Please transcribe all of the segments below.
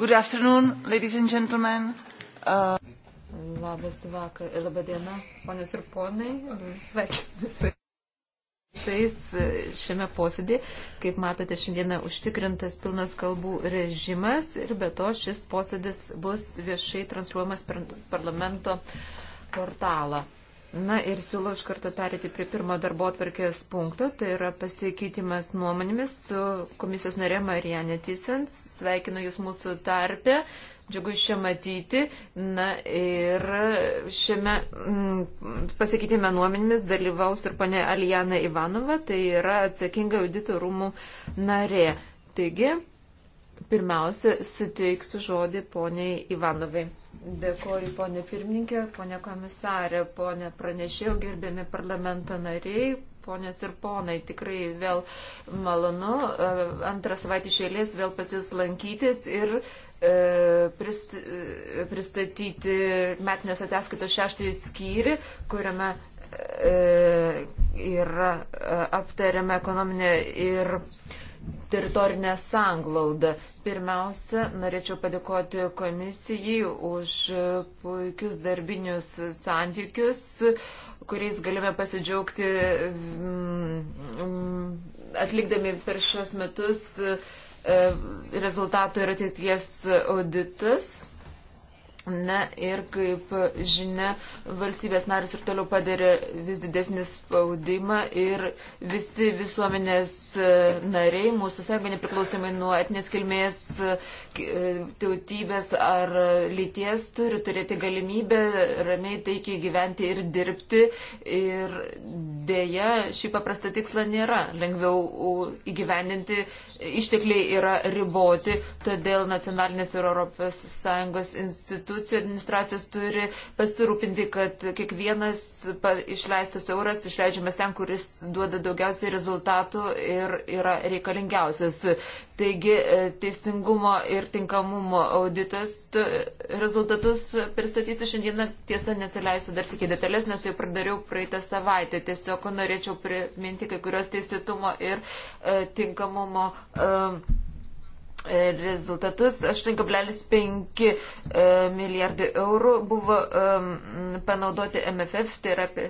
Good afternoon, ladies and gentlemen. Uh... Labas vakar, e, laba diena, ponios ir ponai. Sveikinasi visais e, šiame posėdį. Kaip matote, šiandieną užtikrintas pilnas kalbų režimas ir be to šis posėdis bus viešai transliuojamas per parlamento portalą. Na ir siūlau iš karto perėti prie pirmo darbo atvarkės punkto, tai yra pasikeitimas nuomonėmis su komisijos narė Marianė Tysens. Sveikinu Jūs mūsų tarpę, džiugu šią matyti. Na ir šiame mm, pasikeitime nuomonėmis dalyvaus ir ponė Alijana Ivanova, tai yra atsakinga auditorumų narė. Taigi, Pirmiausia, suteiksiu žodį poniai Ivanovai. Dėkoju, ponė pirmininkė, ponė komisarė, ponė pranešėjo, gerbiami parlamento nariai, ponės ir ponai, tikrai vėl malonu e, antrą savaitę išėlės vėl pas jūs lankytis ir e, prist, e, pristatyti metinės ataskaitos šeštąjį skyrių, kuriame e, yra e, aptariama ekonominė ir e, teritorinę sanglaudą. Pirmiausia, norėčiau padėkoti komisijai už puikius darbinius santykius, kuriais galime pasidžiaugti mm, mm, atlikdami per šios metus e, rezultatų ir ateities auditas. Na ir kaip žinia, valstybės narės ir toliau padarė vis didesnį spaudimą ir visi visuomenės e, nariai, mūsų sąjunga nepriklausomai nuo etnės kilmės, e, e, tautybės ar lyties, turi turėti galimybę ramiai taikiai gyventi ir dirbti. Ir dėja, šį paprastą tikslą nėra lengviau įgyvendinti, ištekliai yra riboti, todėl nacionalinės ir Europos Sąjungos institucijos institucijų administracijos turi pasirūpinti, kad kiekvienas išleistas euras išleidžiamas ten, kuris duoda daugiausiai rezultatų ir yra reikalingiausias. Taigi e, teisingumo ir tinkamumo auditas rezultatus pristatysiu šiandieną. Tiesa, nesileisiu dar sėkiai detalės, nes tai pradariau praeitą savaitę. Tiesiog norėčiau priminti kai kurios teisėtumo ir e, tinkamumo. E, rezultatus. 8,5 e, milijardai eurų buvo e, panaudoti MFF, tai yra apie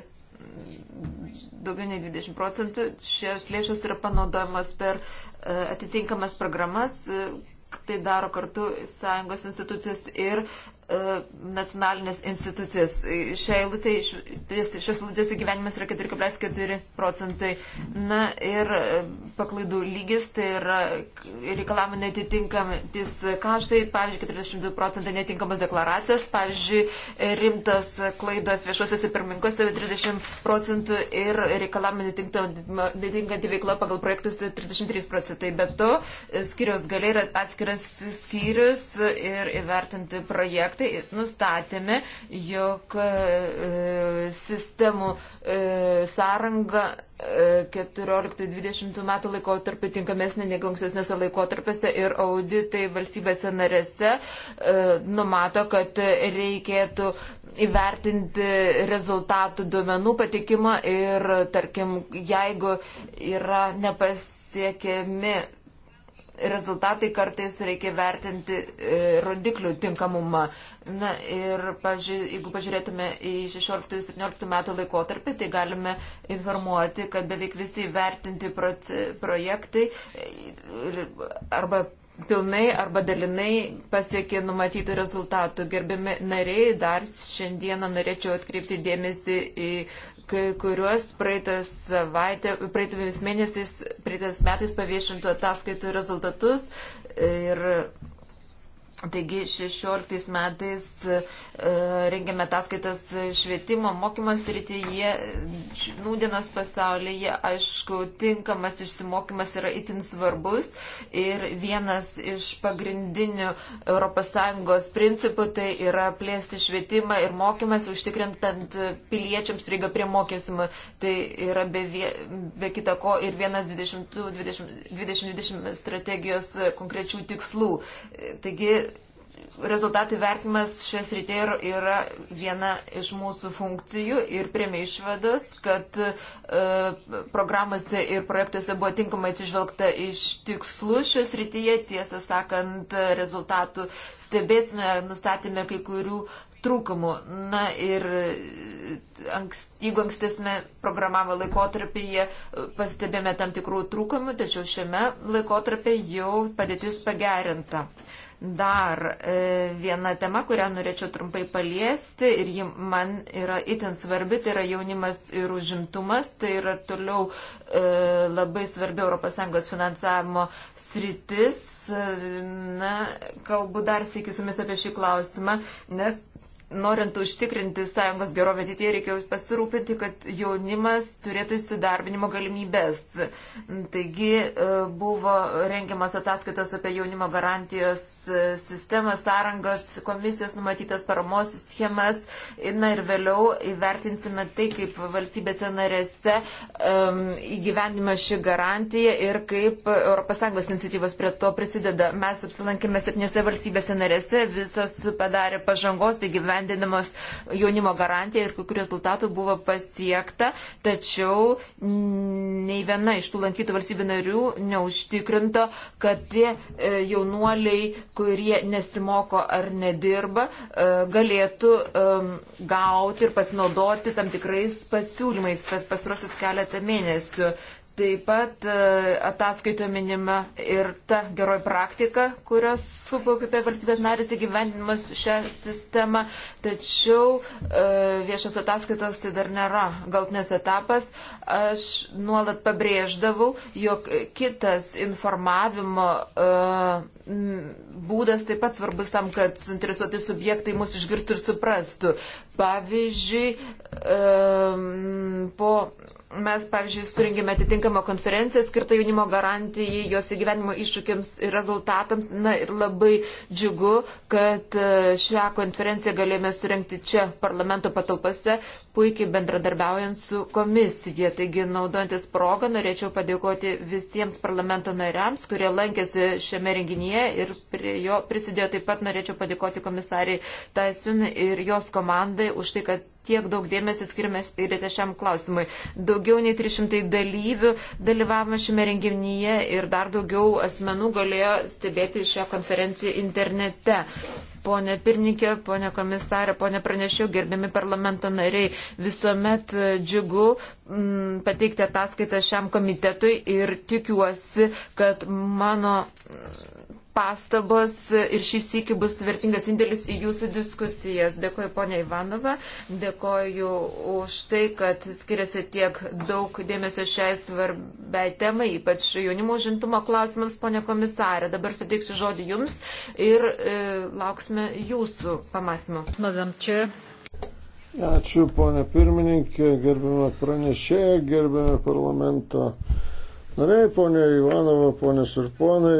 daugiau nei 20 procentų. Šios lėšos yra panaudojamos per e, atitinkamas programas. Tai daro kartu sąjungos institucijas ir E, nacionalinės institucijos. E, Šiai lūtai, šios lūtės įgyvenimas yra 4,4 procentai. Na ir e, paklaidų lygis, tai yra reikalavimai netitinkamis kaštai, pavyzdžiui, 42 procentai netinkamas deklaracijos, pavyzdžiui, rimtas klaidos viešuosiuose pirmininkuose 30 procentų ir reikalavimai netinkanti veikla pagal projektus 33 procentai. Bet to skiriaus galiai yra atskiras skyrius ir įvertinti projektą aspektai, nustatėme, jog e, sistemų e, sąranga 14-20 e, metų laikotarpį tinkamesnė negu ankstesnėse laikotarpiuose ir auditai valstybėse narėse numato, kad reikėtų įvertinti rezultatų duomenų patikimą ir, tarkim, jeigu yra nepasiekiami rezultatai kartais reikia vertinti e, rodiklių tinkamumą. Na ir, pažiūrėjau, jeigu pažiūrėtume į 16-17 metų laikotarpį, tai galime informuoti, kad beveik visi vertinti projektai e, arba pilnai arba dalinai pasiekė numatytų rezultatų. Gerbiami nariai, dar šiandieną norėčiau atkreipti dėmesį į kai kuriuos praeitas savaitę, praeitais mėnesiais, praeitais metais paviešintų ataskaitų rezultatus ir Taigi 16 metais e, rengiame ataskaitas švietimo mokymas rytyje, nūdienos pasaulyje, aišku, tinkamas išsimokymas yra itin svarbus ir vienas iš pagrindinių ES principų tai yra plėsti švietimą ir mokymas, užtikrintant piliečiams prieigą prie mokysimo. Tai yra be, vie, be kita ko ir vienas 2020 20, 20 strategijos konkrečių tikslų. Taigi, rezultatų vertimas šios rytėje yra viena iš mūsų funkcijų ir prieme išvados, kad e, programuose ir projektuose buvo tinkamai atsižvelgta iš tikslų šios rytyje. Tiesą sakant, rezultatų stebėsime, nustatėme kai kurių trūkumų. Na ir e, ankst, jeigu ankstesnė programavo laikotarpyje e, pastebėjome tam tikrų trūkumų, tačiau šiame laikotarpyje jau padėtis pagerinta. Dar e, viena tema, kurią norėčiau trumpai paliesti ir ji man yra itin svarbi, tai yra jaunimas ir užimtumas. Tai yra toliau e, labai svarbi ES finansavimo sritis. E, na, kalbu dar sėkiu su jumis apie šį klausimą, nes norint užtikrinti sąjungos gerovę ateityje, reikia pasirūpinti, kad jaunimas turėtų įsidarbinimo galimybės. Taigi e, buvo rengiamas ataskaitas apie jaunimo garantijos e, sistemą, sąrangas, komisijos numatytas paramos schemas. Na ir vėliau įvertinsime tai, kaip valstybėse narėse um, įgyvendima ši garantija ir kaip ES iniciatyvos prie to prisideda. Mes apsilankėme septyniose valstybėse narėse, visos padarė pažangos įgyvendinimą įgyvendinamos jaunimo garantija ir kokiu rezultatu buvo pasiekta, tačiau nei viena iš tų lankytų valstybių narių neužtikrinto, kad tie e, jaunuoliai, kurie nesimoko ar nedirba, e, galėtų e, gauti ir pasinaudoti tam tikrais pasiūlymais per pastarosius keletą mėnesių. Taip pat e, ataskaito minima ir ta geroji praktika, kurios sukaupė valstybės narės įgyvendinimas šią sistemą, tačiau e, viešos ataskaitos tai dar nėra galtinės etapas. Aš nuolat pabrėždavau, jog kitas informavimo e, būdas taip pat svarbus tam, kad suinteresuoti subjektai mus išgirstų ir suprastų. Pavyzdžiui, po Mes, pavyzdžiui, suringėme atitinkamą konferenciją skirtą jaunimo garantijai, jos įgyvenimo iššūkiams ir rezultatams. Na ir labai džiugu, kad e, šią konferenciją galėjome surinkti čia, parlamento patalpose, puikiai bendradarbiaujant su komisija. Taigi, naudojantis progą, norėčiau padėkoti visiems parlamento nariams, kurie lankėsi šiame renginyje ir prie jo prisidėjo. Taip pat norėčiau padėkoti komisariai Taisin ir jos komandai už tai, kad tiek daug dėmesio skirime ir šiam klausimui. Daugiau nei 300 dalyvių dalyvavo šiame renginyje ir dar daugiau asmenų galėjo stebėti šią konferenciją internete. Pone pirmininkė, pone komisarė, pone pranešiu, gerbiami parlamento nariai, visuomet džiugu m, mm, pateikti ataskaitą šiam komitetui ir tikiuosi, kad mano pastabos ir šį sėkį bus vertingas indėlis į jūsų diskusijas. Dėkoju ponia Ivanova, dėkoju už tai, kad skiriasi tiek daug dėmesio šiai svarbiai temai, ypač jaunimo žintumo klausimams, ponia komisarė. Dabar suteiksiu žodį jums ir e, lauksime jūsų pamastymų. Madam Čia. Ačiū, ponė pirmininkė, gerbėme pranešėją, gerbėme parlamento nariai, ponė Ivanova, ponės ir ponai.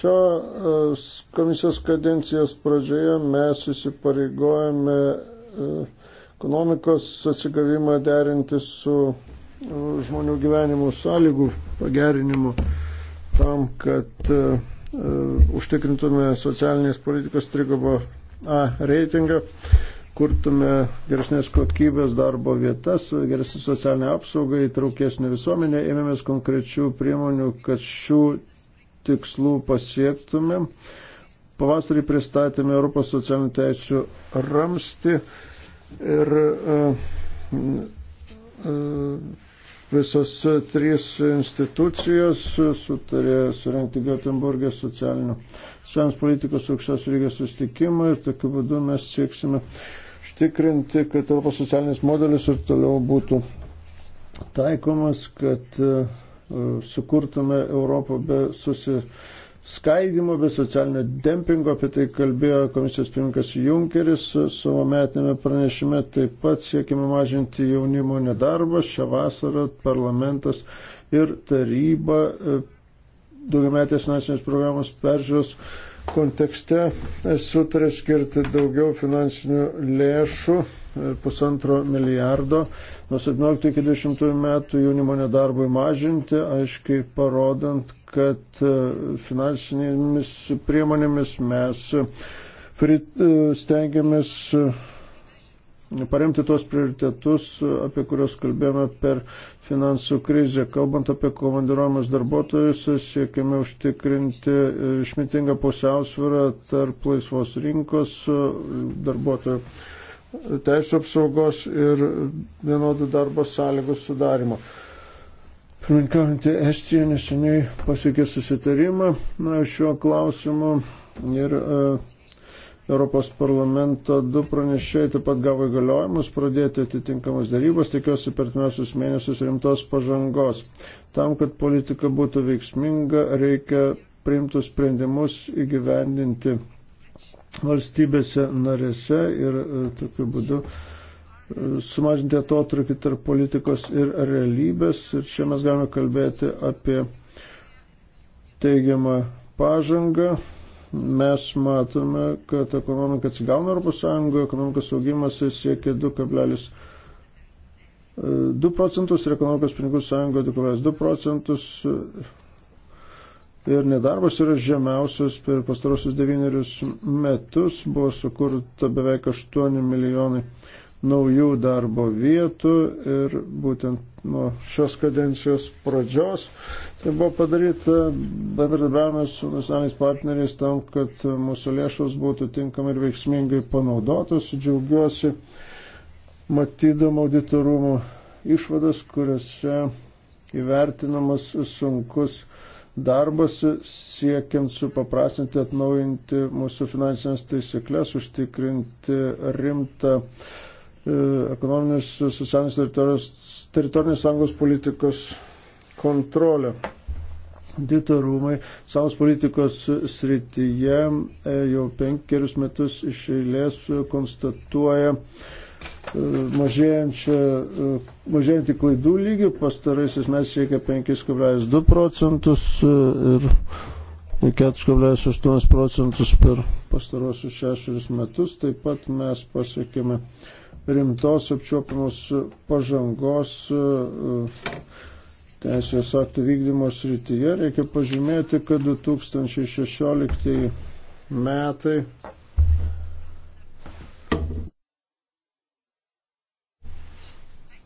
Šios e, komisijos kadencijos pradžioje mes įsipareigojame e, ekonomikos atsigavimą derinti su e, žmonių gyvenimo sąlygų pagerinimu tam, kad užtikrintume socialinės politikos trigubą A reitingą, kurtume geresnės kokybės darbo vietas, geresnį socialinę apsaugą, įtraukesnį visuomenę, ėmėmės konkrečių priemonių, kad šių tikslų pasiektume. Pavasarį pristatėme Europos socialinių teisų ramsti ir uh, e, uh, e, visos trys institucijos sutarė surenkti Göteborgė socialinių socialinės politikos aukščiausių lygės sustikimą ir tokiu būdu mes sieksime užtikrinti, kad Europos socialinis modelis ir toliau būtų taikomas, kad uh, E, sukurtume Europą be susiskaidimo, be socialinio dempingo. Apie tai kalbėjo komisijos pirmininkas Junkeris savo metinėme pranešime. Taip pat siekime mažinti jaunimo nedarbą. Šią vasarą parlamentas ir taryba e, daugiametės nacinės programos peržiūros kontekste sutarė skirti daugiau finansinių lėšų pusantro milijardo nuo 17 iki 20 metų jaunimo nedarbui mažinti, aiškiai parodant, kad e, finansinėmis priemonėmis mes e, stengiamės e, paremti tuos prioritetus, apie kuriuos kalbėjome per finansų krizę. Kalbant apie komandiruojamas darbuotojus, siekime užtikrinti išmitingą pusiausvyrą tarp laisvos rinkos darbuotojų teisų apsaugos ir vienodų darbo sąlygų sudarimo. Pirminkaujantį Estiją neseniai pasiekė susitarimą na, šiuo klausimu ir e, Europos parlamento du pranešėjai taip pat gavo įgaliojimus pradėti atitinkamas darybos, tikiuosi per pirmiausius mėnesius rimtos pažangos. Tam, kad politika būtų veiksminga, reikia priimtus sprendimus įgyvendinti valstybėse narėse ir e, tokiu būdu e, sumažinti atotrukį tarp politikos ir realybės. Ir čia mes galime kalbėti apie teigiamą pažangą. Mes matome, kad ekonomika atsigauna Europos Sąjungoje, ekonomikos augimas siekia 2,2 e, procentus ir ekonomikos pinigų sąjungoje 2,2 procentus ir nedarbas yra žemiausias per pastarosius devynerius metus. Buvo sukurta beveik 8 milijonai naujų darbo vietų ir būtent nuo šios kadencijos pradžios tai buvo padaryta bendradarbiavimas su nacionaliniais partneriais tam, kad mūsų lėšos būtų tinkamai ir veiksmingai panaudotos. Džiaugiuosi matydama auditorumų išvadas, kuriuose įvertinamas sunkus darbas siekiant supaprastinti, atnaujinti mūsų finansinės taisyklės, užtikrinti rimtą e, ekonominės, socialinės teritorijos, teritorinės sąjungos politikos kontrolę. Dito rūmai sąjungos politikos srityje e, jau penkerius metus iš eilės konstatuoja, mažėjantį klaidų lygį, pastaraisiais mes siekia 5,2 procentus e, ir 4,8 procentus per pastarosius šešerius metus. Taip pat mes pasiekėme rimtos apčiopimus pažangos e, teisės aktų vykdymo srityje. Reikia pažymėti, kad 2016 metai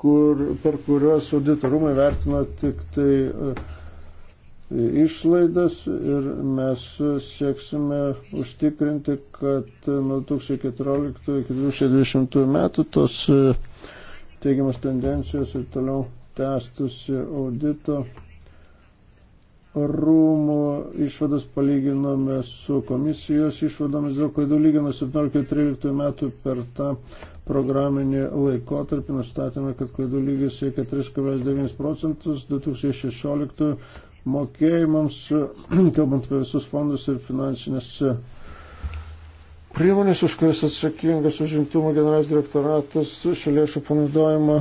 kur, per kuriuos auditorumai vertina tik tai e, išlaidas ir mes sieksime užtikrinti, kad nuo 2014 iki 2020 metų tos e, teigiamas tendencijos ir toliau tęstusi audito rūmų išvadas palyginome su komisijos išvadomis, dėl klaidų lyginus 17-13 metų per tą programinį laikotarpį nustatėme, kad klaidų lygis siekia 3,9 procentus 2016 mokėjimams, kalbant apie visus fondus ir finansinės priemonės, už kurias atsakingas užimtumo generalinis direktoratas, šių lėšų panaudojimo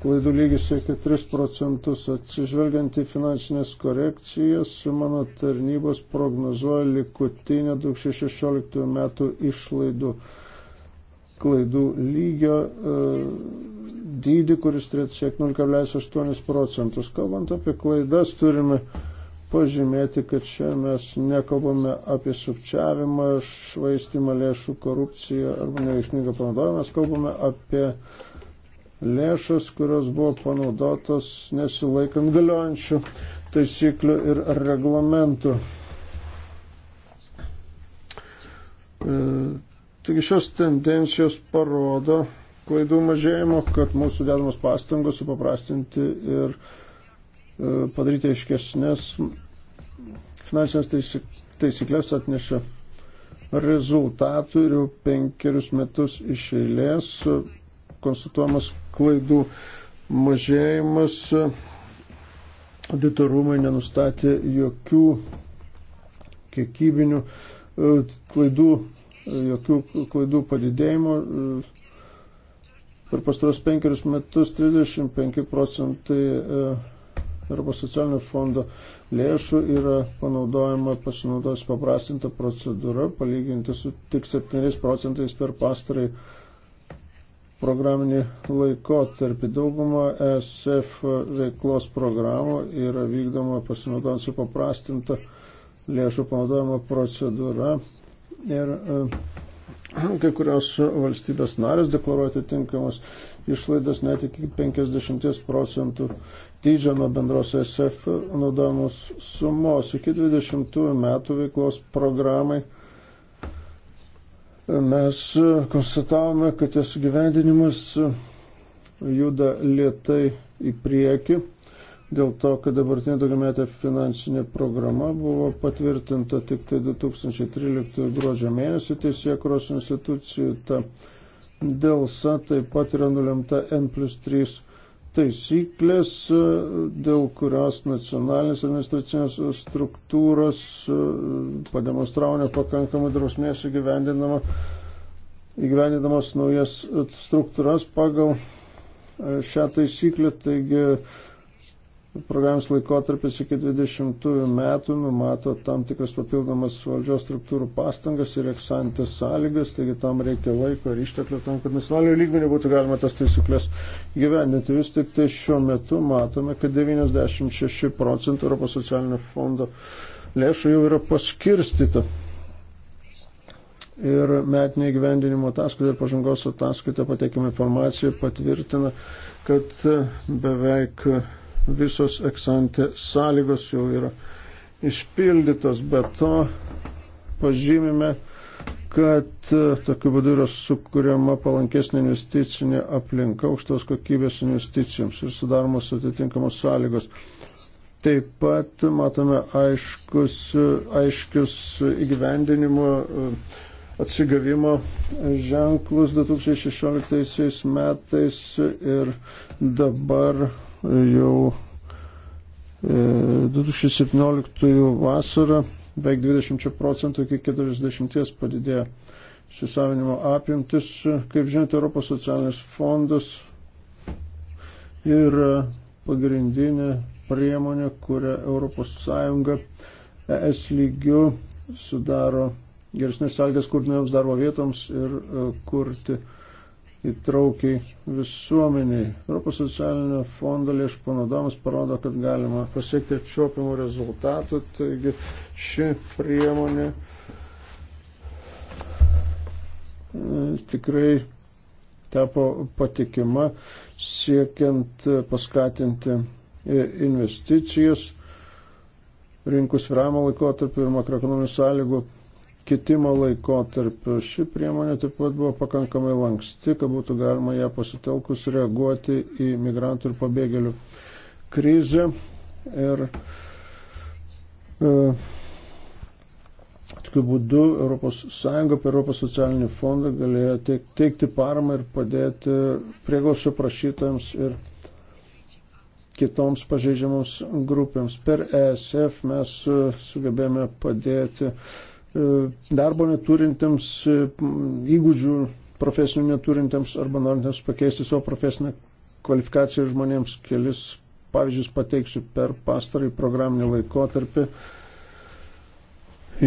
klaidų lygis siekia 3 procentus. Atsižvelgiant į finansinės korekcijas, mano tarnybos prognozuoja likutinę 2016 metų išlaidų klaidų lygio e, dydį, kuris turėtų siekti 0,8 procentus. Kalbant apie klaidas, turime pažymėti, kad čia mes nekalbame apie sukčiavimą, švaistimą lėšų, korupciją arba neveiksmingą panaudojimą, mes kalbame apie lėšas, kurios buvo panaudotos nesilaikant galiojančių taisyklių ir reglamentų. E, Taigi šios tendencijos parodo klaidų mažėjimo, kad mūsų dedamos pastangos supaprastinti ir e, padaryti aiškesnės finansinės taisyklės atneša rezultatų ir jau penkerius metus iš eilės konstatuojamas klaidų mažėjimas. Auditorumai nenustatė jokių kiekybinių e, klaidų jokių klaidų padidėjimo. Per pastaros penkerius metus 35 procentai arba e, socialinio fondo lėšų yra panaudojama pasinaudojus paprastinta procedūra, palyginti su tik 7 procentais per pastarai programinį laikotarpį. Dauguma ESF veiklos programų yra vykdoma pasinaudojant su paprastinta lėšų panaudojimo procedūra ir e, kai kurios valstybės narės deklaruoja atitinkamas išlaidas net iki 50 procentų dydžio nuo bendros SF naudojamos sumos. Iki 20 metų veiklos programai mes konstatavome, kad jos gyvendinimas juda lietai į priekį dėl to, kad dabartinė daugiametė finansinė programa buvo patvirtinta tik tai 2013 gruodžio mėnesį teisėkuros institucijų. Ta dėlsa taip pat yra nulemta N plus 3 taisyklės, dėl kurios nacionalinės administracinės struktūros e, pademonstravo nepakankamai drausmės įgyvendinama įgyvendinamas naujas struktūras pagal e, šią taisyklę, taigi programos laikotarpis iki 20 metų numato tam tikras papildomas valdžios struktūrų pastangas ir eksantės sąlygas, taigi tam reikia laiko ir išteklių tam, kad nacionalinių lygmenių būtų galima tas taisyklės gyvendinti. Vis tik tai šiuo metu matome, kad 96 procentų Europos socialinio fondo lėšų jau yra paskirstyta. Ir metinė gyvendinimo ataskaita ir pažangos ataskaita pateikima informacija patvirtina, kad beveik visos eksantė sąlygos jau yra išpildytos, bet to pažymime, kad e, tokiu būdu yra sukūriama palankesnė investicinė aplinka aukštos kokybės investicijoms ir sudaromos atitinkamos sąlygos. Taip pat matome aiškus, aiškius įgyvendinimo e, atsigavimo ženklus 2016 metais ir dabar jau 2017 e, vasarą beveik 20 procentų iki 40 padidėjo įsisavinimo apimtis. Kaip žinote, Europos socialinis fondas yra pagrindinė priemonė, kurią Europos Sąjunga ES lygių sudaro geresnės sąlygas kurdinėms darbo vietoms ir e, kurti įtraukiai visuomeniai. Europos socialinio fondo lėšų panaudojimas parodo, kad galima pasiekti apčiopiamų rezultatų, taigi ši priemonė e, tikrai tapo patikima siekiant paskatinti investicijas rinkų sviramo laikotarpį ir makroekonominių sąlygų kitimo laikotarpiu. Ši priemonė taip pat buvo pakankamai lanksti, kad būtų galima ją pasitelkus reaguoti į migrantų ir pabėgėlių krizę. Ir e, tokiu būdu ES per ES fondą galėjo teik, teikti paramą ir padėti prieglosio prašytojams ir kitoms pažeidžiamoms grupėms. Per ESF mes e, sugebėjome padėti uh, E, darbo neturintiems, e, įgūdžių profesinių neturintiems arba norintiems pakeisti savo profesinę kvalifikaciją žmonėms. Kelis pavyzdžius pateiksiu per pastarąjį programinį laikotarpį.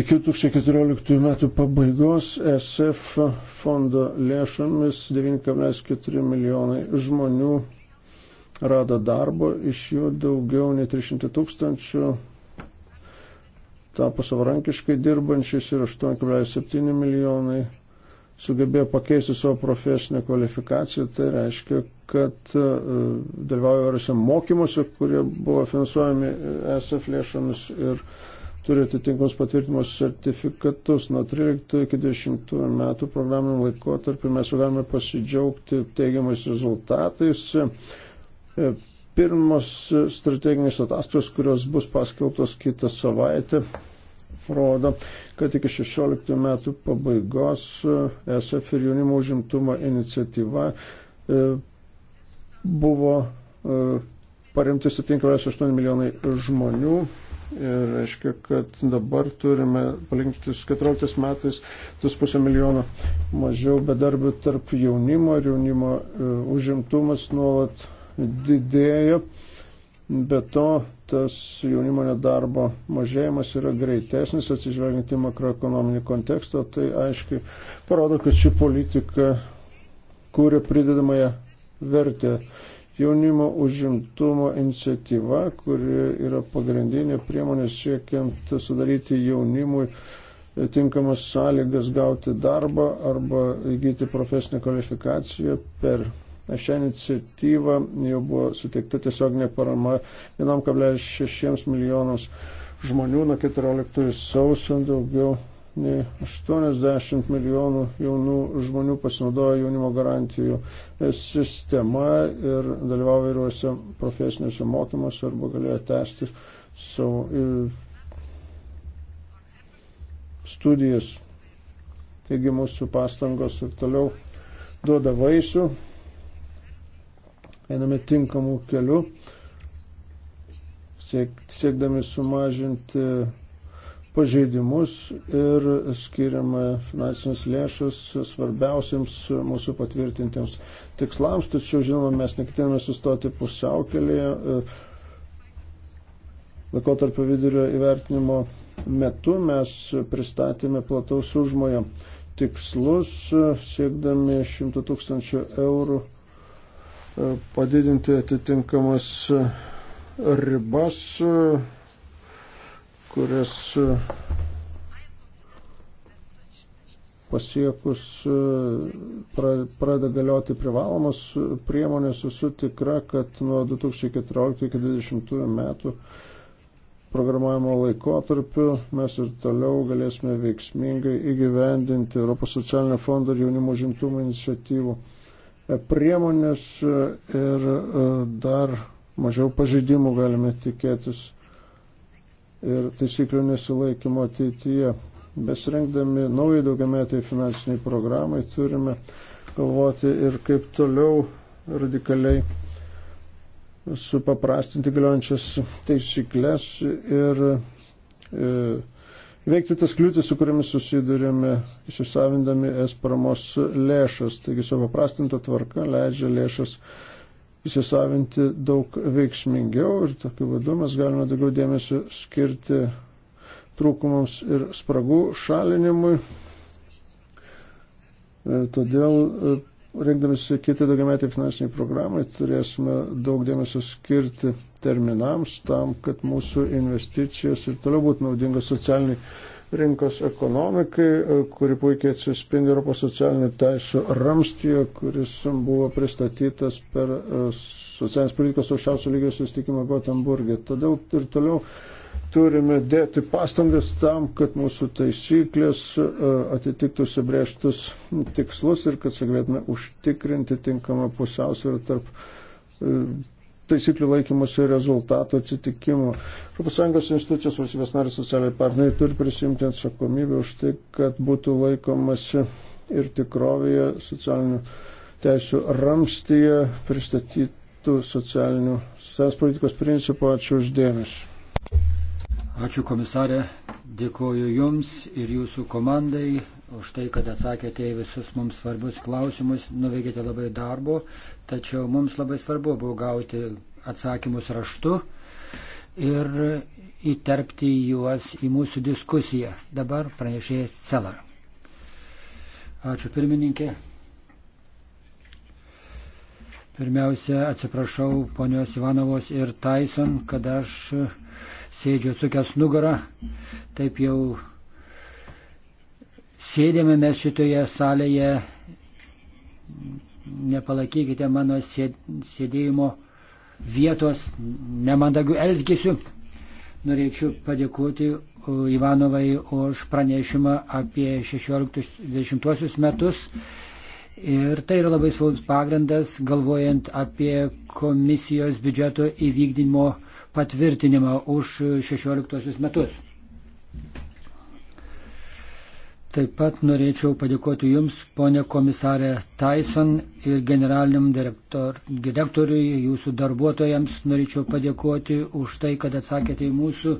Iki 2014 metų pabaigos SF fondo lėšomis 9,4 milijonai žmonių rado darbo, iš jų daugiau nei 300 tūkstančių tapo savarankiškai dirbančiais ir 8,7 milijonai sugebėjo pakeisti savo profesinę kvalifikaciją. Tai reiškia, kad e, dalyvauja varose mokymuose, kurie buvo finansuojami ESF lėšomis ir turi atitinkamus patvirtimus sertifikatus. Nuo 13 iki 20 metų programiniam laikotarpiu mes jau galime pasidžiaugti teigiamais rezultatais e, pirmas strateginis atastos, kurios bus paskeltos kitą savaitę, rodo, kad iki 16 metų pabaigos e, SF ir jaunimo užimtumo iniciatyva e, buvo e, paremti 7,8 milijonai žmonių. Ir reiškia, kad dabar turime, palinkti su 14 metais, 2,5 milijono mažiau bedarbių tarp jaunimo ir jaunimo užimtumas nuolat didėja, bet to tas jaunimo nedarbo mažėjimas yra greitesnis atsižvelgiant į makroekonominį kontekstą, tai aiškiai parodo, kad ši politika kūrė pridedamąją vertę. Jaunimo užimtumo iniciatyva, kuri yra pagrindinė priemonė siekiant sudaryti jaunimui tinkamas sąlygas gauti darbą arba įgyti profesinę kvalifikaciją per Šią iniciatyvą jau buvo suteikta tiesioginė parama 1,6 milijonams žmonių nuo 14 sausio daugiau nei 80 milijonų jaunų žmonių pasinaudoja jaunimo garantijų sistema ir dalyvauja įvairiuose profesiniuose mokymuose arba galėjo tęsti savo e, studijas. Taigi mūsų pastangos ir toliau duoda vaisių einame tinkamų kelių, siek, siekdami sumažinti pažeidimus ir skiriame finansinės lėšas svarbiausiams mūsų patvirtintiems tikslams, tačiau žinoma, mes neketiname sustoti pusiaukelėje. E, laikotarpio vidurio įvertinimo metu mes pristatėme plataus užmojo tikslus, e, siekdami 100 tūkstančių eurų padidinti atitinkamas ribas, kurias pasiekus pradeda galioti privalomos priemonės, esu tikra, kad nuo 2014 iki 2020 metų programavimo laikotarpiu mes ir toliau galėsime veiksmingai įgyvendinti Europos socialinio fondo ir jaunimo žimtumo iniciatyvų priemonės ir e, dar mažiau pažeidimų galime tikėtis ir taisyklių nesilaikymo ateityje. Besirengdami naujai daugiametai finansiniai programai turime galvoti ir kaip toliau radikaliai supaprastinti galiojančias taisyklės ir, ir e, įveikti tas kliūtis, su kuriamis susidurėme įsisavindami es paramos lėšas. Taigi supaprastinta tvarka leidžia lėšas įsisavinti daug veiksmingiau ir tokiu būdu mes galime daugiau dėmesio skirti trūkumams ir spragų šalinimui. E, todėl e, Rinkdamėsi kiti daugiametį finansinį programą turėsime daug dėmesio skirti terminams tam, kad mūsų investicijos ir toliau būtų naudingos socialiniai rinkos ekonomikai, kuri puikiai atsispindi Europos socialinių teisų ramstyje, kuris buvo pristatytas per e, socialinės politikos aukščiausio lygio susitikimą Gotemburgė. Todėl ir toliau turime dėti pastangas tam, kad mūsų taisyklės e, atitiktų subrėžtus tikslus ir kad sugebėtume užtikrinti tinkamą pusiausvyrą tarp e, taisyklių laikymosi rezultato atsitikimo. ES institucijos valstybės narės socialiai partneriai turi prisimti atsakomybę už tai, kad būtų laikomasi ir tikrovėje socialinių teisų ramstyje pristatytų socialinių, socialinės politikos principų. Ačiū uždėmesi. Ačiū komisarė, dėkoju Jums ir Jūsų komandai už tai, kad atsakėte į visus mums svarbius klausimus, nuveikėte labai darbo, tačiau mums labai svarbu buvo gauti atsakymus raštu ir įterpti juos į mūsų diskusiją. Dabar pranešėjas Celar. Ačiū pirmininkė. Pirmiausia, atsiprašau ponios Ivanovos ir Tyson, kad aš sėdžiu atsukęs nugarą, taip jau sėdėme mes šitoje salėje, nepalakykite mano sėdėjimo vietos nemandagių elgesių. Norėčiau padėkoti Ivanovai už pranešimą apie 16-20 metus. Ir tai yra labai svarbus pagrindas, galvojant apie komisijos biudžeto įvykdymo patvirtinimą už 16 metus. Taip pat norėčiau padėkoti Jums, ponė komisarė Tyson ir generaliniam direktor, direktoriui, jūsų darbuotojams. Norėčiau padėkoti už tai, kad atsakėte į mūsų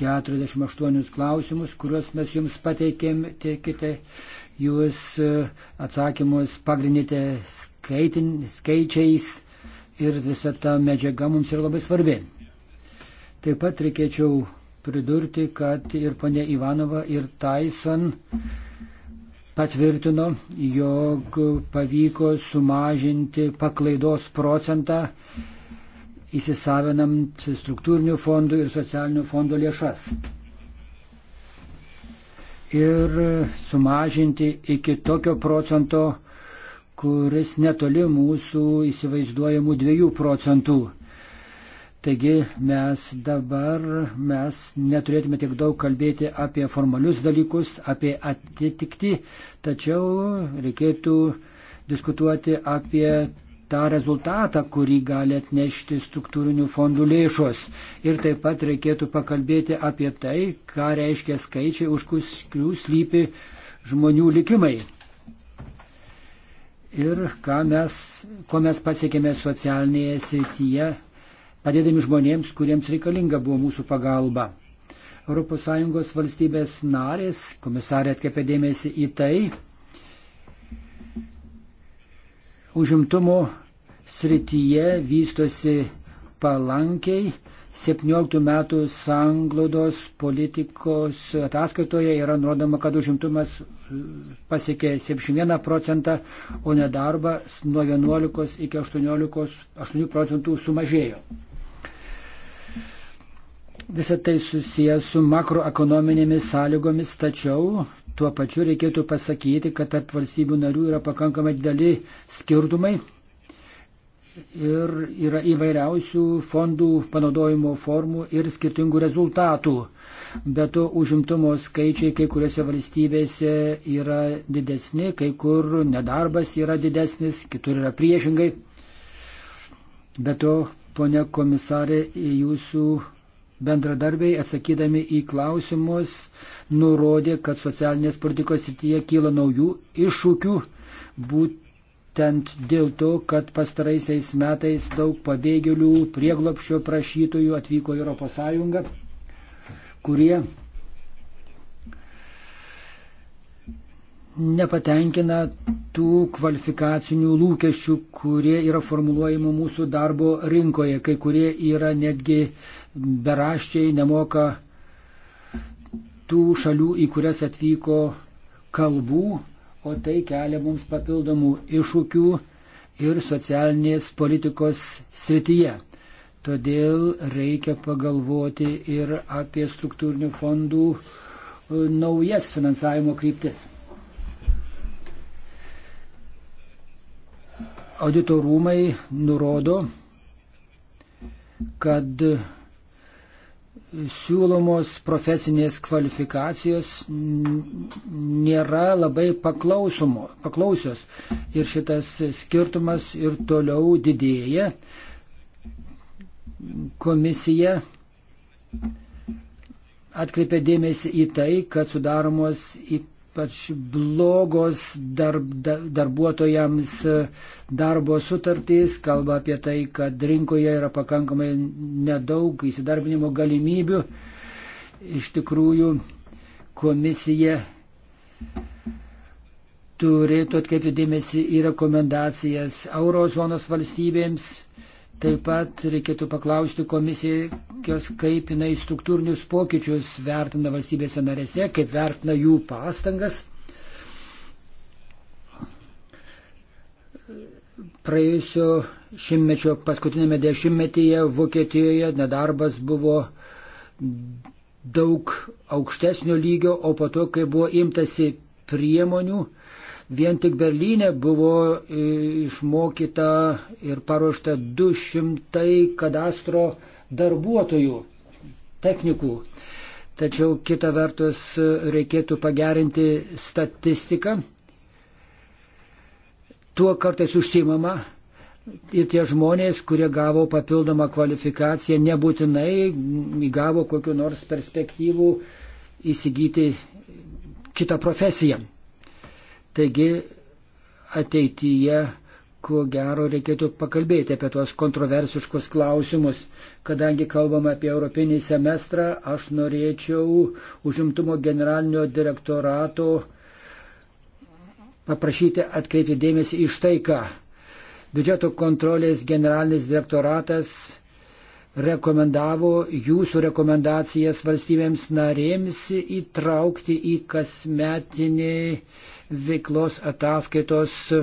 48 klausimus, kuriuos mes Jums pateikėm. Teikite, jūs e, atsakymus pagrindėte skaitin, skaičiais ir visa ta medžiaga mums yra labai svarbi. Taip pat reikėčiau pridurti, kad ir ponė Ivanova, ir Tyson patvirtino, jog pavyko sumažinti paklaidos procentą įsisavinant struktūrinių fondų ir socialinių fondų lėšas. Ir sumažinti iki tokio procento, kuris netoli mūsų įsivaizduojamų dviejų procentų. Taigi mes dabar mes neturėtume tiek daug kalbėti apie formalius dalykus, apie atitikti, tačiau reikėtų diskutuoti apie tą rezultatą, kurį gali atnešti struktūrinių fondų lėšos. Ir taip pat reikėtų pakalbėti apie tai, ką reiškia skaičiai, už kurių slypi žmonių likimai. Ir mes, ko mes pasiekėme socialinėje srityje padėdami žmonėms, kuriems reikalinga buvo mūsų pagalba. ES valstybės narės, komisarė atkepė dėmesį į tai, užimtumo srityje vystosi palankiai. 17 metų sanglaudos politikos ataskaitoje yra nurodoma, kad užimtumas pasiekė 71 procentą, o nedarbas nuo 11 iki 18 procentų sumažėjo. Visą tai susijęs su makroekonominėmis sąlygomis, tačiau tuo pačiu reikėtų pasakyti, kad tarp valstybių narių yra pakankamai dideli skirtumai ir yra įvairiausių fondų panaudojimo formų ir skirtingų rezultatų. Be to užimtumo skaičiai kai kuriuose valstybėse yra didesni, kai kur nedarbas yra didesnis, kitur yra priešingai. Be to, ponia komisarė, jūsų bendradarbiai atsakydami į klausimus nurodė, kad socialinės politikos sityje kyla naujų iššūkių, būtent dėl to, kad pastaraisiais metais daug pabėgėlių, prieglopšio prašytojų atvyko į ES, kurie nepatenkina tų kvalifikacinių lūkesčių, kurie yra formuluojami mūsų darbo rinkoje. Kai kurie yra netgi beraščiai nemoka tų šalių, į kurias atvyko kalbų, o tai kelia mums papildomų iššūkių ir socialinės politikos srityje. Todėl reikia pagalvoti ir apie struktūrinių fondų e, naujas finansavimo kryptis. Auditorumai nurodo, kad siūlomos profesinės kvalifikacijos nėra labai paklausios ir šitas skirtumas ir toliau didėja. Komisija atkreipia dėmesį į tai, kad sudaromos ypač blogos darb, darbuotojams darbo sutartys, kalba apie tai, kad rinkoje yra pakankamai nedaug įsidarbinimo galimybių. Iš tikrųjų, komisija turėtų atkreipti dėmesį į rekomendacijas eurozonos valstybėms Taip pat reikėtų paklausti komisijos, kaip jinai struktūrinius pokyčius vertina valstybėse narėse, kaip vertina jų pastangas. Praėjusio šimtmečio paskutinėme dešimtmetyje Vokietijoje nedarbas buvo daug aukštesnio lygio, o po to, kai buvo imtasi priemonių, Vien tik Berlyne buvo e, išmokyta ir paruošta 200 kadastro darbuotojų, technikų. Tačiau kita vertus reikėtų pagerinti statistiką. Tuo kartais užsimama, Ir tie žmonės, kurie gavo papildomą kvalifikaciją, nebūtinai įgavo kokiu nors perspektyvų įsigyti kitą profesiją. Taigi ateityje, kuo gero, reikėtų pakalbėti apie tuos kontroversiškus klausimus. Kadangi kalbam apie Europinį semestrą, aš norėčiau užimtumo generalinio direktorato paprašyti atkreipti dėmesį iš tai, ką biudžeto kontrolės generalinis direktoratas rekomendavo jūsų rekomendacijas valstybėms narėms įtraukti į kasmetinį veiklos ataskaitos e,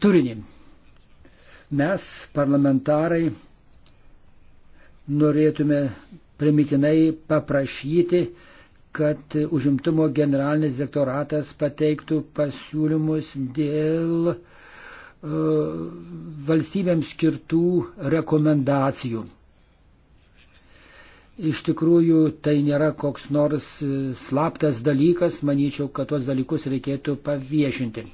turinį. Mes, parlamentarai, norėtume primitinai paprašyti, kad užimtumo generalinis direktoratas pateiktų pasiūlymus dėl uh, valstybėms skirtų rekomendacijų. Iš tikrųjų, tai nėra koks nors slaptas dalykas, manyčiau, kad tuos dalykus reikėtų paviešinti.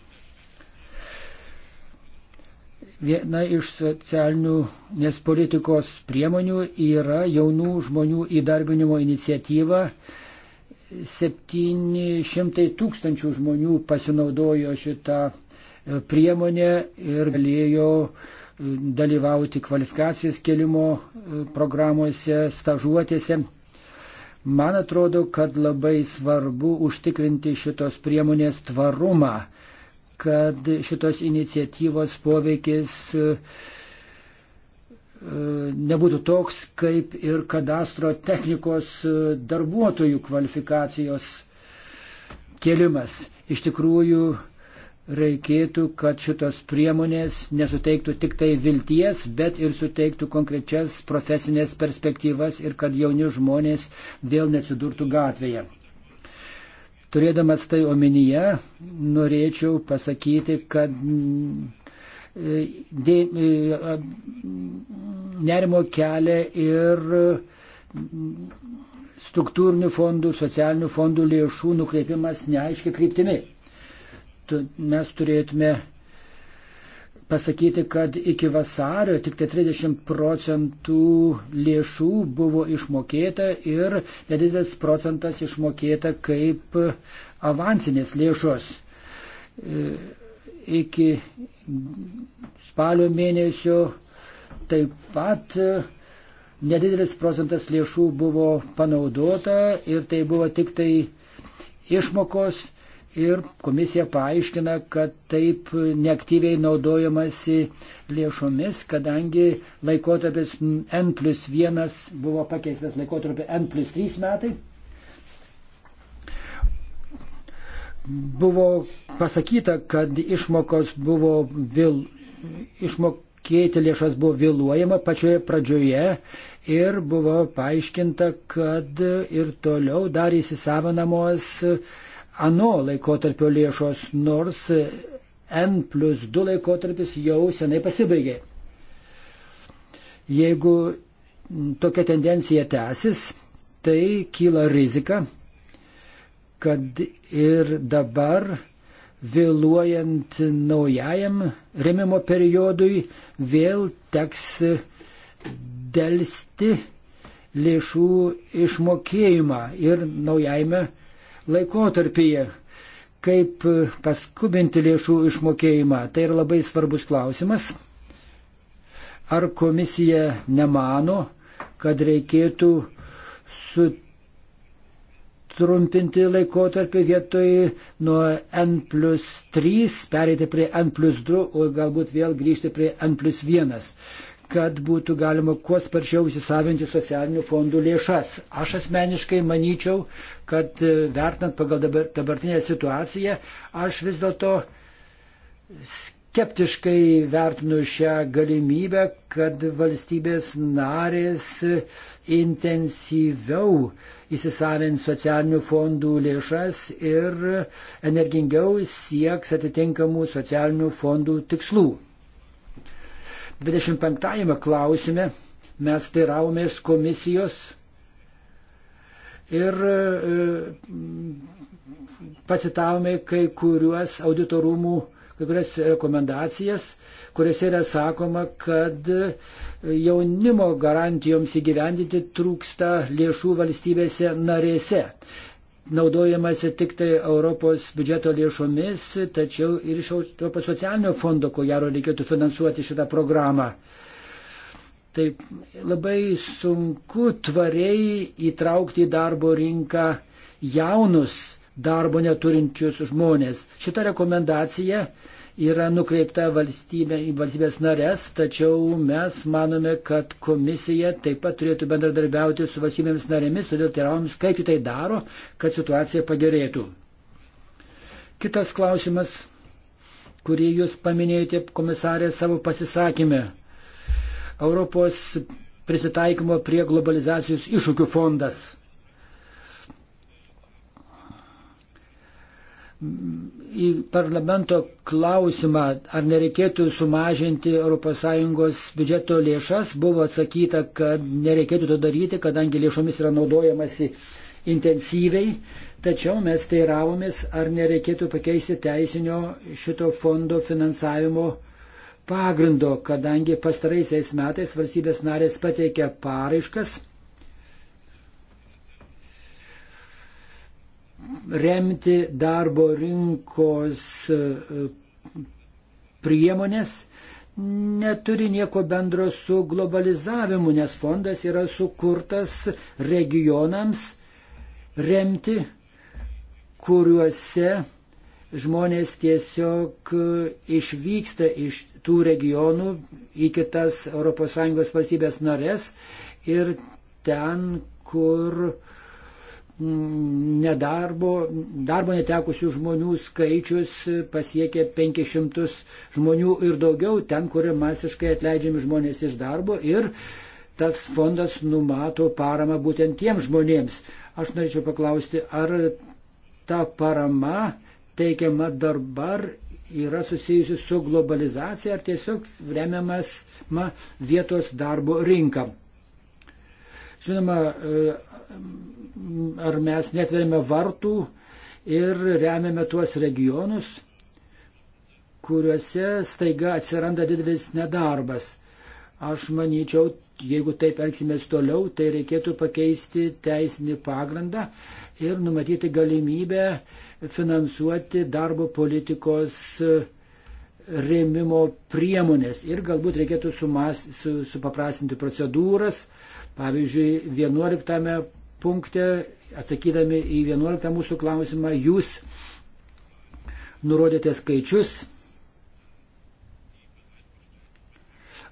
Viena iš socialinių nes politikos priemonių yra jaunų žmonių įdarbinimo iniciatyva. 700 tūkstančių žmonių pasinaudojo šitą priemonė ir galėjo e, dalyvauti kvalifikacijos kelimo e, programuose, stažuotėse. Man atrodo, kad labai svarbu užtikrinti šitos priemonės tvarumą, kad šitos iniciatyvos poveikis e, nebūtų toks, kaip ir kadastro technikos darbuotojų kvalifikacijos kelimas. Iš tikrųjų, reikėtų, kad šitos priemonės nesuteiktų tik tai vilties, bet ir suteiktų konkrečias profesinės perspektyvas ir kad jauni žmonės vėl nesidurtų gatvėje. Turėdamas tai omenyje, norėčiau pasakyti, kad mm, e, dė, e, nerimo kelia ir mm, struktūrinių fondų, socialinių fondų lėšų nukreipimas neaiškia kryptimi mes turėtume pasakyti, kad iki vasario tik tai 30 procentų lėšų buvo išmokėta ir nedidelis procentas išmokėta kaip avansinės lėšos. E, iki spalio mėnesio taip pat nedidelis procentas lėšų buvo panaudota ir tai buvo tik tai išmokos ir komisija paaiškina, kad taip neaktyviai naudojamasi lėšomis, kadangi laikotarpis N plus 1 buvo pakeistas laikotarpį N plus 3 metai. Buvo pasakyta, kad išmokos buvo vėl, išmokėti lėšas buvo vėluojama pačioje pradžioje ir buvo paaiškinta, kad ir toliau dar įsisavinamos uh, ano laikotarpio lėšos, nors N plus 2 laikotarpis jau senai pasibaigė. Jeigu tokia tendencija tęsis, tai kyla rizika, kad ir dabar vėluojant naujajam remimo periodui vėl teks dėlsti lėšų išmokėjimą ir naujajame laikotarpyje, kaip paskubinti lėšų išmokėjimą. Tai yra labai svarbus klausimas. Ar komisija nemano, kad reikėtų sutrumpinti laikotarpį vietoj nuo N plus 3, pereiti prie N plus 2, o galbūt vėl grįžti prie N plus 1 kad būtų galima kuo sparčiau įsisavinti socialinių fondų lėšas. Aš asmeniškai manyčiau, kad e, vertinant pagal dabar, dabartinę situaciją, aš vis dėlto skeptiškai vertinu šią galimybę, kad valstybės narės intensyviau įsisavins socialinių fondų lėšas ir energingiau sieks atitinkamų socialinių fondų tikslų. 25 klausime mes teiravomės komisijos ir e, pacitavome kai kuriuos auditorumų, kai kurias rekomendacijas, kuriuose yra sakoma, kad jaunimo garantijoms įgyvendinti trūksta lėšų valstybėse narėse. Naudojamasi tik tai Europos biudžeto lėšomis, tačiau ir iš Europos socialinio fondo, ko gero, reikėtų finansuoti šitą programą. Taip labai sunku tvariai įtraukti į darbo rinką jaunus darbo neturinčius žmonės. Šita rekomendacija yra nukreipta valstybė, į valstybės narės, tačiau mes manome, kad komisija taip pat turėtų bendradarbiauti su valstybėmis narėmis, todėl teiraujams, kaip jį tai daro, kad situacija pagerėtų. Kitas klausimas, kurį jūs paminėjote, komisarė, savo pasisakymę. Europos prisitaikymo prie globalizacijos iššūkių fondas. į parlamento klausimą, ar nereikėtų sumažinti ES biudžeto lėšas, buvo atsakyta, kad nereikėtų to daryti, kadangi lėšomis yra naudojamasi intensyviai. Tačiau mes teiravomės, ar nereikėtų pakeisti teisinio šito fondo finansavimo pagrindo, kadangi pastaraisiais metais valstybės narės pateikė paraiškas remti darbo rinkos e, priemonės neturi nieko bendro su globalizavimu, nes fondas yra sukurtas regionams remti, kuriuose žmonės tiesiog e, išvyksta iš tų regionų į kitas ES valstybės narės ir ten, kur mm, nedarbo, darbo netekusių žmonių skaičius pasiekė 500 žmonių ir daugiau, ten, kur masiškai atleidžiami žmonės iš darbo ir tas fondas numato paramą būtent tiem žmonėms. Aš norėčiau paklausti, ar ta parama teikiama dabar yra susijusi su globalizacija ar tiesiog remiamas ma, vietos darbo rinka. Žinoma, e, ar mes netveriame vartų ir remiame tuos regionus, kuriuose staiga atsiranda didelis nedarbas. Aš manyčiau, jeigu taip elgsimės toliau, tai reikėtų pakeisti teisinį pagrindą ir numatyti galimybę uh, finansuoti darbo politikos e, rėmimo priemonės ir galbūt reikėtų sumas, su, supaprastinti procedūras. Pavyzdžiui, 11 punkte, atsakydami į 11 mūsų klausimą, jūs nurodėte skaičius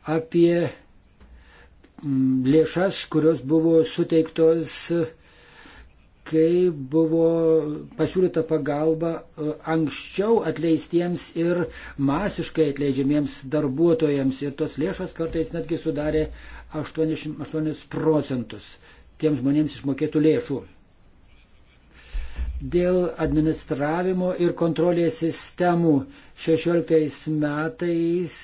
apie mm, lėšas, kurios buvo suteiktos kai buvo pasiūlyta pagalba e, anksčiau atleistiems ir masiškai atleidžiamiems darbuotojams ir tos lėšos kartais netgi sudarė 88 procentus tiems žmonėms išmokėtų lėšų. Dėl administravimo ir kontrolės sistemų 16 metais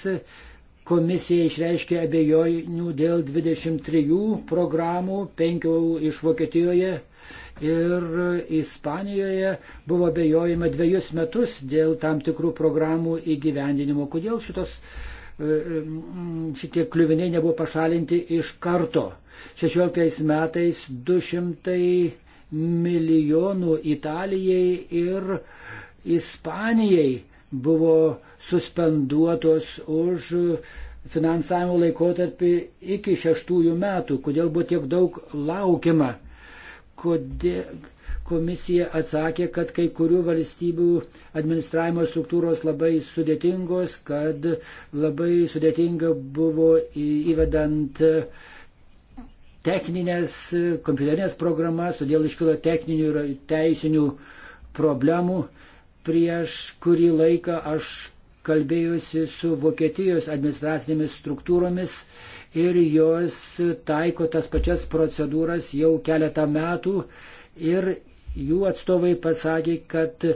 Komisija išreiškė abejonių dėl 23 programų, 5 iš Vokietijoje ir Ispanijoje buvo abejojama dviejus metus dėl tam tikrų programų įgyvendinimo. Kodėl šitos, e, šitie kliuviniai nebuvo pašalinti iš karto? 16 metais 200 milijonų Italijai ir Ispanijai buvo suspenduotos už finansavimo laikotarpį iki šeštųjų metų. Kodėl buvo tiek daug laukiama? Kodėl komisija atsakė, kad kai kurių valstybių administravimo struktūros labai sudėtingos, kad labai sudėtinga buvo įvedant techninės, kompiuterinės programas, todėl iškilo techninių ir teisinių problemų. Prieš kurį laiką aš kalbėjusi su Vokietijos administracinėmis struktūromis ir jos taiko tas pačias procedūras jau keletą metų ir jų atstovai pasakė, kad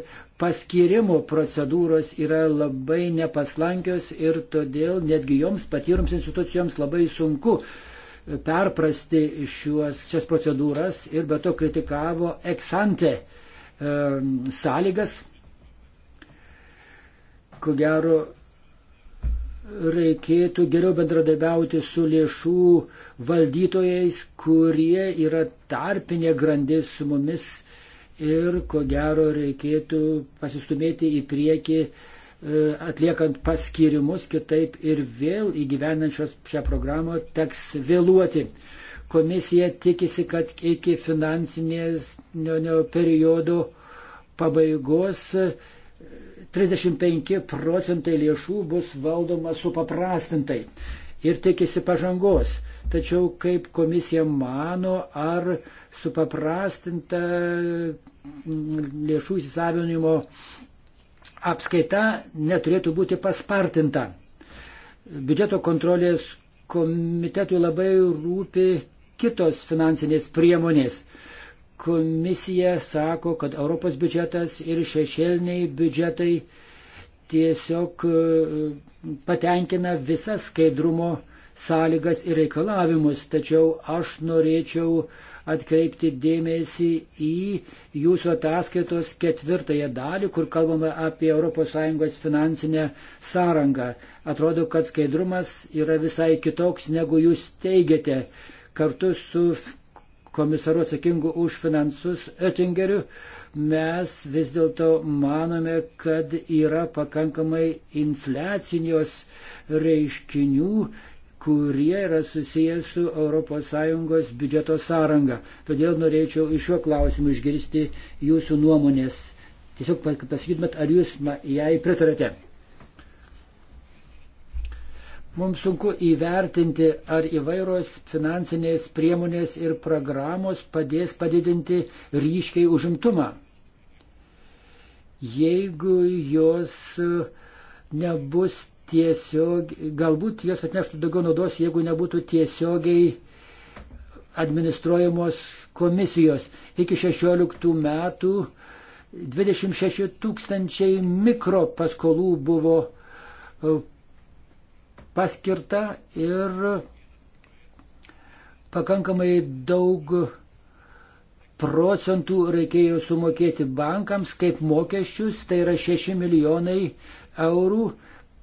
paskirimo procedūros yra labai nepaslankios ir todėl netgi joms patyroms institucijoms labai sunku perprasti šiuos, šias procedūras ir be to kritikavo eksante e, sąlygas ko gero reikėtų geriau bendradarbiauti su lėšų valdytojais, kurie yra tarpinė grandis su mumis ir ko gero reikėtų pasistumėti į priekį e, atliekant paskirimus, kitaip ir vėl įgyvenančios šią programą teks vėluoti. Komisija tikisi, kad iki finansinės periodo pabaigos 35 procentai lėšų bus valdoma supaprastintai ir tikisi pažangos. Tačiau kaip komisija mano, ar supaprastinta mm, lėšų įsisavinimo apskaita neturėtų būti paspartinta. Biudžeto kontrolės komitetui labai rūpi kitos finansinės priemonės. Komisija sako, kad Europos biudžetas ir šešėliniai biudžetai tiesiog e, patenkina visas skaidrumo sąlygas ir reikalavimus, tačiau aš norėčiau atkreipti dėmesį į jūsų ataskaitos ketvirtąją dalį, kur kalbama apie ES finansinę sąrangą. Atrodo, kad skaidrumas yra visai kitoks, negu jūs teigiate. Kartu su komisaru atsakingu už finansus Oettingeriu, mes vis dėlto manome, kad yra pakankamai infliacinios reiškinių kurie yra susijęs su ES biudžeto sąranga. Todėl norėčiau iš šio klausimų išgirsti jūsų nuomonės. Tiesiog pasakytumėt, ar jūs ma, jai pritarate. Mums sunku įvertinti, ar įvairios finansinės priemonės ir programos padės padidinti ryškiai užimtumą. Jeigu jos e, nebus tiesiog, galbūt jos atneštų daugiau naudos, jeigu nebūtų tiesiogiai administruojamos komisijos. Iki 16 metų 26 tūkstančiai mikropaskolų buvo e, paskirta ir pakankamai daug procentų reikėjo sumokėti bankams kaip mokesčius, tai yra 6 milijonai eurų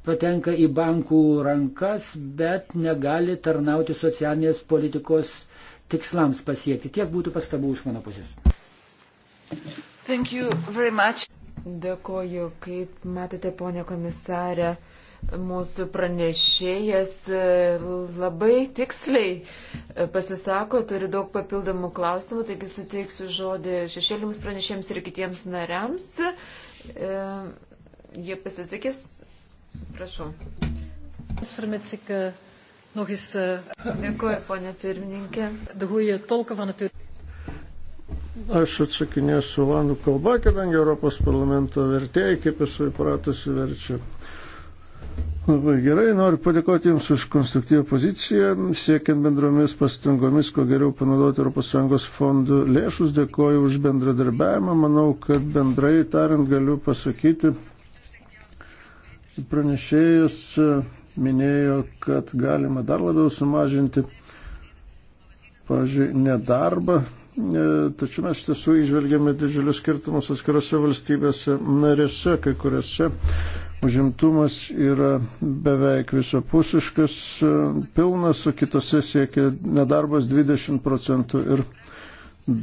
patenka į bankų rankas, bet negali tarnauti socialinės politikos tikslams pasiekti. Tiek būtų pastabų iš mano pusės. Dėkoju, kaip matote, ponė komisarė. Mūsų pranešėjas e, labai tiksliai e, pasisako, turi daug papildomų klausimų, taigi suteiksiu žodį šešėlims pranešėjams ir kitiems nariams. E, jie pasisakys. Prašau. Eh, eh, Dėkuoju, ponė pirmininkė. Aš atsakinėsiu Olandų kalba, kadangi Europos parlamento vertėjai, kaip esu įpratusi, verčiu Labai gerai, noriu padėkoti Jums už konstruktyvę poziciją, siekiant bendromis pastangomis, kuo geriau panaudoti ES fondų lėšus. Dėkoju už bendradarbiavimą. Manau, kad bendrai tariant galiu pasakyti, pranešėjas minėjo, kad galima dar labiau sumažinti, pavyzdžiui, nedarbą. E, tačiau mes iš tiesų išvelgėme didžiulius skirtumus atskirose valstybėse narėse, kai kuriuose Užimtumas yra beveik visapusiškas, e, pilnas, o kitose siekia nedarbas 20 procentų ir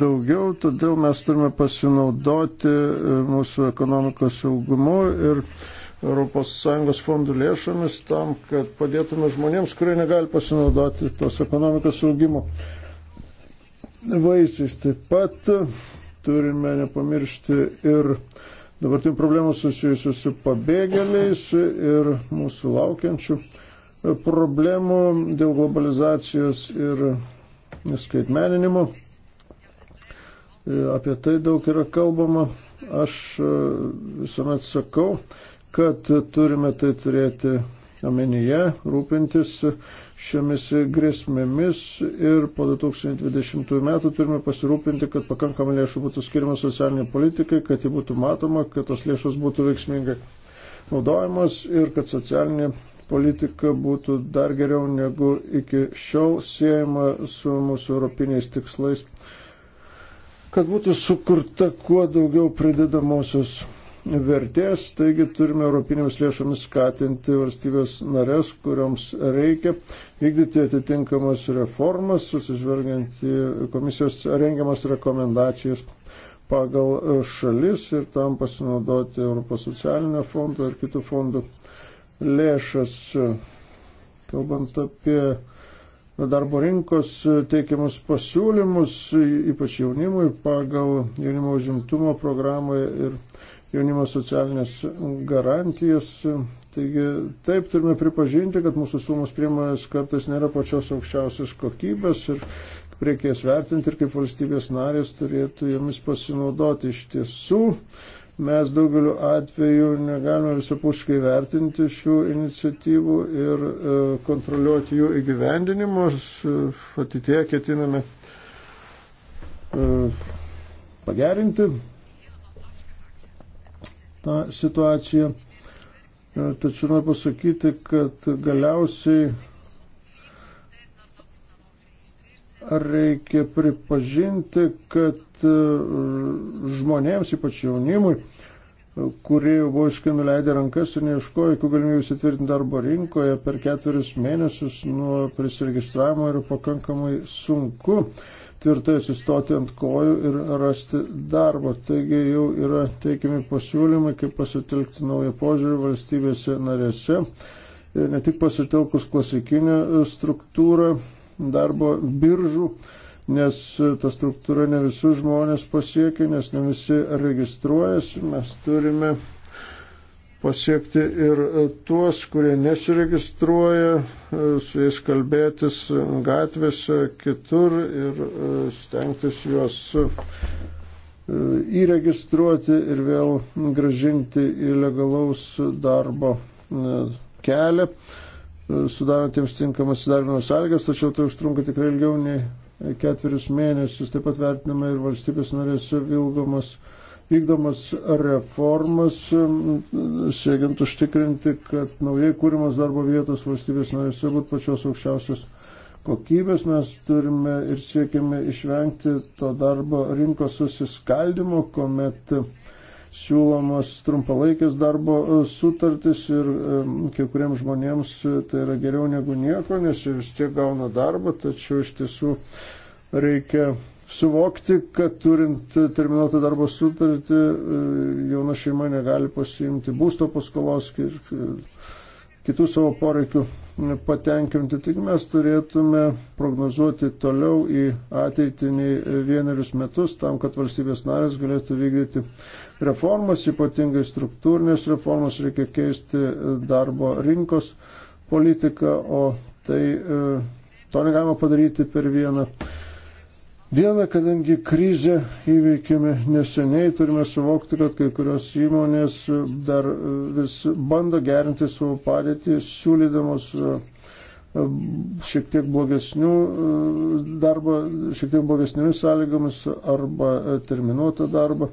daugiau, todėl mes turime pasinaudoti e, mūsų ekonomikos saugumu ir ES fondų lėšomis tam, kad padėtume žmonėms, kurie negali pasinaudoti tos ekonomikos saugimo vaisiais. Taip pat turime nepamiršti ir dabartinių problemų susijusių su pabėgėliais ir mūsų laukiančių problemų dėl globalizacijos ir skaitmeninimo. Apie tai daug yra kalbama. Aš visuomet sakau, kad turime tai turėti omenyje, rūpintis šiomis grėsmėmis ir po 2020 metų turime pasirūpinti, kad pakankamai lėšų būtų skirima socialiniai politikai, kad ji būtų matoma, kad tos lėšos būtų veiksmingai naudojamos ir kad socialinė politika būtų dar geriau negu iki šiol siejama su mūsų europiniais tikslais, kad būtų sukurta kuo daugiau pridedamosios vertės, taigi turime europinėms lėšomis skatinti valstybės narės, kurioms reikia vykdyti atitinkamas reformas, susižvelgiant į komisijos rengiamas rekomendacijas pagal šalis ir tam pasinaudoti Europos socialinio fondo ir kitų fondų lėšas. Kalbant apie darbo rinkos teikiamus pasiūlymus, ypač jaunimui, pagal jaunimo užimtumo programą ir jaunimo socialinės garantijas. Taigi taip turime pripažinti, kad mūsų sumos priemonės kartais nėra pačios aukščiausios kokybės ir reikės vertinti ir kaip valstybės narės turėtų jomis pasinaudoti. Iš tiesų, mes daugeliu atveju negalime visapuškai vertinti šių iniciatyvų ir e, kontroliuoti jų įgyvendinimus. E, ateitie ketiname e, pagerinti tą situaciją. E, tačiau noriu pasakyti, kad galiausiai reikia pripažinti, kad e, žmonėms, ypač jaunimui, e, kurie jau buvo iškai nuleidę rankas ir neieškojo jokių galimybių įsitvirtinti darbo rinkoje per ketverius mėnesius nuo prisiregistravimo yra pakankamai sunku tvirtai sustoti ant kojų ir rasti darbo. Taigi jau yra teikiami pasiūlymai, kaip pasitelkti naują požiūrį valstybėse narėse. Ir ne tik pasitelkus klasikinę struktūrą darbo biržų, nes ta struktūra ne visus žmonės pasiekia, nes ne visi registruojasi. Mes turime pasiekti ir e, tuos, kurie nesiregistruoja, e, su jais kalbėtis gatvėse, kitur ir e, stengtis juos įregistruoti ir vėl gražinti į legalaus darbo kelią, sudarantiems tinkamas įdarbinimo sąlygas, tačiau tai užtrunka tikrai ilgiau nei ketverius mėnesius, taip pat vertinama ir valstybės narėse vilgomas vykdomas reformas, siekiant užtikrinti, kad naujai kūrimas darbo vietos valstybės narėse būtų pačios aukščiausios kokybės, mes turime ir siekime išvengti to darbo rinkos susiskaldimo, kuomet siūlomas trumpalaikis darbo e, sutartis ir e, kai kuriems žmonėms e, tai yra geriau negu nieko, nes jie vis tiek gauna darbą, tačiau iš tiesų reikia suvokti, kad turint terminuotą darbo sutartį, e, jauna šeima negali pasiimti būsto paskolos ir kitų savo poreikių patenkinti. Tik mes turėtume prognozuoti toliau į ateitį nei vienerius metus, tam, kad valstybės narės galėtų vykdyti reformas, ypatingai struktūrinės reformas, reikia keisti darbo rinkos politiką, o tai e, to negalima padaryti per vieną dieną, kadangi krizę įveikėme neseniai, turime suvokti, kad kai kurios įmonės dar vis bando gerinti savo padėtį, siūlydamos e, šiek tiek blogesnių e, darbo, šiek tiek blogesnėmis sąlygomis arba e, terminuotą darbą.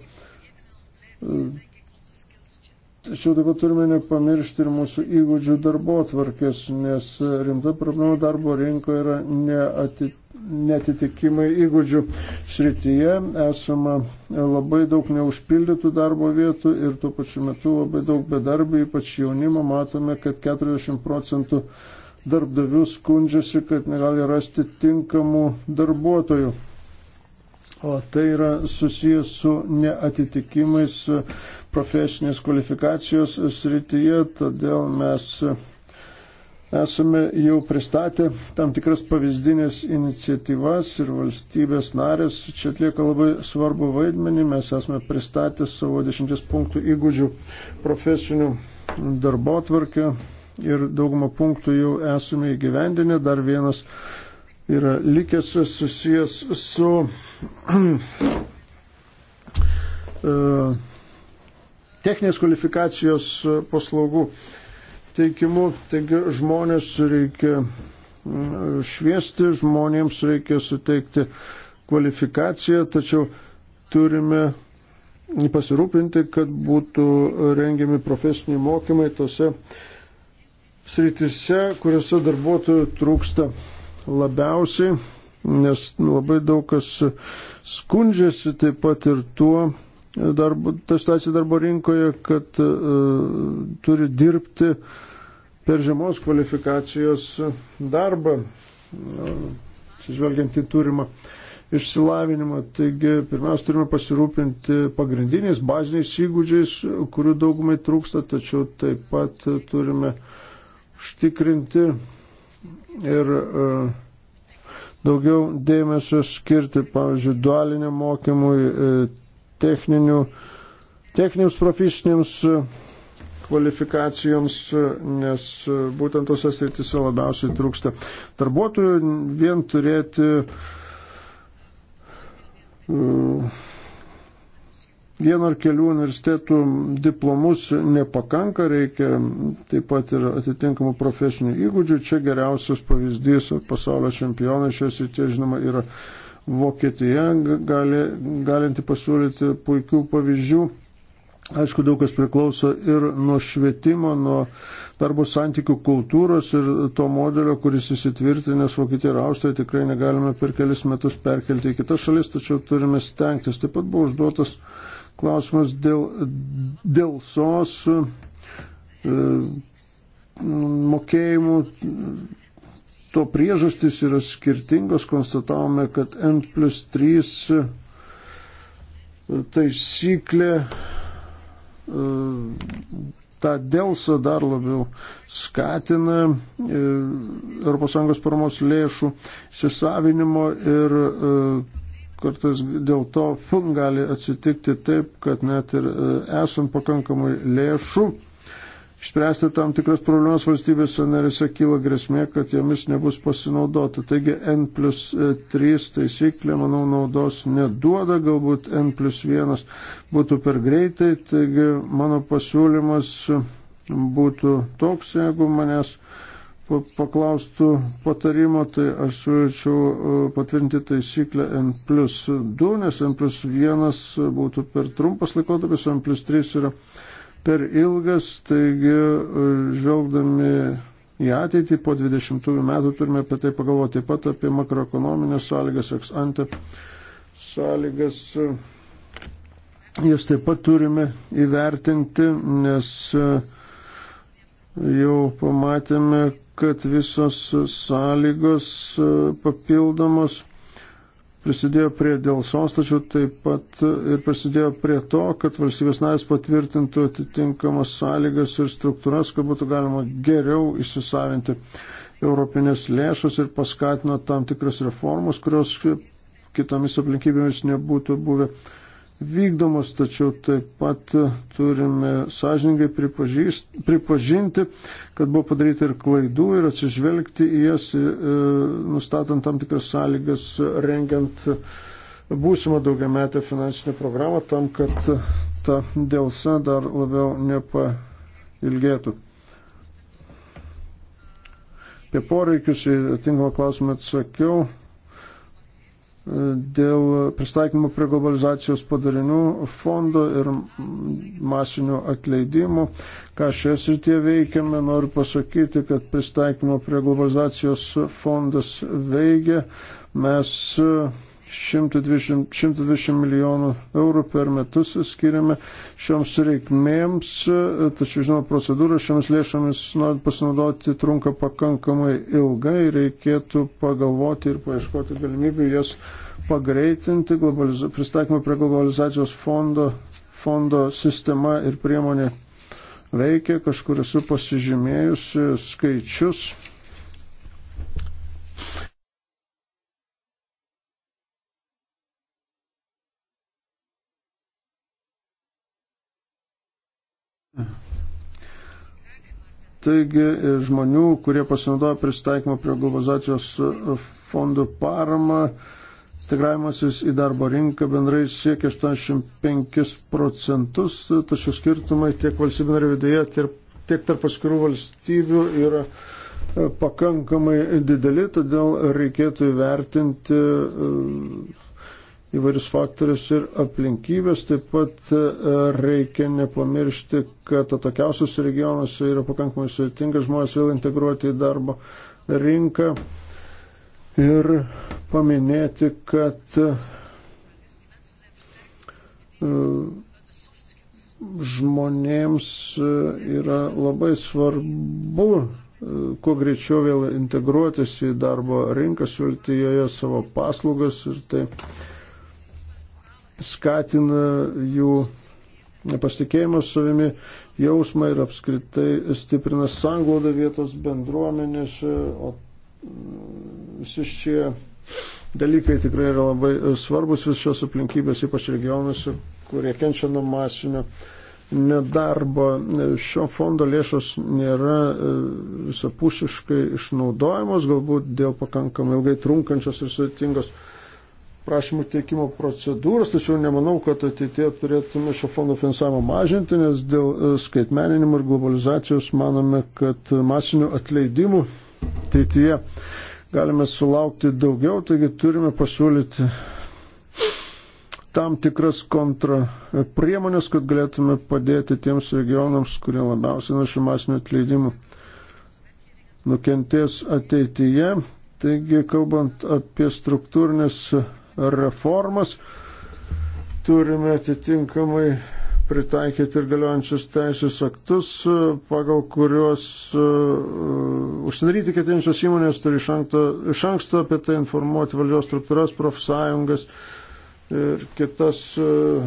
Tačiau taip pat turime nepamiršti ir mūsų įgūdžių darbo atvarkės, nes rimta problema darbo rinkoje yra neatitikti netitikimai įgūdžių srityje. Esame labai daug neužpildytų darbo vietų ir tuo pačiu metu labai daug bedarbių, ypač jaunimo. Matome, kad 40 procentų darbdavių skundžiasi, kad negali rasti tinkamų darbuotojų. O tai yra susijęs su neatitikimais profesinės kvalifikacijos srityje, todėl mes Esame jau pristatę tam tikras pavyzdinės iniciatyvas ir valstybės narės čia atlieka labai svarbu vaidmenį. Mes esame pristatę savo dešimties punktų įgūdžių profesinių darbo tvarkę ir daugumą punktų jau esame įgyvendinę. Dar vienas yra likęs susijęs su e, techninės kvalifikacijos paslaugų teikimu. Taigi žmonės reikia mm, šviesti, žmonėms reikia suteikti kvalifikaciją, tačiau turime pasirūpinti, kad būtų rengiami profesiniai mokymai tose sritise, kuriuose darbuotojų trūksta labiausiai, nes labai daug kas skundžiasi taip pat ir tuo, darbo, ta situacija darbo rinkoje, kad uh, turi dirbti uh, per žemos kvalifikacijos darbą, atsižvelgiant į turimą išsilavinimą. Taigi, pirmiausia, turime pasirūpinti pagrindiniais baziniais įgūdžiais, kurių daugumai trūksta, tačiau taip pat turime užtikrinti ir e, daugiau dėmesio skirti, pavyzdžiui, dualiniam mokymui, e, techninių, techniniams profesiniams kvalifikacijoms, nes būtent tose sritise labiausiai trūksta darbuotojų. Vien turėti uh, vieno ar kelių universitetų diplomus nepakanka, reikia taip pat ir atitinkamų profesinių įgūdžių. Čia geriausias pavyzdys pasaulio čempionai šios ir tie žinoma yra Vokietija, gali, galinti pasiūlyti puikių pavyzdžių Aišku, daug kas priklauso ir nuo švietimo, nuo darbo santykių kultūros ir to modelio, kuris įsitvirtinęs Vokietija ir Austrija tikrai negalime per kelis metus perkelti į kitas šalis, tačiau turime stengtis. Taip pat buvo užduotas klausimas dėl, dėl sos e, mokėjimų. To priežastys yra skirtingos, konstatavome, kad N plus 3 taisyklė tą dėlsą dar labiau skatina e, ES paramos lėšų įsisavinimo ir e, kartais dėl to gali atsitikti taip, kad net ir e, esant pakankamai lėšų išspręsti tam tikras problemas valstybėse narėse kyla grėsmė, kad jomis nebus pasinaudota. Taigi N plus 3 e, taisyklė, manau, naudos neduoda, galbūt N plus 1 būtų per greitai. Taigi mano pasiūlymas būtų toks, jeigu manęs paklaustų patarimo, tai aš siūlyčiau e, patvirtinti taisyklę N plus 2, nes N plus 1 būtų per trumpas laikotarpis, N plus 3 yra. Yra per ilgas, taigi e, žvelgdami į ateitį po 20 metų turime apie tai pagalvoti taip pat apie makroekonominės sąlygas, eksante sąlygas. Jas taip pat turime įvertinti, nes e, jau pamatėme, kad visos sąlygos e, papildomos prisidėjo prie dėlsos, tačiau taip pat ir prisidėjo prie to, kad valstybės narės patvirtintų atitinkamas sąlygas ir struktūras, kad būtų galima geriau įsisavinti europinės lėšas ir paskatino tam tikras reformas, kurios kitomis aplinkybėmis nebūtų buvę vykdomos, tačiau taip pat turime sąžiningai pripažinti, kad buvo padaryti ir klaidų ir atsižvelgti į jas, e, e, nustatant tam tikras sąlygas, rengiant būsimą daugiametę finansinę programą tam, kad ta dėlsa dar labiau nepailgėtų. Apie poreikius į tinklą klausimą atsakiau dėl pristaikymo prie globalizacijos padarinių fondo ir masinių atleidimų. Ką šioje srityje veikiame, noriu pasakyti, kad pristaikymo prie globalizacijos fondas veikia. Mes 120, 120 milijonų eurų per metus skiriame šioms reikmėms, tačiau žinoma, procedūra šiomis lėšomis norint pasinaudoti trunka pakankamai ilgai, reikėtų pagalvoti ir paieškoti galimybių jas pagreitinti, pristatymą prie globalizacijos fondo, fondo sistema ir priemonė veikia, kažkur esu pasižymėjusi skaičius Taigi e, žmonių, kurie pasinaudoja pristaikymą prie globalizacijos e, fondų paramą, integravimasis į darbo rinką bendrai siekia 85 procentus, e, tačiau skirtumai tiek valstybinio viduje, tiek tarp paskirų valstybių yra pakankamai dideli, todėl reikėtų įvertinti įvairius faktorius ir aplinkybės. Taip pat e, reikia nepamiršti, kad atokiausios regionuose yra pakankamai sudėtinga žmonės vėl integruoti į darbo rinką. Ir paminėti, kad e, žmonėms e, yra labai svarbu kuo greičiau vėl integruotis į darbo rinką, siūlyti joje savo paslaugas ir tai uh, skatina jų nepasitikėjimo savimi jausmą ir apskritai stiprina sanglaudą vietos bendruomenėse, o visi šie dalykai tikrai yra labai svarbus vis šios aplinkybės, ypač regionuose, kurie kenčia nuo masinio nedarbo. Šio fondo lėšos nėra e, visapusiškai išnaudojamos, galbūt dėl pakankamai ilgai trunkančios ir sudėtingos prašymų teikimo procedūros, tačiau nemanau, kad ateitie turėtume šio fondo finansavimą mažinti, nes dėl e, skaitmeninimo ir globalizacijos manome, kad masinių atleidimų ateityje galime sulaukti daugiau, taigi turime pasiūlyti tam tikras kontra priemonės, kad galėtume padėti tiems regionams, kurie labiausiai nuo šių masinių atleidimų nukentės ateityje. Taigi, kalbant apie struktūrinės reformas. Turime atitinkamai pritaikyti ir galiojančius teisės aktus, pagal kuriuos uh, užsidaryti ketinčios įmonės turi iš anksto, iš anksto apie tai informuoti valdžios struktūras, profsąjungas ir kitas uh,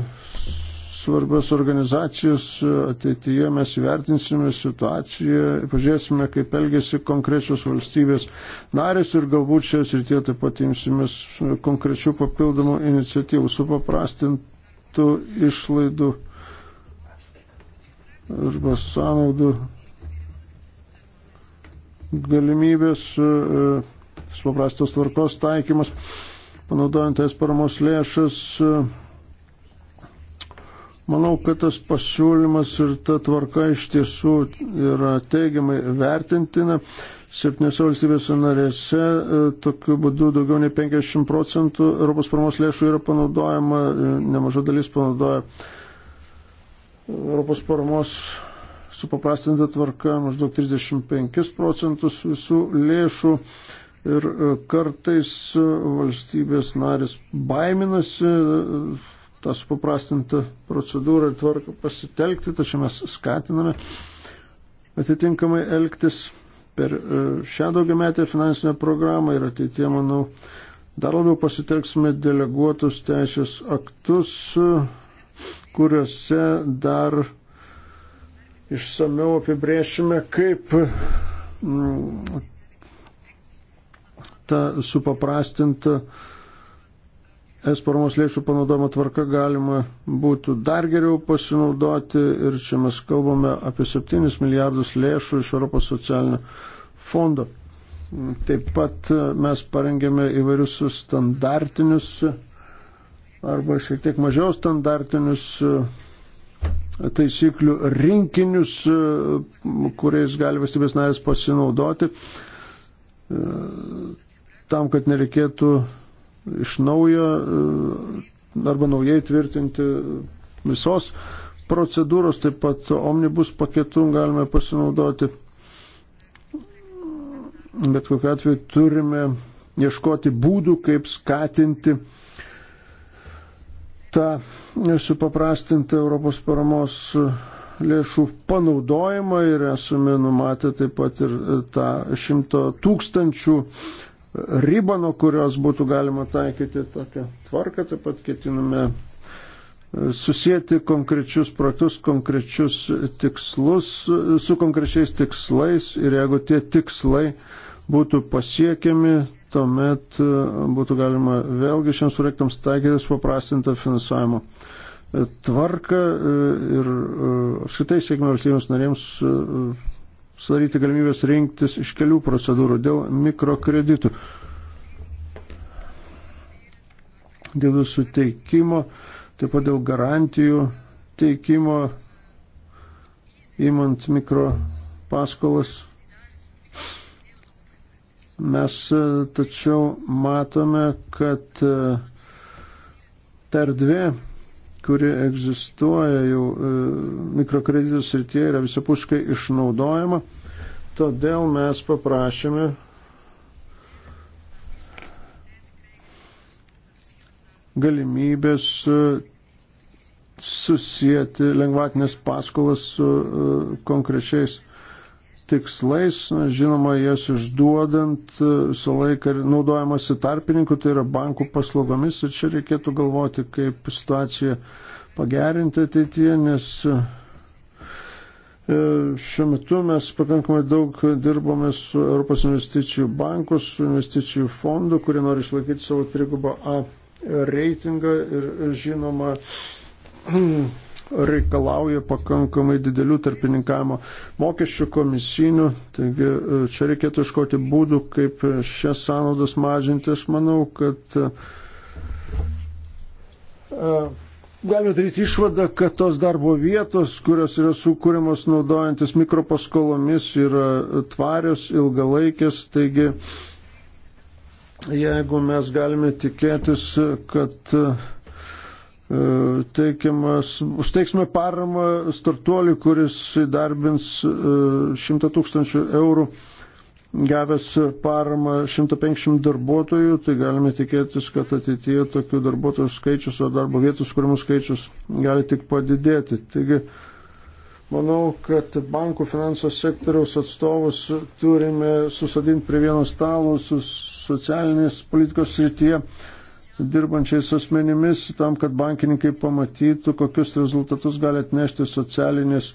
svarbios organizacijos. E, ateityje mes įvertinsime situaciją, pažiūrėsime, kaip elgesi konkrečios valstybės narės ir galbūt šioje srityje taip pat imsimės e, konkrečių papildomų iniciatyvų supaprastintų išlaidų arba sąnaudų galimybės, e, supaprastos tvarkos taikymas, panaudojant tais paramos lėšas. E, Manau, kad tas pasiūlymas ir ta tvarka iš tiesų yra teigiamai vertintina. Septynėse valstybėse narėse e, tokiu būdu daugiau nei 50 procentų Europos paramos lėšų yra panaudojama, e, nemaža dalis panaudoja Europos paramos supaprastinta tvarka maždaug 35 procentus visų lėšų. Ir e, kartais valstybės narės baiminasi tą supaprastintą procedūrą ir tvarką pasitelkti, tačiau mes skatiname atitinkamai elgtis per e, šią daugiametę finansinę programą ir ateitie, manau, dar labiau pasitelksime deleguotus teisės aktus, e, kuriuose dar išsameu apibrėšime, kaip mm, ta supaprastinta uh, es paramos lėšų panaudojimo tvarka galima būtų dar geriau pasinaudoti ir čia mes kalbame apie 7 milijardus lėšų iš Europos socialinio fondo. Taip pat e, mes parengėme įvairius standartinius arba šiek tiek mažiau standartinius e, taisyklių rinkinius, e, kuriais gali valstybės narės pasinaudoti tam, kad nereikėtų iš naujo e, arba naujai tvirtinti visos procedūros, taip pat omnibus paketu galime pasinaudoti. Bet kokiu atveju turime ieškoti būdų, kaip skatinti tą supaprastintą Europos paramos lėšų panaudojimą ir esame numatę taip pat ir tą šimto tūkstančių ribą, nuo kurios būtų galima taikyti tokią tvarką. Taip pat ketiname e, susijęti konkrečius projektus, konkrečius tikslus e, su konkrečiais tikslais ir jeigu tie tikslai būtų pasiekiami, tuomet e, būtų galima vėlgi šiems projektams taikyti supaprastintą finansavimo tvarką ir apskritai siekime valstybėms narėms sudaryti galimybės rinktis iš kelių procedūrų dėl mikrokreditų. Dėl jų suteikimo, taip pat dėl garantijų teikimo, įmant mikropaskolas. Mes tačiau matome, kad e, ta erdvė kuri egzistuoja jau e, mikrokreditų srityje, yra visapuškai išnaudojama. Todėl mes paprašėme galimybės e, susijęti lengvatinės paskolas su e, konkrečiais tikslais, žinoma, jas išduodant e, visą laiką naudojamasi tarpininkų, tai yra bankų paslaugomis ir čia reikėtų galvoti, kaip situaciją pagerinti ateityje, nes e, šiuo metu mes pakankamai daug dirbame su Europos investicijų banku, su investicijų fondu, kurie nori išlaikyti savo trigubą A reitingą ir žinoma reikalauja pakankamai didelių tarpininkavimo mokesčių komisinių, taigi e, čia reikėtų iškoti būdų, kaip šias sąnaudas mažinti. Aš manau, kad e, galime daryti išvadą, kad tos darbo vietos, kurios yra sukūrimas naudojantis mikropaskolomis, yra tvarios, ilgalaikės, taigi jeigu mes galime tikėtis, kad uh, E, teikiamas, užteiksime paramą startuoliui, kuris įdarbins 100 e, tūkstančių eurų gavęs paramą 150 darbuotojų, tai galime tikėtis, kad ateityje tokių darbuotojų skaičius ar darbo vietų skūrimų skaičius gali tik padidėti. Taigi, manau, kad bankų finansų sektoriaus atstovus turime susadinti prie vieno stalo su socialinės politikos srityje dirbančiais asmenimis, tam, kad bankininkai pamatytų, kokius rezultatus gali atnešti socialinės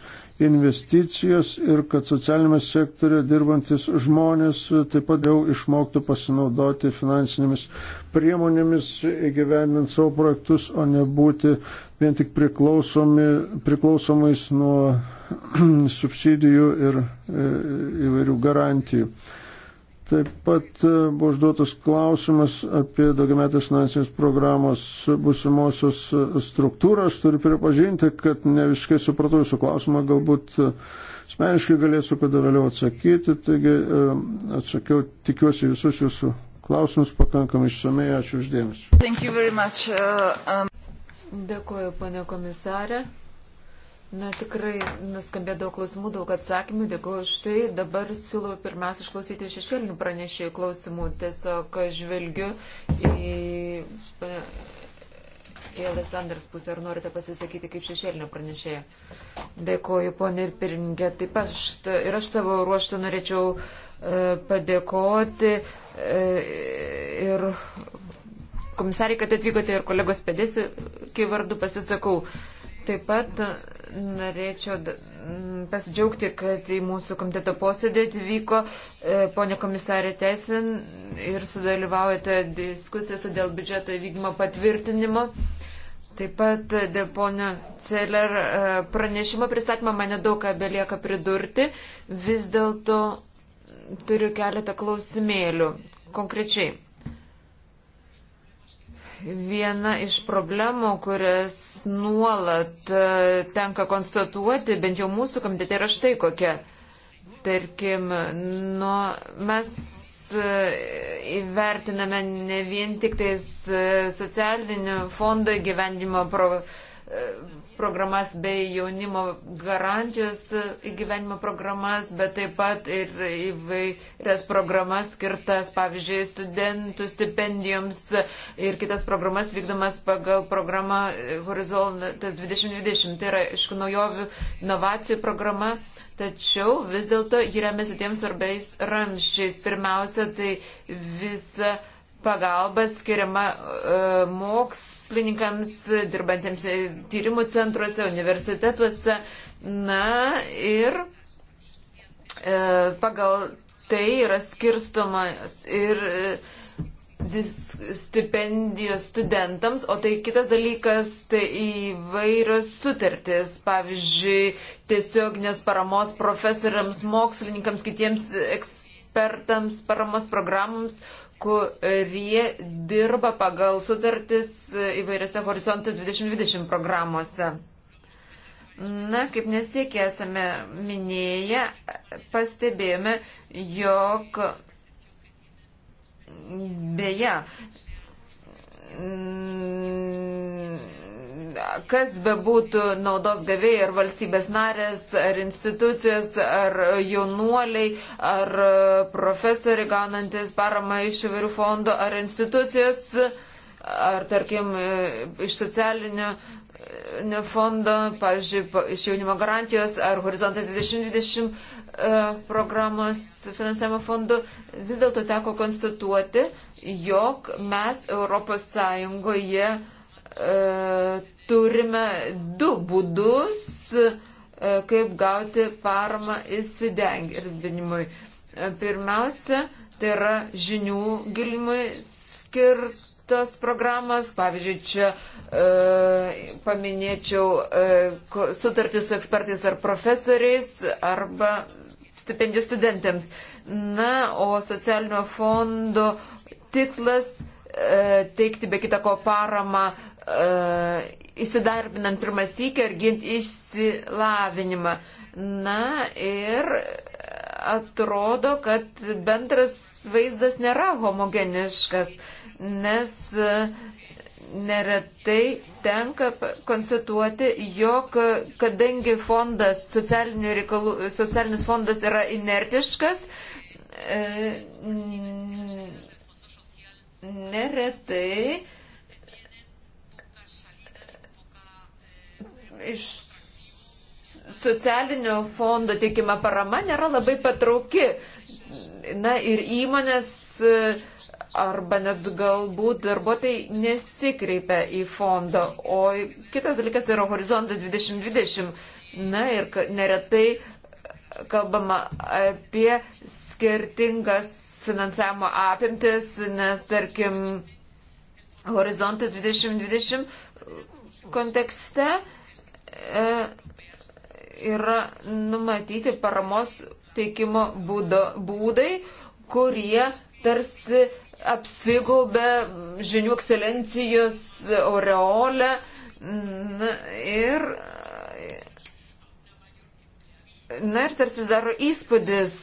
investicijos ir kad socialinėme sektorė dirbantis žmonės taip pat jau išmoktų pasinaudoti finansinėmis priemonėmis įgyvendinant savo projektus, o nebūti vien tik priklausomais nuo subsidijų ir e, įvairių garantijų. Taip pat e, buvo užduotas klausimas apie daugiametės finansinės programos busimosios e, struktūrą. Aš turiu pripažinti, kad ne visiškai supratau jūsų klausimą, galbūt e, asmeniškai galėsiu kada vėliau atsakyti. Taigi atsakiau, tikiuosi visus jūsų klausimus pakankamai išsamei. Ačiū uždėmesi. Uh, um... Dėkuoju, pane komisarė. Na tikrai nuskambė daug klausimų, daug atsakymų, dėkuoju už tai. Dabar siūlau pirmiausia išklausyti šešėlinių pranešėjų klausimų. Tiesiog žvelgiu į, e, į Alessandras pusę, ar norite pasisakyti kaip šešėlinio pranešėjo. Dėkuoju, ponė ir pirmininkė. Taip pat aš, ir aš savo ruoštų norėčiau e, padėkoti e, ir komisariai, kad atvykote ir kolegos pėdėsi, kai vardu pasisakau. E, Taip pat norėčiau pasidžiaugti, kad į mūsų komiteto posėdį atvyko e, ponė komisarė Teisin ir sudalyvaujate diskusijose dėl biudžeto įvykdymo patvirtinimo. Taip pat dėl ponio Celer e, pranešimo pristatymą mane daug ką belieka pridurti. Vis dėlto turiu keletą klausimėlių konkrečiai. Viena iš problemų, kurias nuolat e, tenka konstatuoti, bent jau mūsų komitete, yra štai kokia. Tarkim, nu, mes e, įvertiname ne vien tik tais e, socialinių fondo gyvendimo pro, programas bei jaunimo garantijos įgyvenimo programas, bet taip pat ir įvairias programas skirtas, pavyzdžiui, studentų stipendijoms ir kitas programas vykdomas pagal programą Horizontas 2020. Tai yra, aišku, naujovių inovacijų programa, tačiau vis dėlto ji remiasi tiems svarbiais ramščiais. Pirmiausia, tai visa pagalba skiriama e, mokslininkams, dirbantiems e, tyrimų centruose, universitetuose. Na ir e, pagal tai yra skirstomas ir stipendijos studentams, o tai kitas dalykas - tai įvairios sutartys, pavyzdžiui, tiesioginės paramos profesoriams, mokslininkams, kitiems eks, ekspertams, paramos programams, kurie dirba pagal sutartis e, įvairiose Horizontas 2020 programuose. Na, kaip nesiekiai esame minėję, pastebėjome, jog beje, kas bebūtų naudos gavėjai ar valstybės narės, ar institucijos, ar jaunuoliai, ar profesoriai gaunantis paramą iš įvairių fondų, ar institucijos, ar tarkim iš socialinio fondo, pavyzdžiui, iš jaunimo garantijos ar horizontai 2020 e, programos finansavimo fondų, vis dėlto teko konstatuoti, jog mes Europos Sąjungoje uh, E, turime du būdus, e, kaip gauti paramą įsidengirbinimui. E, pirmiausia, tai yra žinių gilimui skirtos programos. Pavyzdžiui, čia e, paminėčiau e, sutartį su ekspertais ar profesoriais arba stipendijų studentėms. Na, o socialinio fondo tikslas e, teikti be kitako paramą e, E, įsidarbinant pirmas įkį ar ginti išsilavinimą. Na ir atrodo, kad bendras vaizdas nėra homogeniškas, nes neretai tenka konstatuoti, jog kadangi fondas, reikalų, socialinis fondas yra inertiškas, e, neretai iš socialinio fondo teikima parama nėra labai patrauki. Na ir įmonės e, arba net galbūt darbuotojai nesikreipia į fondą. O kitas dalykas tai yra horizontas 2020. Na ir neretai kalbama apie skirtingas finansavimo apimtis, nes tarkim horizontas 2020 kontekste E, yra numatyti paramos teikimo būdo, būdai, kurie tarsi apsigaubė žinių ekscelencijos aureolę na, ir Na ir tarsi daro įspūdis,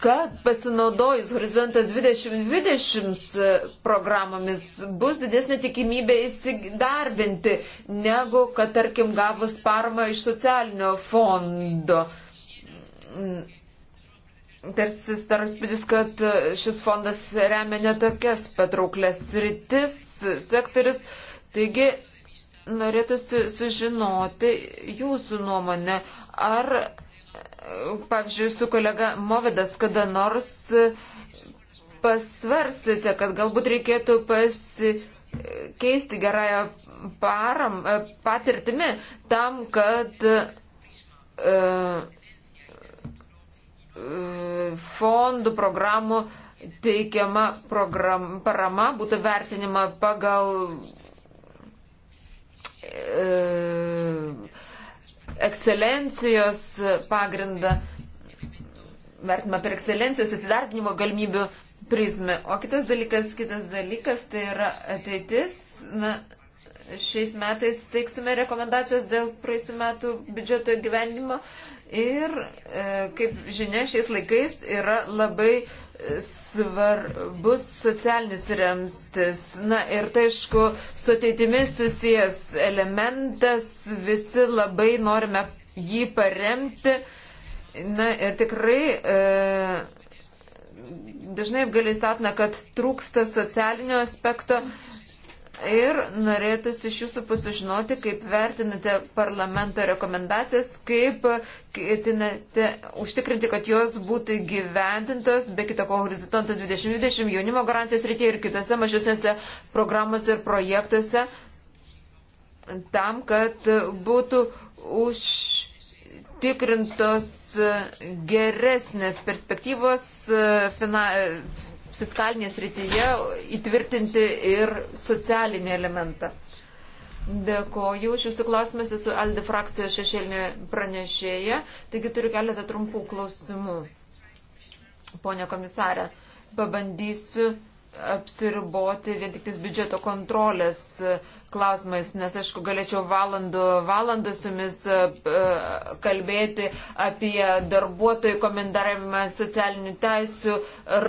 kad pasinaudojus Horizontas 2020 e, programomis bus didesnė tikimybė įsidarbinti, negu kad, tarkim, gavus parmą iš socialinio fondo. Mm, tarsi staras pėdis, kad e, šis fondas remia netokias patrauklės rytis, sektoris. Taigi, norėtųsi sužinoti jūsų nuomonę, ar pavyzdžiui, su kolega Movidas kada nors pasvarsite, kad galbūt reikėtų pasikeisti gerąją param, e, patirtimi tam, kad uh, fondų programų teikiama program, parama būtų vertinima pagal uh, ekscelencijos pagrindą, vertinimą per ekscelencijos įsidarbinimo galimybių prizmę. O kitas dalykas, kitas dalykas, tai yra ateitis. Na, šiais metais teiksime rekomendacijas dėl praėjusių metų biudžeto gyvenimo. Ir, e, kaip žinia, šiais laikais yra labai svarbus socialinis remstis. Na ir tai aišku, su ateitimi susijęs elementas, visi labai norime jį paremti. Na ir tikrai e, dažnai apgailėstatna, kad trūksta socialinio aspekto, Ir norėtųsi iš jūsų pasižinoti, kaip vertinate parlamento rekomendacijas, kaip ketinate užtikrinti, kad jos būtų gyvendintos, be kita ko, horizonto 2020 jaunimo garantijos rytėje ir kitose mažesnėse programose ir projektuose, tam, kad būtų užtikrintos geresnės perspektyvos fina, fiskalinės rytyje įtvirtinti ir socialinį elementą. Dėkoju už jūsų klausimus, esu Aldi frakcijos šešėlinė pranešėja, taigi turiu keletą trumpų klausimų. Pone komisarė, pabandysiu apsiriboti vien tik biudžeto kontrolės uh, klausimais, nes aišku, galėčiau valandų, valandų su jumis e, e, kalbėti apie darbuotojų komendaravimą, socialinių teisų,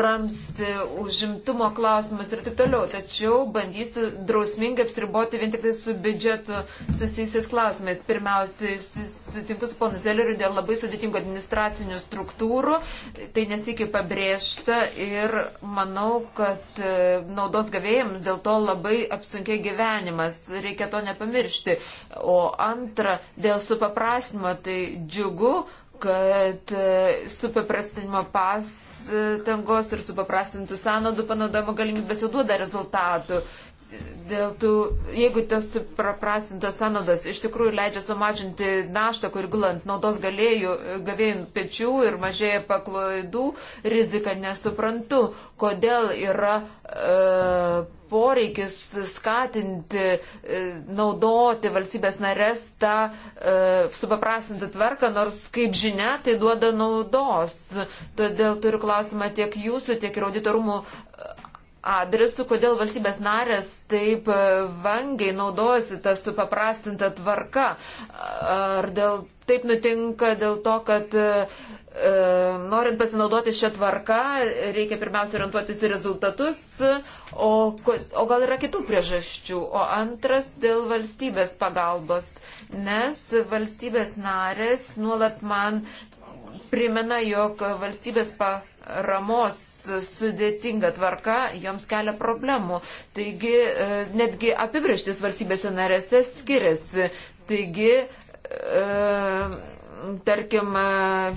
ramsti, užimtumo klausimus ir taip toliau. Tačiau bandysiu drausmingai apsiriboti vien tik tai su biudžetu susijusiais klausimais. Pirmiausiai, sutinku su ponu Zeleriu dėl labai sudėtingų administracinių struktūrų, tai nesikį pabrėžta ir manau, kad e, naudos gavėjams dėl to labai apsunkiai gyvenimas dalykas, reikia to nepamiršti. O antra, dėl supaprastinimo, tai džiugu, kad e, supaprastinimo pastangos ir supaprastintų sąnaudų panaudojimo galimybės jau duoda rezultatų dėl tų, jeigu tas praprasintas sąnaudas iš tikrųjų leidžia sumažinti naštą, kur gulant naudos galėjų, gavėjant pečių ir mažėja paklaidų, rizika nesuprantu, kodėl yra e, poreikis skatinti, e, naudoti valstybės narės tą e, supaprasintą tvarką, nors kaip žinia, tai duoda naudos. Todėl turiu klausimą tiek jūsų, tiek ir auditorumų adresu, kodėl valstybės narės taip e, vangiai naudojasi tą supaprastintą tvarką. Ar dėl, taip nutinka dėl to, kad e, e, norint pasinaudoti šią tvarką, reikia pirmiausia orientuotis į rezultatus, o, o gal yra kitų priežasčių. O antras dėl valstybės pagalbos. Nes valstybės narės nuolat man primena, jog valstybės paramos sudėtinga tvarka joms kelia problemų. Taigi e, netgi apibrieštis valstybėse narėse skiriasi. Taigi, e, tarkim, e,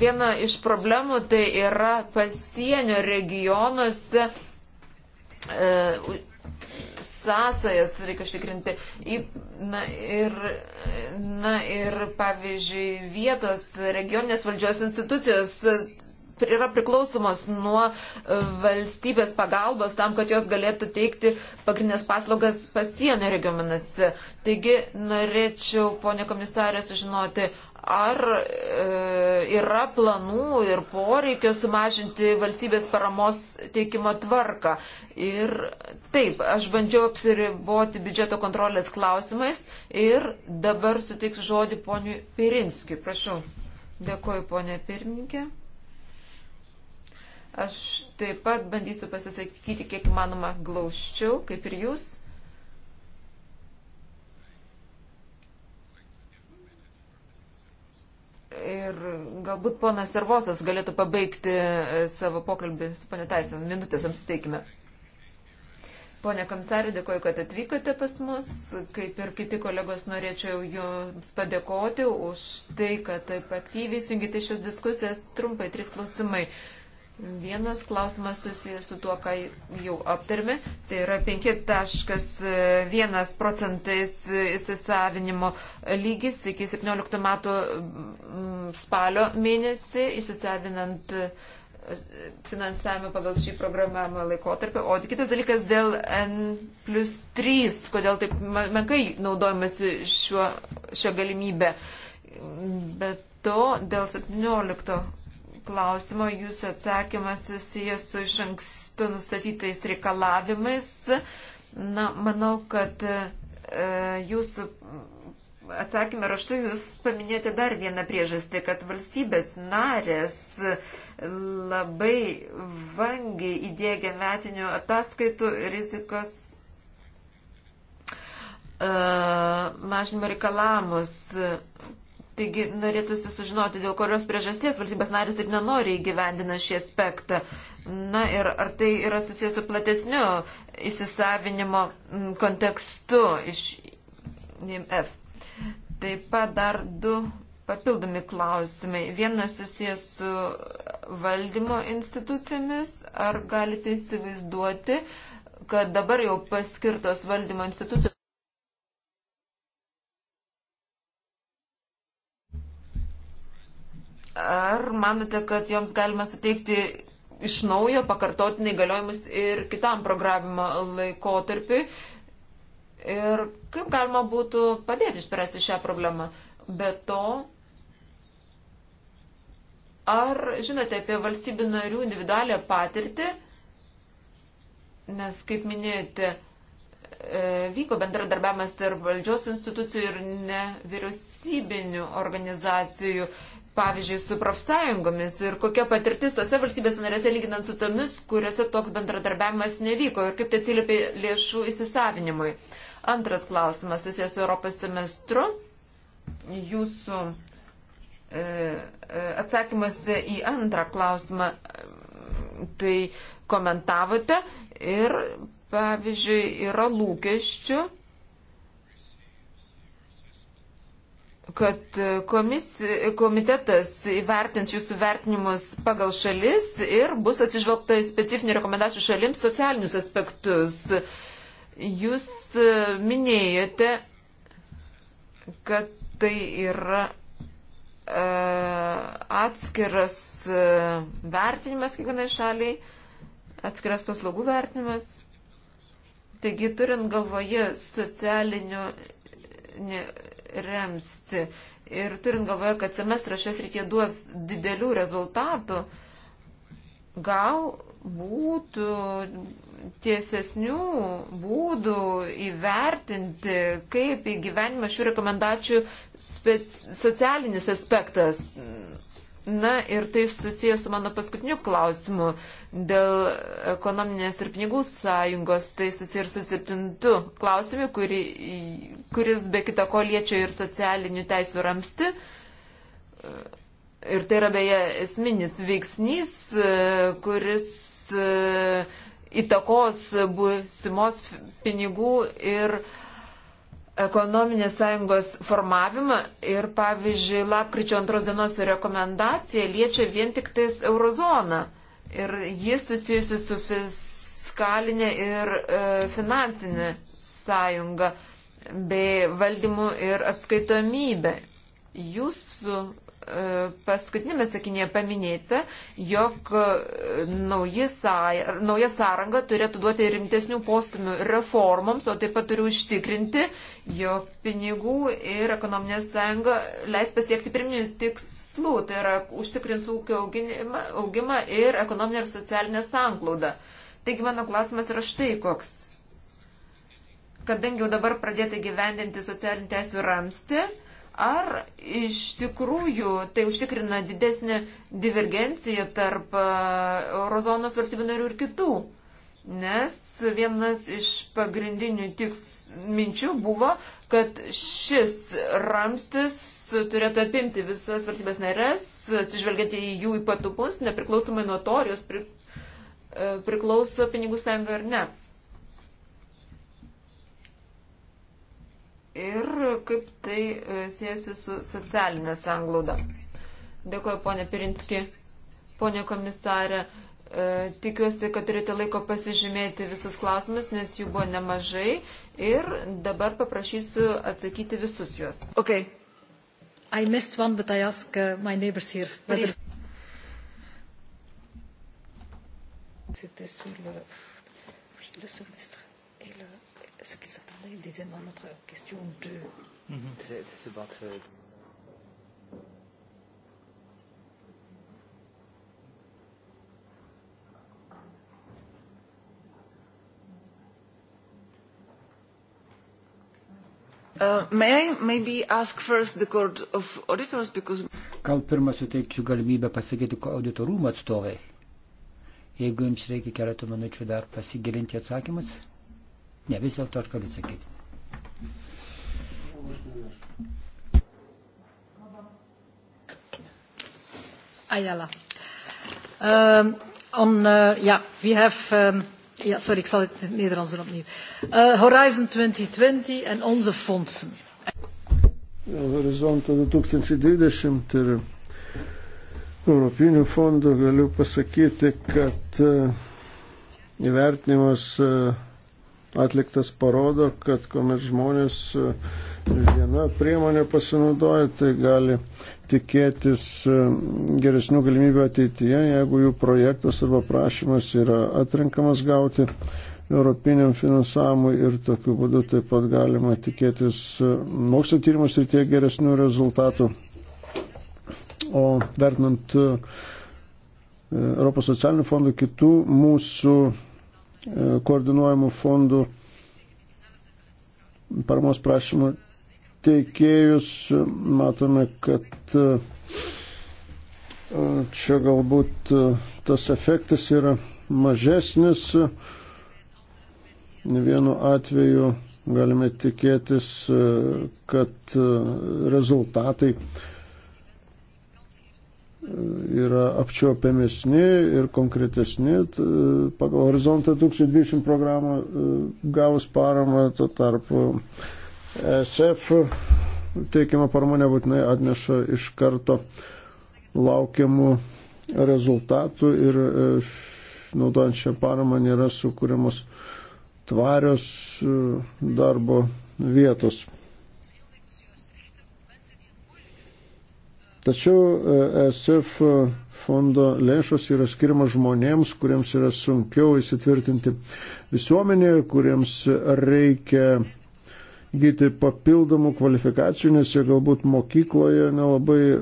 viena iš problemų tai yra pasienio regionuose sąsajas reikia užtikrinti. Na ir, na ir, pavyzdžiui, vietos regioninės valdžios institucijos yra priklausomos nuo e, valstybės pagalbos tam, kad jos galėtų teikti pagrindinės paslaugas pasienio regionuose. Taigi norėčiau, ponė komisarė, sužinoti, ar e, yra planų ir poreikio sumažinti valstybės paramos teikimo tvarką. Ir taip, aš bandžiau apsiriboti biudžeto kontrolės klausimais ir dabar suteiksiu žodį poniu Pirinskiui. Prašau. Dėkuoju, ponė pirmininkė. Aš taip pat bandysiu pasisakyti kiek įmanoma glaučiau, kaip ir jūs. Ir galbūt ponas Servosas galėtų pabaigti e, savo pokalbį su ponė Taisam. Minutės jums suteikime. Pone komisarė, dėkoju, kad atvykote pas mus. Kaip ir kiti kolegos, norėčiau jums padėkoti už tai, kad taip aktyviai sungite šias diskusijas. Trumpai, trys klausimai. Vienas klausimas susijęs su tuo, ką jau aptarėme, tai yra 5.1 procentais įsisavinimo lygis iki 17 metų mm, spalio mėnesį įsisavinant e, finansavimą pagal šį programavimo laikotarpį. O kitas dalykas dėl N plus 3, kodėl taip menkai naudojamasi šiuo, šią galimybę. Bet to dėl 17 klausimo. Jūsų atsakymas susijęs su iš anksto nustatytais reikalavimais. Na, manau, kad e, jūsų atsakymė raštu jūs paminėjote dar vieną priežastį, kad valstybės narės labai vangiai įdėgia metinių ataskaitų rizikos e, mažinimo reikalavimus, Taigi norėtųsi sužinoti, dėl kurios priežasties valstybės narės taip nenori įgyvendina šį aspektą. Na ir ar tai yra susijęs su platesniu įsisavinimo mm, kontekstu iš IMF. Taip pat dar du papildomi klausimai. Vienas susijęs su valdymo institucijomis. Ar galite įsivaizduoti, kad dabar jau paskirtos valdymo institucijos Ar manote, kad joms galima suteikti iš naujo pakartotinai galiojimus ir kitam programavimo laikotarpiui? Ir kaip galima būtų padėti išspręsti šią problemą? Be to, ar žinote apie valstybių narių individualią patirtį? Nes, kaip minėjote, e, vyko bendradarbiavimas tarp valdžios institucijų ir nevyriausybinių organizacijų pavyzdžiui, su profsąjungomis ir kokia patirtis tose valstybės narėse lyginant su tomis, kuriuose toks bendradarbiavimas nevyko ir kaip tai atsiliepė lėšų įsisavinimui. Antras klausimas susijęs su Europos semestru. Jūsų e, e atsakymas į antrą klausimą, e, tai komentavote ir, pavyzdžiui, yra lūkesčių kad e, komis, komitetas įvertins jūsų vertinimus pagal šalis ir bus atsižvelgta į specifinių rekomendacijų šalims socialinius aspektus. Jūs e, minėjote, kad tai yra e, atskiras vertinimas kiekvienai šaliai, atskiras paslaugų vertinimas. Taigi, turint galvoje socialinių remsti. Ir turint galvoje, kad semestras šias rytie duos didelių rezultatų, gal būtų tiesesnių būdų įvertinti, kaip įgyvenimas šių rekomendacijų socialinis aspektas Na ir tai susijęs su mano paskutiniu klausimu dėl ekonominės ir pinigų sąjungos, tai susijęs ir su septintu klausimu, kuri, kuris be kita ko liečia ir socialinių teisų ramsti. Ir tai yra beje esminis veiksnys, kuris įtakos būsimos pinigų ir uh, ekonominės sąjungos formavimą ir, pavyzdžiui, lapkričio antros dienos rekomendacija liečia vien tik tais eurozoną ir jis susijusi su fiskalinė ir e, finansinė sąjunga bei valdymu ir atskaitomybė. Jūsų paskutinėme sakinėje paminėta, jog e, sąja, nauja sąranga turėtų duoti rimtesnių postumių reformoms, o taip pat turi užtikrinti, jog pinigų ir ekonominė sąjunga leis pasiekti pirminių tikslų, tai yra užtikrins ūkio auginimą, augimą ir ekonominę ir socialinę sąnglaudą. Taigi mano klausimas yra štai koks. Kadangi jau dabar pradėta gyvendinti socialinį teisų ramstį, Ar iš tikrųjų tai užtikrina didesnį divergenciją tarp e, eurozonos valstybių narių ir kitų? Nes vienas iš pagrindinių tiks minčių buvo, kad šis ramstis turėtų apimti visas valstybės narės, atsižvelgiant į jų ypatumus, nepriklausomai nuo to, ar jos pri, e, priklauso pinigų sąjunga ar ne. ir kaip tai e, siejasi su socialinė sanglauda. Dėkuoju, ponė Pirinski, ponė komisarė. E, tikiuosi, kad turite laiko pasižymėti visus klausimus, nes jų buvo nemažai ir dabar paprašysiu atsakyti visus juos. Okay. I missed one, but I ask uh, my neighbors here. Whether... C'était sur le... Oui, le semestre disait dans notre question 2. Mm -hmm. That's about uh, Uh, may I maybe ask first the court of auditors because... Gal pirmą suteiksiu galimybę pasakyti auditorumo atstovai. Jeigu jums reikia keletą minučių dar pasigilinti atsakymus. Mm -hmm. Ne, vis dėlto aš galiu atsakyti. Ayala. Um, on, uh, yeah, we have, um, ja, sorry, ik zal het in het Nederlands doen opnieuw. Uh, Horizon 2020 en onze fondsen. Horizontą 2020 ir eh, Europinių fondų galiu pasakyti, kad eh, įvertinimas uh, atliktas parodo, kad kuomet žmonės e, viena priemonė pasinaudoja, tai gali tikėtis e, geresnių galimybių ateityje, jeigu jų projektas arba prašymas yra atrinkamas gauti europiniam finansavimui ir tokiu būdu taip pat galima tikėtis e, mokslo tyrimus ir tie geresnių rezultatų. O vertinant Europos socialinių fondų kitų mūsų koordinuojamų fondų paramos prašymų teikėjus. Matome, kad e, čia galbūt e, tas efektas yra mažesnis. Ne vienu atveju galime tikėtis, e, kad rezultatai yra apčiuopiamesni ir konkretesni. Pagal Horizontą 2020 programą e, gavus paramą, tuo tarpu e SF teikiama parama nebūtinai atneša iš karto laukiamų rezultatų ir e, naudojant šią paramą nėra sukūriamos tvarios darbo vietos. Tačiau e, e SF fondo lėšos yra skirimas žmonėms, kuriems yra sunkiau įsitvirtinti visuomenėje, kuriems reikia gyti papildomų kvalifikacijų, nes jie galbūt mokykloje nelabai e,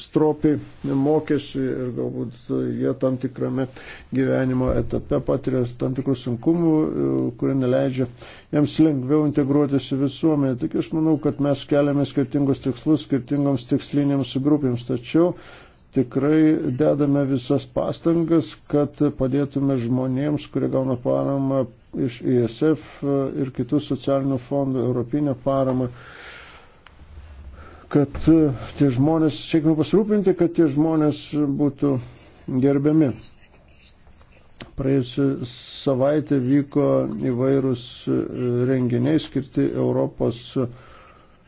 stropiai mokėsi ir galbūt e, jie tam tikrame gyvenimo etape patiria tam tikrų sunkumų, e, kurie neleidžia jiems lengviau integruotis į visuomenę. Tik aš manau, kad mes keliame skirtingus tikslus skirtingoms tikslinėms grupėms, tačiau tikrai dedame visas pastangas, kad padėtume žmonėms, kurie gauna paramą iš ISF e e, ir kitų socialinių fondų, europinę paramą, kad e, tie žmonės, siekime pasirūpinti, kad tie žmonės būtų gerbiami. Praėjusią savaitę vyko įvairūs renginiai skirti Europos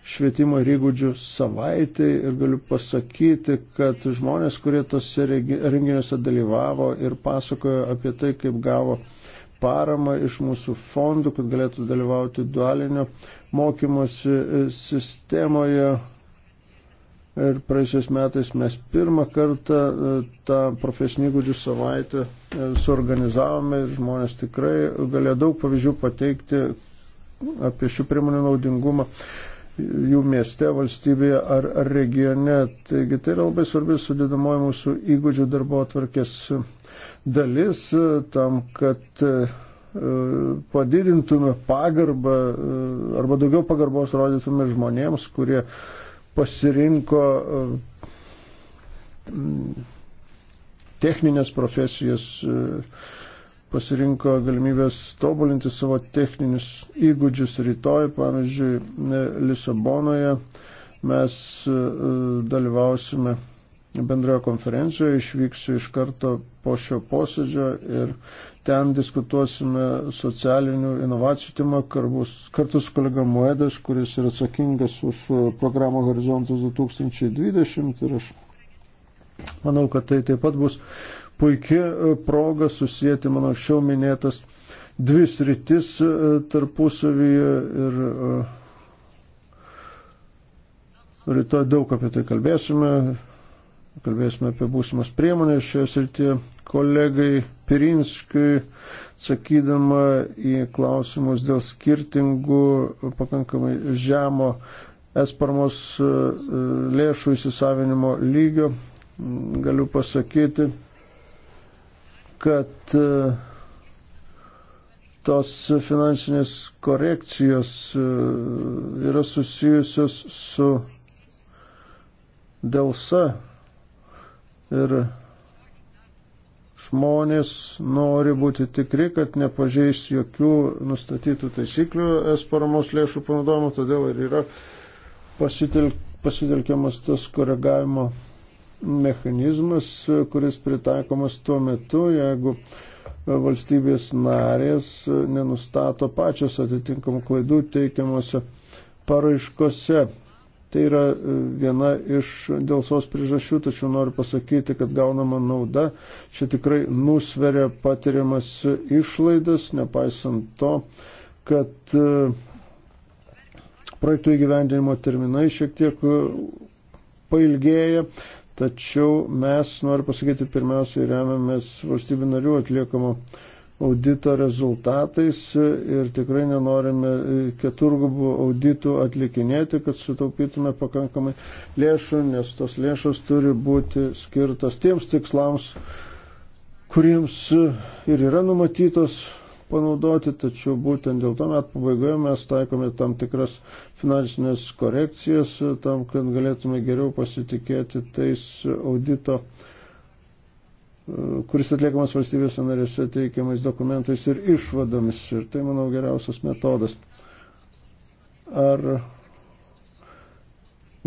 švietimo ir įgūdžių savaitai ir galiu pasakyti, kad žmonės, kurie tose renginiuose dalyvavo ir pasakojo apie tai, kaip gavo uh, paramą iš mūsų fondų, kad galėtų dalyvauti dualinio mokymosi e, sistemoje. Ir praėjusiais metais mes pirmą kartą e, tą profesinį įgūdžių savaitę e, suorganizavome ir žmonės tikrai galėjo daug pavyzdžių pateikti apie šių priemonių naudingumą jų mieste, valstybėje ar, ar regione. Taigi tai yra labai svarbi sudėdamoji mūsų įgūdžių darbo atvarkės dalis e, tam, kad e, e, padidintume pagarbą arba daugiau pagarbos rodytume žmonėms, kurie pasirinko techninės profesijas, pasirinko galimybės tobulinti savo techninius įgūdžius rytoj, pavyzdžiui, Lisabonoje mes dalyvausime bendroje konferencijoje, išvyksiu iš karto po šio posėdžio ir ten diskutuosime socialinių inovacijų temą kartu su kolega Moedas, kuris yra atsakingas už programą Horizontas 2020 ir aš manau, kad tai taip pat bus puikia proga susijęti mano anksčiau minėtas dvi sritis e, tarpusavyje ir e, rytoj daug apie tai kalbėsime kalbėsime apie būsimas priemonės šioje srityje. Kolegai Pirinskui, sakydama į klausimus dėl skirtingų pakankamai žemo esparmos e, e, lėšų įsisavinimo lygio, galiu pasakyti, kad e, tos finansinės korekcijos yra susijusios su dėlsa Ir žmonės nori būti tikri, kad nepažeis jokių nustatytų taisyklių es paramos lėšų panaudojimo, todėl ir yra pasitelk, pasitelkiamas tas koregavimo mechanizmas, kuris pritaikomas tuo metu, jeigu valstybės narės nenustato pačios atitinkamų klaidų teikiamuose paraiškose. Tai yra e, viena iš dėl sos priežasčių, tačiau noriu pasakyti, kad gaunama nauda čia tikrai nusveria patiriamas išlaidas, nepaisant to, kad e, projektų įgyvendinimo terminai šiek tiek e, pailgėja, tačiau mes, noriu pasakyti, pirmiausiai remiamės valstybių narių atliekamo audito rezultatais ir tikrai nenorime keturgubų auditų atlikinėti, kad sutaupytume pakankamai lėšų, nes tos lėšos turi būti skirtos tiems tikslams, kuriems ir yra numatytos panaudoti, tačiau būtent dėl to metų pabaigoje mes taikome tam tikras finansinės korekcijas tam, kad galėtume geriau pasitikėti tais audito rezultatais kuris atliekamas valstybės narėse teikiamais dokumentais ir išvadomis. Ir tai, manau, geriausias metodas. Ar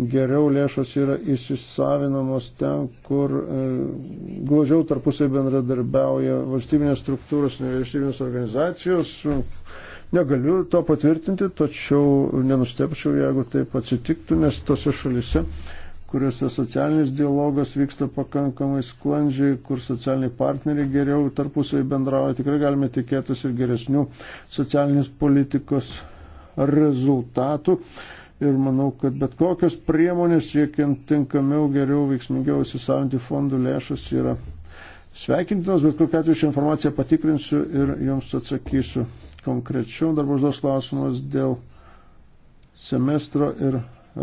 geriau lėšos yra įsisavinamos ten, kur e, glaudžiau tarpusai bendradarbiauja valstybinės struktūros, nevyriausybinės organizacijos. Negaliu to patvirtinti, tačiau nenustepčiau, jeigu taip atsitiktų, nes tose šalise kuriuose socialinis dialogas vyksta pakankamai sklandžiai, kur socialiniai partneriai geriau tarpusai bendrauja, tikrai galime tikėtis ir geresnių socialinės politikos rezultatų. Ir manau, kad bet kokios priemonės, siekiant tinkamiau, geriau, veiksmingiau įsisavinti fondų lėšas yra sveikintinos, bet kokiu atveju šią informaciją patikrinsiu ir jums atsakysiu konkrečiau. Dar užduos klausimas dėl semestro ir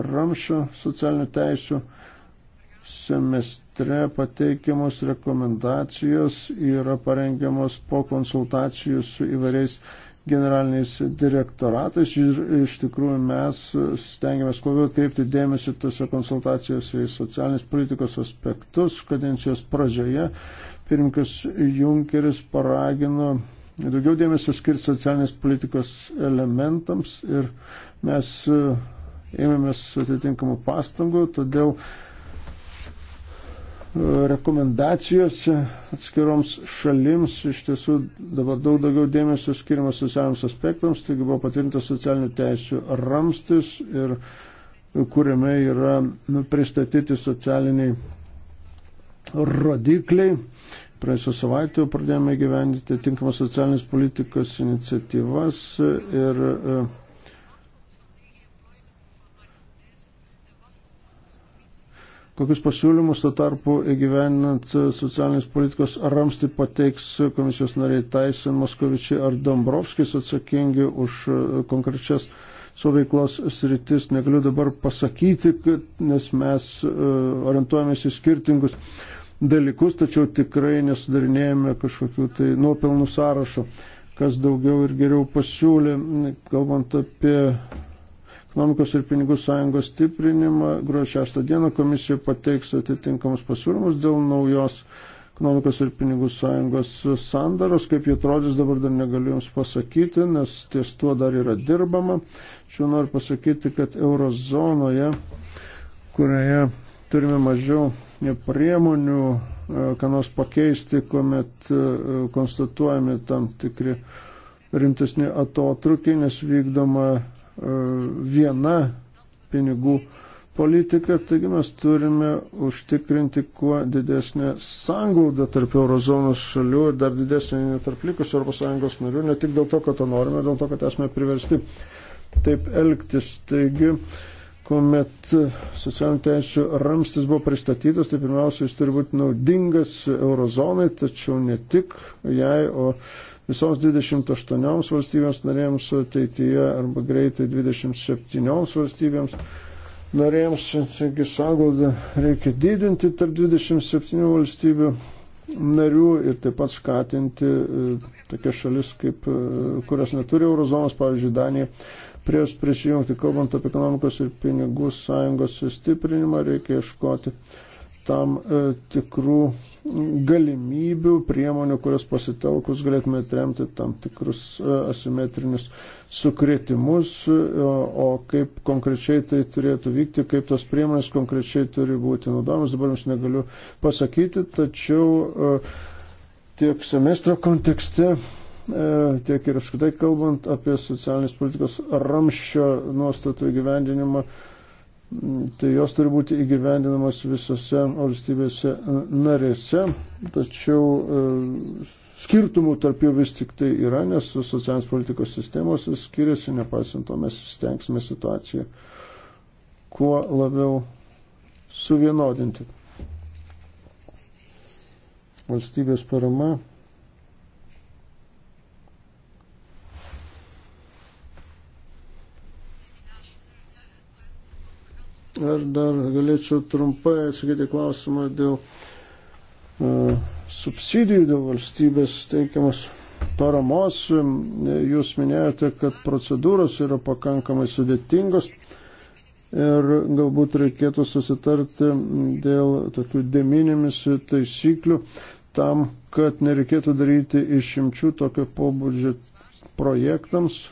ramšio socialinių teisų semestre pateikiamos rekomendacijos yra parengiamos po konsultacijų su įvairiais generaliniais direktoratais ir iš tikrųjų mes stengiamės labiau atkreipti dėmesį tose konsultacijose į socialinės politikos aspektus. Kadencijos pradžioje pirmininkas Junkeris paragino daugiau dėmesio skirti socialinės politikos elementams ir mes ėmėmės atitinkamų pastangų, todėl e, rekomendacijose atskiroms šalims iš tiesų dabar daug daugiau dėmesio skiriama socialiniams aspektams, taigi buvo patvirtintas socialinių teisių ramstis ir kuriame yra nu, pristatyti socialiniai rodikliai. Praėjusią savaitę jau pradėjome gyventi tinkamas socialinės politikos iniciatyvas ir uh, kokius pasiūlymus to tarpu įgyveninant socialinės politikos ramstį pateiks komisijos nariai Taisen, Moskovičiai ar Dombrovskis atsakingi už konkrečias savo veiklos sritis. Negaliu dabar pasakyti, kad, nes mes e, orientuojamės į skirtingus dalykus, tačiau tikrai nesudarinėjame kažkokių tai nuopelnų sąrašo kas daugiau ir geriau pasiūlė, kalbant apie ekonomikos ir pinigų sąjungos stiprinimą. Gruodžio 6 dieną komisija pateiks atitinkamus pasiūlymus dėl naujos ekonomikos ir pinigų sąjungos sandaros. Kaip jie atrodys dabar dar negaliu Jums pasakyti, nes ties tuo dar yra dirbama. Čia noriu pasakyti, kad eurozonoje, kurioje turime mažiau priemonių, e, ką nors pakeisti, kuomet e, konstatuojami tam tikri rimtesni atotrukiai, nes vykdoma E, viena pinigų politika, taigi mes turime užtikrinti kuo didesnę sąnglaudą tarp eurozonos šalių ir dar didesnį tarp likusių ES narių, ne tik dėl to, kad to norime, dėl to, kad esame priversti taip elgtis. Taigi, kuomet socialinių teisų ramstis buvo pristatytas, tai pirmiausia, jis turi būti naudingas eurozonai, tačiau ne tik jai, o visoms 28 valstybėms narėms ateityje arba greitai 27 valstybėms narėms. Taigi sąglaudą reikia didinti tarp 27 valstybių narių ir taip pat skatinti e, tokias šalis, kaip, e, kurios neturi eurozonos, pavyzdžiui, Danija. Prieš prisijungti, kalbant apie ekonomikos ir pinigų sąjungos sustiprinimą, reikia ieškoti tam e, tikrų galimybių, priemonių, kurias pasitelkus galėtume atremti tam tikrus e, asimetrinius sukretimus, e, o kaip konkrečiai tai turėtų vykti, kaip tos priemonės konkrečiai turi būti naudojamas, dabar jums negaliu pasakyti, tačiau e, tiek semestro kontekste, tiek ir apskritai kalbant apie socialinės politikos ramščio nuostatų įgyvendinimą, Mm, tai jos turi būti įgyvendinamas visose valstybėse e, narėse, tačiau e, skirtumų tarp jų vis tik tai yra, nes socialinės politikos sistemos skiriasi, nepaisant to mes stengsime situaciją kuo labiau suvienodinti. Valstybės parama Ar dar galėčiau trumpai atsakyti klausimą dėl uh, subsidijų, dėl valstybės teikiamas paramos. Jūs minėjote, kad procedūros yra pakankamai sudėtingos ir galbūt reikėtų susitarti dėl tokių deminimis taisyklių tam, kad nereikėtų daryti išimčių tokio pobūdžio projektams,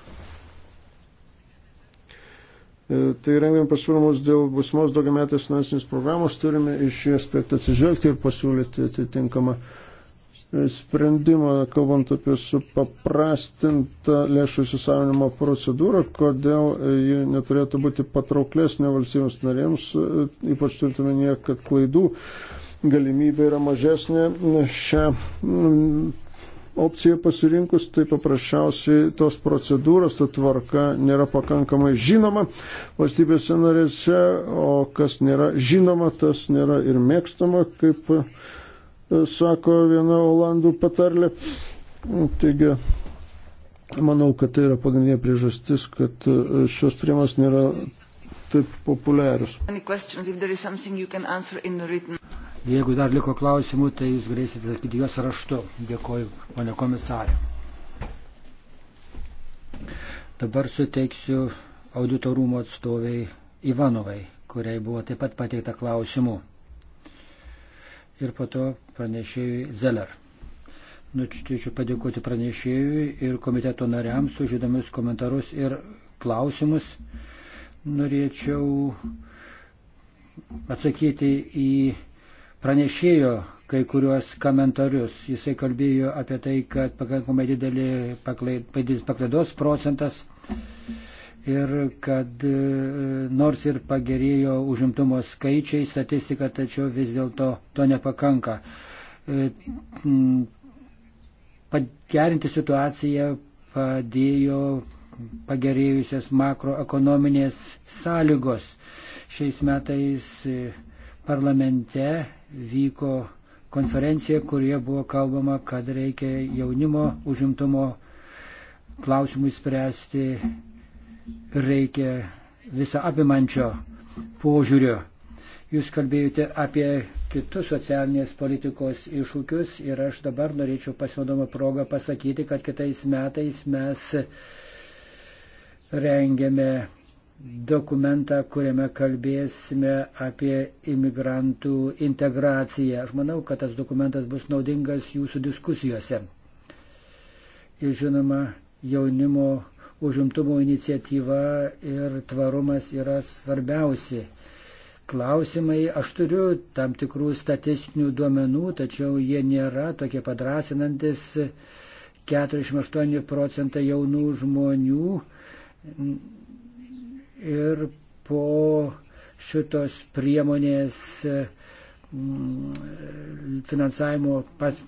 E, tai rengiam pasiūlymus dėl būsimos daugiametės finansinės programos, turime iš šį aspektą atsižvelgti ir pasiūlyti atitinkamą e, sprendimą, kalbant apie supaprastintą lėšų įsisavinimo procedūrą, kodėl e, ji neturėtų būti patrauklesnė valstybėms narėms, ypač turintuminėje, kad klaidų galimybė yra mažesnė. Šią opciją pasirinkus, tai paprasčiausiai tos procedūros, ta tvarka nėra pakankamai žinoma valstybėse narėse, o kas nėra žinoma, tas nėra ir mėgstama, kaip e, sako viena Olandų patarlė. Taigi, manau, kad tai yra pagrindinė priežastis, kad e, šios priemas nėra taip populiarius. Jeigu dar liko klausimų, tai jūs galėsite atsakyti juos raštu. Dėkoju, pane komisarė. Dabar suteiksiu audito rūmo atstoviai Ivanovai, kuriai buvo taip pat pateikta klausimų. Ir po to pranešėjui Zeller. Nučiūčiau padėkoti pranešėjui ir komiteto nariams už įdomius komentarus ir klausimus. Norėčiau atsakyti į pranešėjo kai kuriuos komentarius. Jisai kalbėjo apie tai, kad pakankamai didelį paklaidos procentas ir kad e, nors ir pagerėjo užimtumo skaičiai, statistika, tačiau vis dėlto to nepakanka. E, pagerinti situaciją padėjo pagerėjusias makroekonominės sąlygos. Šiais metais e, parlamente vyko konferencija, kurioje buvo kalbama, kad reikia jaunimo užimtumo klausimų spręsti, reikia visą apimančio požiūrio. Jūs kalbėjote apie kitus socialinės politikos iššūkius ir aš dabar norėčiau pasinaudomą progą pasakyti, kad kitais metais mes rengiame dokumentą, kuriame kalbėsime apie imigrantų integraciją. Aš manau, kad tas dokumentas bus naudingas jūsų diskusijose. Ir žinoma, jaunimo užimtumo iniciatyva ir tvarumas yra svarbiausi klausimai. Aš turiu tam tikrų statistinių duomenų, tačiau jie nėra tokie padrasinantis. 48 procentai jaunų žmonių ir po šitos priemonės mm, finansavimo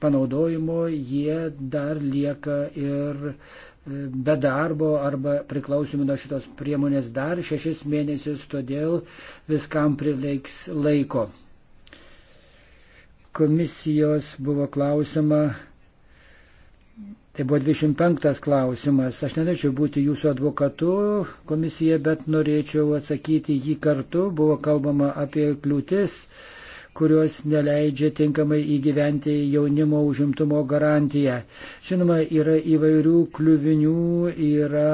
panaudojimo jie dar lieka ir e, be darbo arba priklausomi nuo šitos priemonės dar šešis mėnesius, todėl viskam prireiks laiko. Komisijos buvo klausima, Tai buvo 25 klausimas. Aš nenorėčiau būti jūsų advokatu komisija, bet norėčiau atsakyti jį kartu. Buvo kalbama apie kliūtis, kurios neleidžia tinkamai įgyventi jaunimo užimtumo garantiją. Žinoma, yra įvairių kliuvinių, yra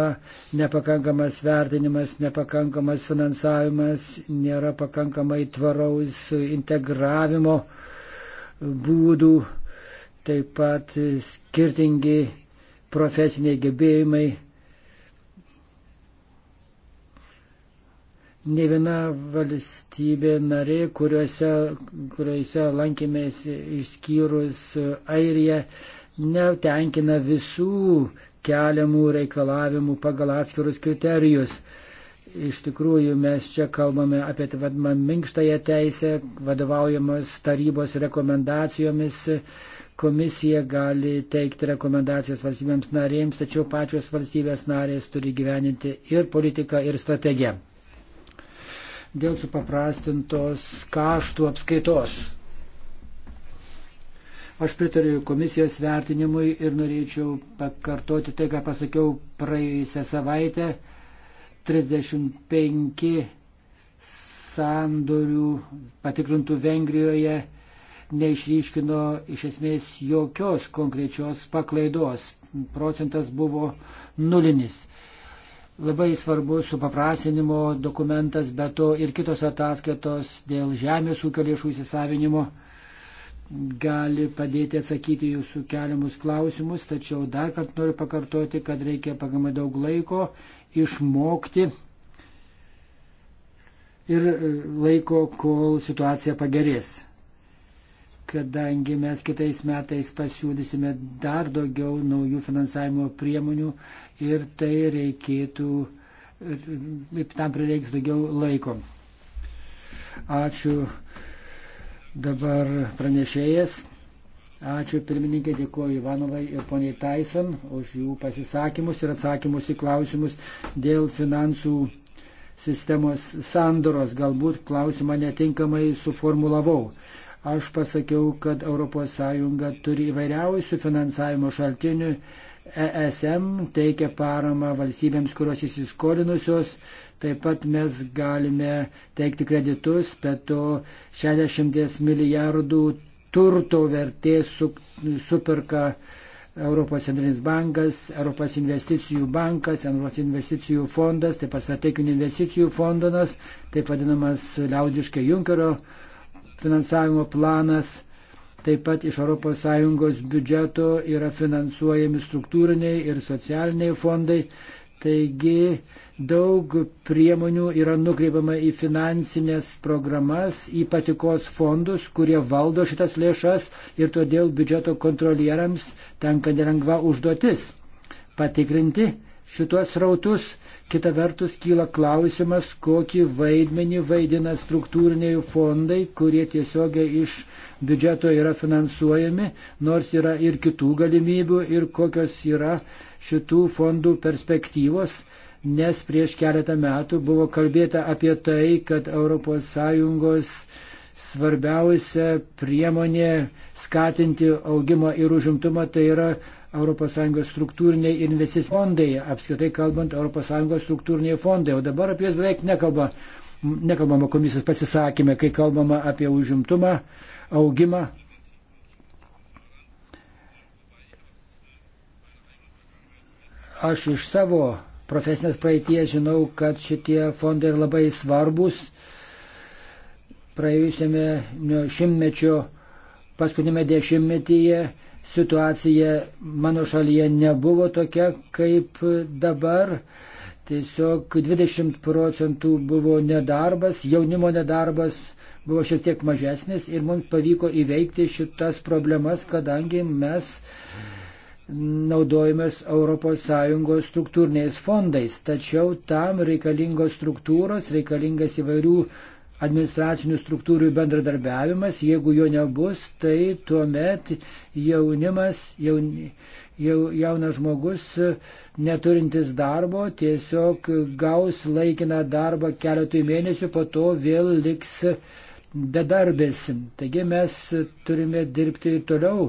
nepakankamas vertinimas, nepakankamas finansavimas, nėra pakankamai tvaraus integravimo būdų taip pat skirtingi profesiniai gebėjimai. Ne viena valstybė narė, kuriuose, kuriuose lankėmės išskyrus Airiją, netenkina visų keliamų reikalavimų pagal atskirus kriterijus. Iš tikrųjų, mes čia kalbame apie vadinamą minkštąją teisę, vadovaujamas tarybos rekomendacijomis, Komisija gali teikti rekomendacijas valstybėms narėms, tačiau pačios valstybės narės turi gyveninti ir politiką, ir strategiją. Dėl supaprastintos kaštų apskaitos. Aš pritariu komisijos vertinimui ir norėčiau pakartoti tai, ką pasakiau praėjusią savaitę. 35 sandorių patikrintų Vengrijoje neišryškino iš esmės jokios konkrečios paklaidos. Procentas buvo nulinis. Labai svarbu supaprasinimo dokumentas, bet to ir kitos ataskaitos dėl žemės ūkio lėšų įsisavinimo gali padėti atsakyti jūsų keliamus klausimus, tačiau dar kartą noriu pakartoti, kad reikia pagamai daug laiko išmokti ir e, laiko, kol situacija pagerės kadangi mes kitais metais pasiūlysime dar daugiau naujų finansavimo priemonių ir tai reikėtų, tam prireiks daugiau laiko. Ačiū dabar pranešėjas. Ačiū pirmininkė, dėkuoju Ivanovai ir poniai Tyson už jų pasisakymus ir atsakymus į klausimus dėl finansų sistemos sandoros. Galbūt klausimą netinkamai suformulavau Aš pasakiau, kad ES turi įvairiausių finansavimo šaltinių. ESM teikia paramą valstybėms, kurios įsiskolinusios. Taip pat mes galime teikti kreditus, bet to 60 milijardų turto vertės superka Europos centrinis bankas, Europos investicijų bankas, Europos investicijų fondas, taip pat strateginių investicijų fondonas, taip vadinamas liaudiškai Junkerio finansavimo planas, taip pat iš ES biudžeto yra finansuojami struktūriniai ir socialiniai fondai. Taigi daug priemonių yra nukreipiama į finansinės programas, į patikos fondus, kurie valdo šitas lėšas ir todėl biudžeto kontrolierams tenka nelengva užduotis patikrinti, šituos rautus. Kita vertus kyla klausimas, kokį vaidmenį vaidina struktūriniai fondai, kurie tiesiogiai iš biudžeto yra finansuojami, nors yra ir kitų galimybių ir kokios yra šitų fondų perspektyvos nes prieš keletą metų buvo kalbėta apie tai, kad ES svarbiausia priemonė skatinti augimą ir užimtumą tai yra ES struktūriniai investiciniai fondai, apskritai kalbant, ES struktūriniai fondai, o dabar apie jas beveik nekalba, nekalbama komisijos pasisakymė, kai kalbama apie užimtumą, augimą. Aš iš savo profesinės praeities žinau, kad šitie fondai yra labai svarbus. Praėjusiame šimtmečio paskutinėme dešimtmetyje situacija mano šalyje nebuvo tokia kaip dabar. Tiesiog 20 procentų buvo nedarbas, jaunimo nedarbas buvo šiek tiek mažesnis ir mums pavyko įveikti šitas problemas, kadangi mes naudojamės ES struktūriniais fondais. Tačiau tam reikalingos struktūros, reikalingas įvairių administracinių struktūrų bendradarbiavimas. Jeigu jo nebus, tai tuomet jaunimas, jaun, jau, jaunas žmogus e, neturintis darbo tiesiog gaus laikiną darbą keletui mėnesių, po to vėl liks bedarbis. Taigi mes turime dirbti toliau,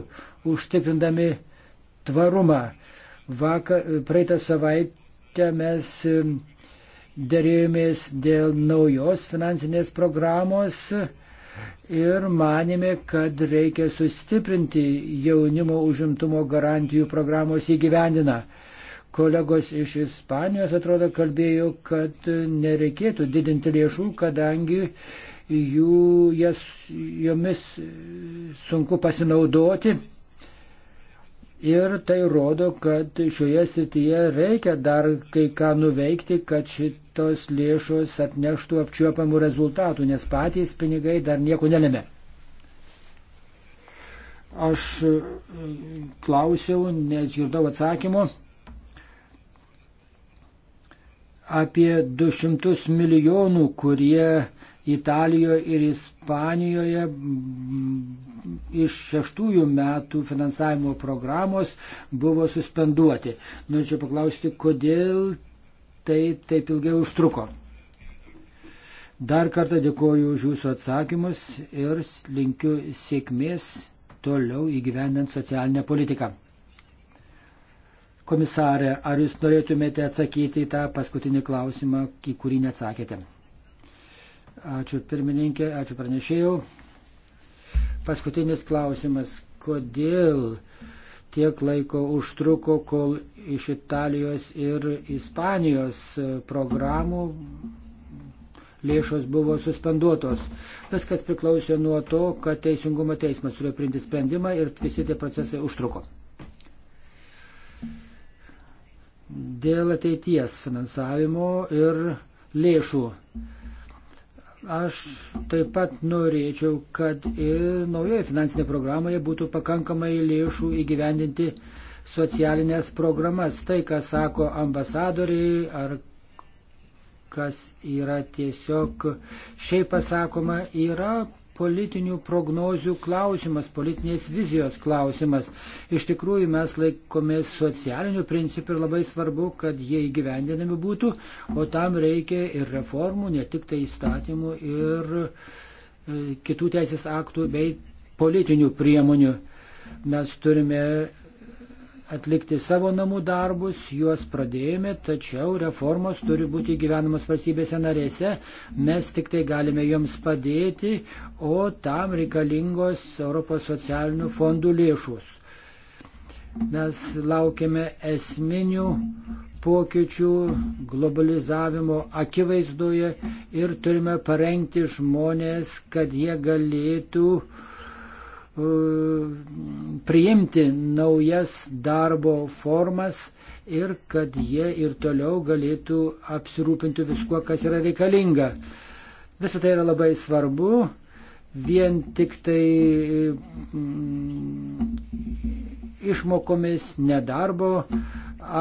užtikrindami tvarumą. Vakar, praeitą savaitę mes e, dėrėjomės dėl naujos finansinės programos ir manėme, kad reikia sustiprinti jaunimo užimtumo garantijų programos įgyvendiną. Kolegos iš Ispanijos atrodo kalbėjo, kad nereikėtų didinti lėšų, kadangi jų, jas, jomis sunku pasinaudoti. Ir tai rodo, kad šioje srityje reikia dar kai ką nuveikti, kad šitos lėšos atneštų apčiuopiamų rezultatų, nes patys pinigai dar nieko nelėmė. Aš e, klausiau, nesgirdau atsakymo apie 200 milijonų, kurie Italijoje ir Ispanijoje iš šeštųjų metų finansavimo programos buvo suspenduoti. Norėčiau paklausti, kodėl tai taip ilgai užtruko. Dar kartą dėkoju už jūsų atsakymus ir linkiu sėkmės toliau įgyvendant socialinę politiką. Komisarė, ar jūs norėtumėte atsakyti į tą paskutinį klausimą, į kurį neatsakėte? Ačiū pirmininkė, ačiū pranešėjau. Paskutinis klausimas, kodėl tiek laiko užtruko, kol iš Italijos ir Ispanijos programų lėšos buvo suspenduotos. Viskas priklausė nuo to, kad Teisingumo teismas turėjo priimti sprendimą ir visi tie procesai užtruko. Dėl ateities finansavimo ir lėšų Aš taip pat norėčiau, kad ir naujoje finansinėje programoje būtų pakankamai lėšų įgyvendinti socialinės programas. Tai, ką sako ambasadoriai ar kas yra tiesiog šiaip pasakoma, yra politinių prognozių klausimas, politinės vizijos klausimas. Iš tikrųjų mes laikomės socialinių principų ir labai svarbu, kad jie įgyvendinami būtų, o tam reikia ir reformų, ne tik tai įstatymų ir e, kitų teisės aktų bei politinių priemonių. Mes turime atlikti savo namų darbus, juos pradėjome, tačiau reformos turi būti gyvenamos valstybėse narėse, mes tik tai galime joms padėti, o tam reikalingos Europos socialinių fondų lėšus. Mes laukiame esminių pokyčių globalizavimo akivaizdoje ir turime parengti žmonės, kad jie galėtų uh, E, priimti naujas darbo formas ir kad jie ir toliau galėtų apsirūpinti viskuo, kas yra reikalinga. Visą tai yra labai svarbu, vien tik tai mm, išmokomis nedarbo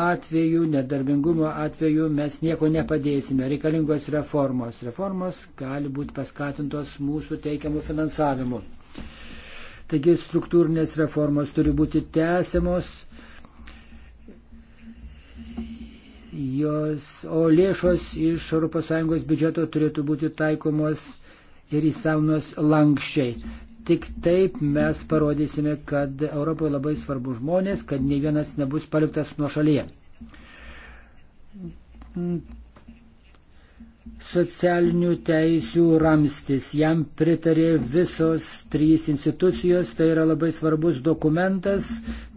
atveju, nedarbingumo atveju mes nieko nepadėsime. Reikalingos reformos. Reformos gali būti paskatintos mūsų teikiamų finansavimu. Taigi struktūrinės reformos turi būti tęsiamos, jos, o lėšos iš ES biudžeto turėtų būti taikomos ir įsavinos lankščiai. Tik taip mes parodysime, kad Europoje labai svarbu žmonės, kad ne vienas nebus paliktas nuo šalyje socialinių teisių ramstis. Jam pritarė visos trys institucijos. Tai yra labai svarbus dokumentas,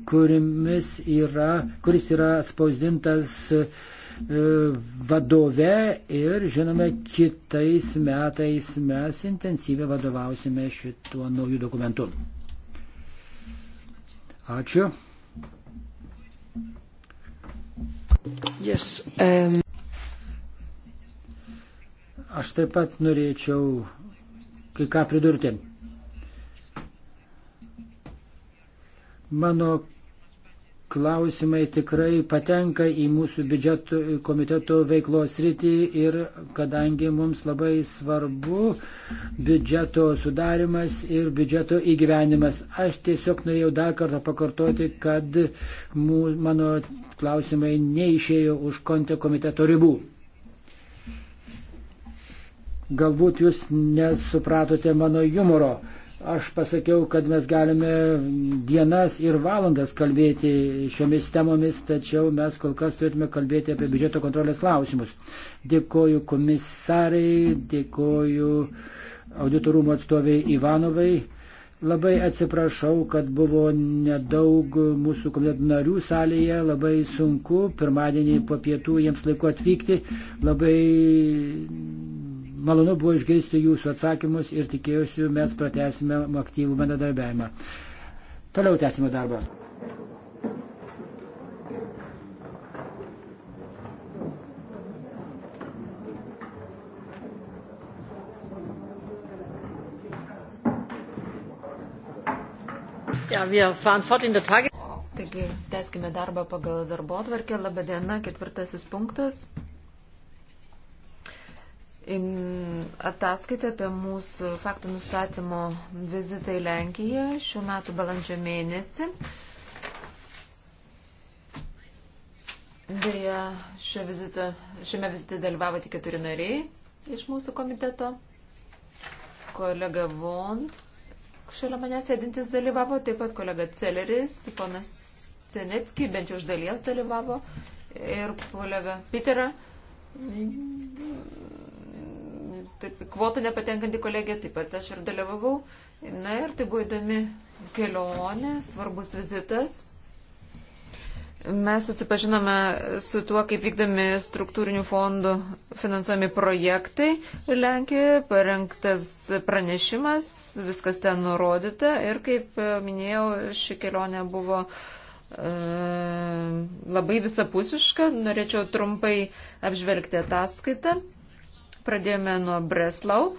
yra, kuris yra spausdintas e, vadove ir, žinome, kitais metais mes intensyviai vadovausime šituo naujų dokumentu. Ačiū. Yes, um... Aš taip pat norėčiau kai ką pridurti. Mano klausimai tikrai patenka į mūsų biudžeto komiteto veiklos rytį ir kadangi mums labai svarbu biudžeto sudarimas ir biudžeto įgyvenimas, aš tiesiog norėjau dar kartą pakartoti, kad mū, mano klausimai neišėjo už kontė komiteto ribų. Galbūt jūs nesupratote mano humoro. Aš pasakiau, kad mes galime dienas ir valandas kalbėti šiomis temomis, tačiau mes kol kas turėtume kalbėti apie biudžeto kontrolės klausimus. Dėkoju komisarai, dėkoju auditorumo atstoviai Ivanovai. Labai atsiprašau, kad buvo nedaug mūsų komiteto narių salėje, labai sunku pirmadienį po pietų jiems laiko atvykti, labai malonu buvo išgirsti jūsų atsakymus ir tikėjusiu mes pratesime aktyvų bendradarbiavimą. Toliau tęsime darbą. Ja, wir fahren fort in der Tage. Taigi, teskime darbą pagal darbo atvarkę. Labadiena, ketvirtasis punktas. Ataskaita apie mūsų faktų nustatymo vizitą į Lenkiją šių metų balandžio mėnesį. Deja, šio vizito, šiame vizite dalyvavo tik keturi nariai iš mūsų komiteto. Kolega Von, šalia manęs sėdintis dalyvavo, taip pat kolega Celeris, ponas Cenetski, bent jau iš dalies dalyvavo ir kolega Pitera taip, kvotą nepatenkantį kolegiją, taip pat aš ir dalyvavau. Na ir tai buvo įdomi kelionė, svarbus vizitas. Mes susipažinome su tuo, kaip vykdomi struktūrinių fondų finansuojami projektai Lenkijoje, parengtas pranešimas, viskas ten nurodyta ir, kaip minėjau, ši kelionė buvo e, labai visapusiška. Norėčiau trumpai apžvelgti ataskaitą. Pradėjome nuo Breslau e,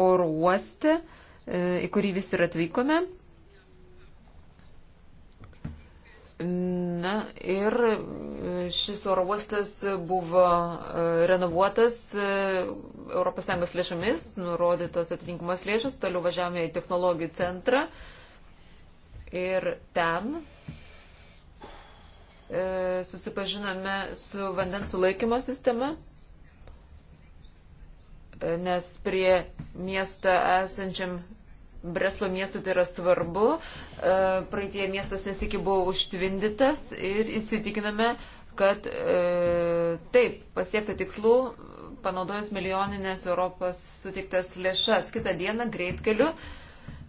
oro uoste, e, į kurį visi ir atvykome. Na ir e, šis oro uostas buvo renovuotas ES lėšomis, nurodytos atitinkamas lėšas, toliau važiavome į technologijų centrą ir ten susipažinome su vandens sulaikymo sistema, nes prie miesto esančiam Breslo miestui tai yra svarbu. E, praeitie miestas nesikį buvo užtvindytas ir įsitikiname, kad e, taip, pasiekta tikslų, panaudojus milijoninės Europos sutiktas lėšas. Kitą dieną greitkeliu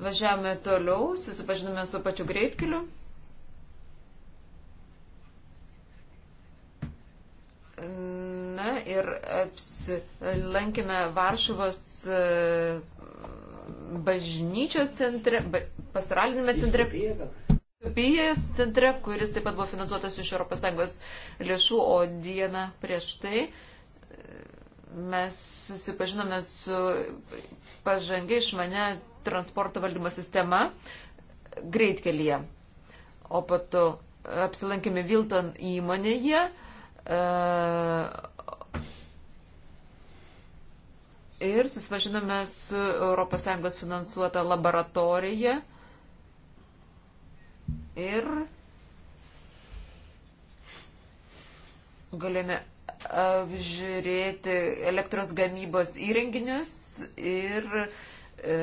važiavome toliau, susipažinome su pačiu greitkeliu buvome ir apsilankėme Varšuvos e, bažnyčios centre, pastoralinėme centre. Pijas centre, kuris taip pat buvo finansuotas iš ES lėšų, o dieną prieš tai e, mes susipažinome su pažangiai išmane transporto valdymo sistema greitkelyje. O po to apsilankėme Vilton įmonėje, e, ir susipažinome su ES finansuota laboratorija ir galime apžiūrėti elektros gamybos įrenginius ir e,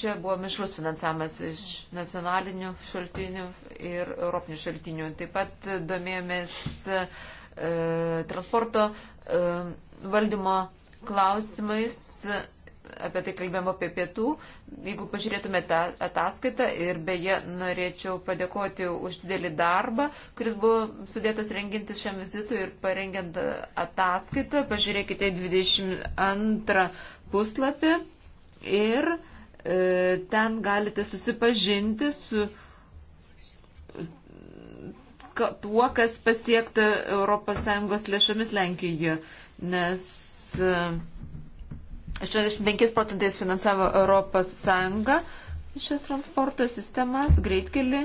čia buvo mišrus finansavimas iš nacionalinių šaltinių ir europinių šaltinių. Taip pat domėjomės e, transporto e, valdymo klausimais, apie tai kalbėjom apie pietų. Jeigu pažiūrėtume tą ataskaitą ir beje norėčiau padėkoti už didelį darbą, kuris buvo sudėtas rengintis šiam vizitui ir parengiant ataskaitą, pažiūrėkite 22 puslapį ir e, ten galite susipažinti su tuo, kas pasiekta ES lėšomis Lenkijoje. Nes 85 e, procentais finansavo Europos Sąjunga šias transporto sistemas, greitkelį.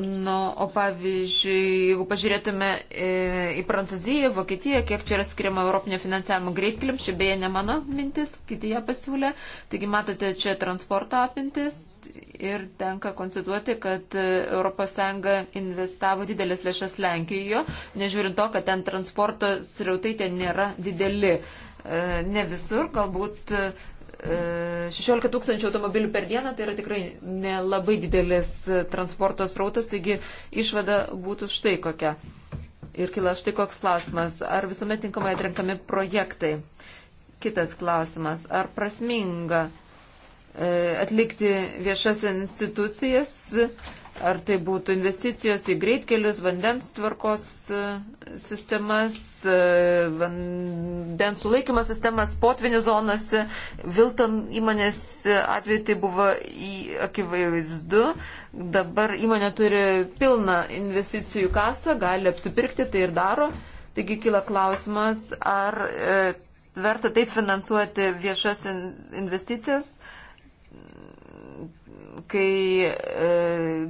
Nu, o pavyzdžiui, jeigu pažiūrėtume e, į Prancūziją, Vokietiją, kiek čia yra skiriama Europinio finansavimo greitkeliams, čia beje ne mano mintis, kiti ją pasiūlė. Taigi matote čia transporto apimtis ir tenka konstatuoti, kad ES investavo didelės lėšas Lenkijoje, nežiūrint to, kad ten transporto srautai ten nėra dideli. Uh, E, ne visur, galbūt 16 e, tūkstančių automobilių per dieną, tai yra tikrai nelabai didelis e, transporto srautas, taigi išvada būtų štai kokia. Ir kila štai koks klausimas, ar visuomet tinkamai atrenkami projektai. Kitas klausimas, ar prasminga atlikti viešas institucijas, Ar tai būtų investicijos į greitkelius, vandens tvarkos e, sistemas, e, vandens sulaikymo sistemas, potvinių zonose. Vilton įmonės e, atveju tai buvo akivaizdu. Dabar įmonė turi pilną investicijų kasą, gali apsipirkti, tai ir daro. Taigi kyla klausimas, ar verta taip finansuoti viešas investicijas kai e,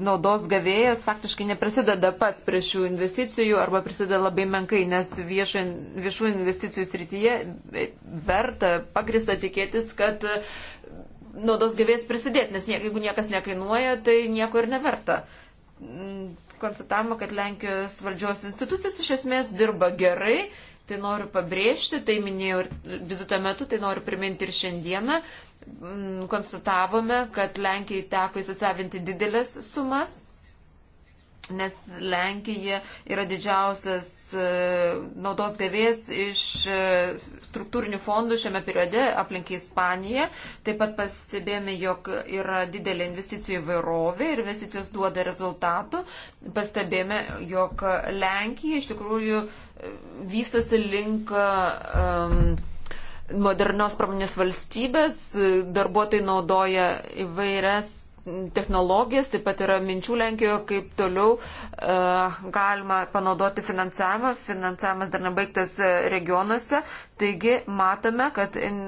naudos gavėjas faktiškai neprisideda pats prie šių investicijų arba prisideda labai menkai, nes viešo, viešų investicijų srityje e, verta pagrista tikėtis, kad e, naudos gavėjas prisidėti, nes nie, jeigu niekas nekainuoja, tai nieko ir neverta. Mm, Konstatavome, kad Lenkijos valdžios institucijos iš esmės dirba gerai, tai noriu pabrėžti, tai minėjau ir vizito metu, tai noriu priminti ir šiandieną. Mm, konstatavome, kad Lenkijai teko įsisavinti didelės sumas, nes Lenkija yra didžiausias e, naudos gavėjas iš e, struktūrinių fondų šiame periode aplink Ispaniją. Taip pat pastebėjome, jog yra didelė investicijų įvairovė ir investicijos duoda rezultatų. Pastebėjome, jog Lenkija iš tikrųjų e, vystosi link. Um, modernios pramonės valstybės, darbuotojai naudoja įvairias technologijas, taip pat yra minčių Lenkijoje, kaip toliau uh, galima panaudoti finansavimą. Finansavimas dar nebaigtas eh, regionuose, taigi matome, kad in,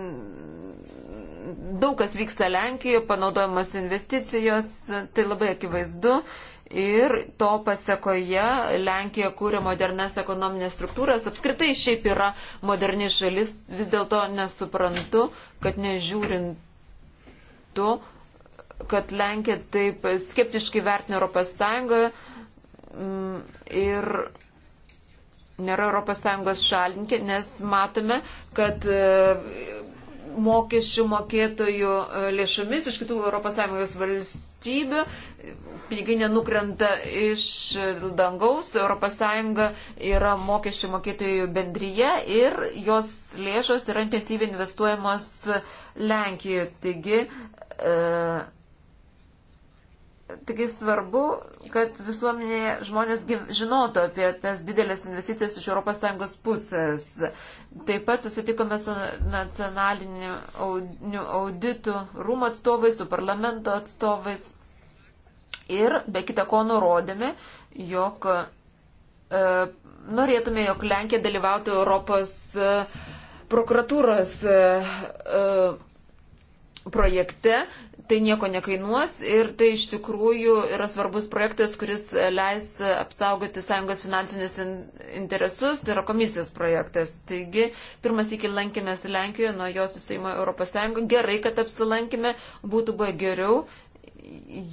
daug kas vyksta Lenkijoje, panaudojamos investicijos, tai labai akivaizdu. Uh, ir to pasakoje Lenkija kūrė modernes ekonominės struktūras. Apskritai šiaip yra moderni šalis, vis dėlto nesuprantu, kad nežiūrint to, kad Lenkija taip skeptiškai vertina Europos Sąjungą mm, ir nėra Europos Sąjungos šalinkė, nes matome, kad mokesčių mokėtojų e, lėšomis iš kitų ES valstybių, pinigai nenukrenta iš dangaus, ES yra mokesčių mokėtojų bendryje ir jos lėšos yra intensyviai investuojamos Lenkijoje. Taigi, e, Taigi svarbu, kad visuomenėje žmonės žinotų apie tas didelės investicijas iš ES pusės. Taip pat susitikome su nacionaliniu auditu rūmų atstovais, su parlamento atstovais ir be kita ko nurodėme, jog e, norėtume, jog Lenkija dalyvautų Europos e, prokuratūros e, e projekte, tai nieko nekainuos ir tai iš tikrųjų yra svarbus projektas, kuris leis apsaugoti sąjungos finansinius in interesus, tai yra komisijos projektas. Taigi, pirmas iki lankėmės Lenkijoje nuo jos įsteigimo Europos Sąjungo. Gerai, kad apsilankėme, būtų buvę geriau,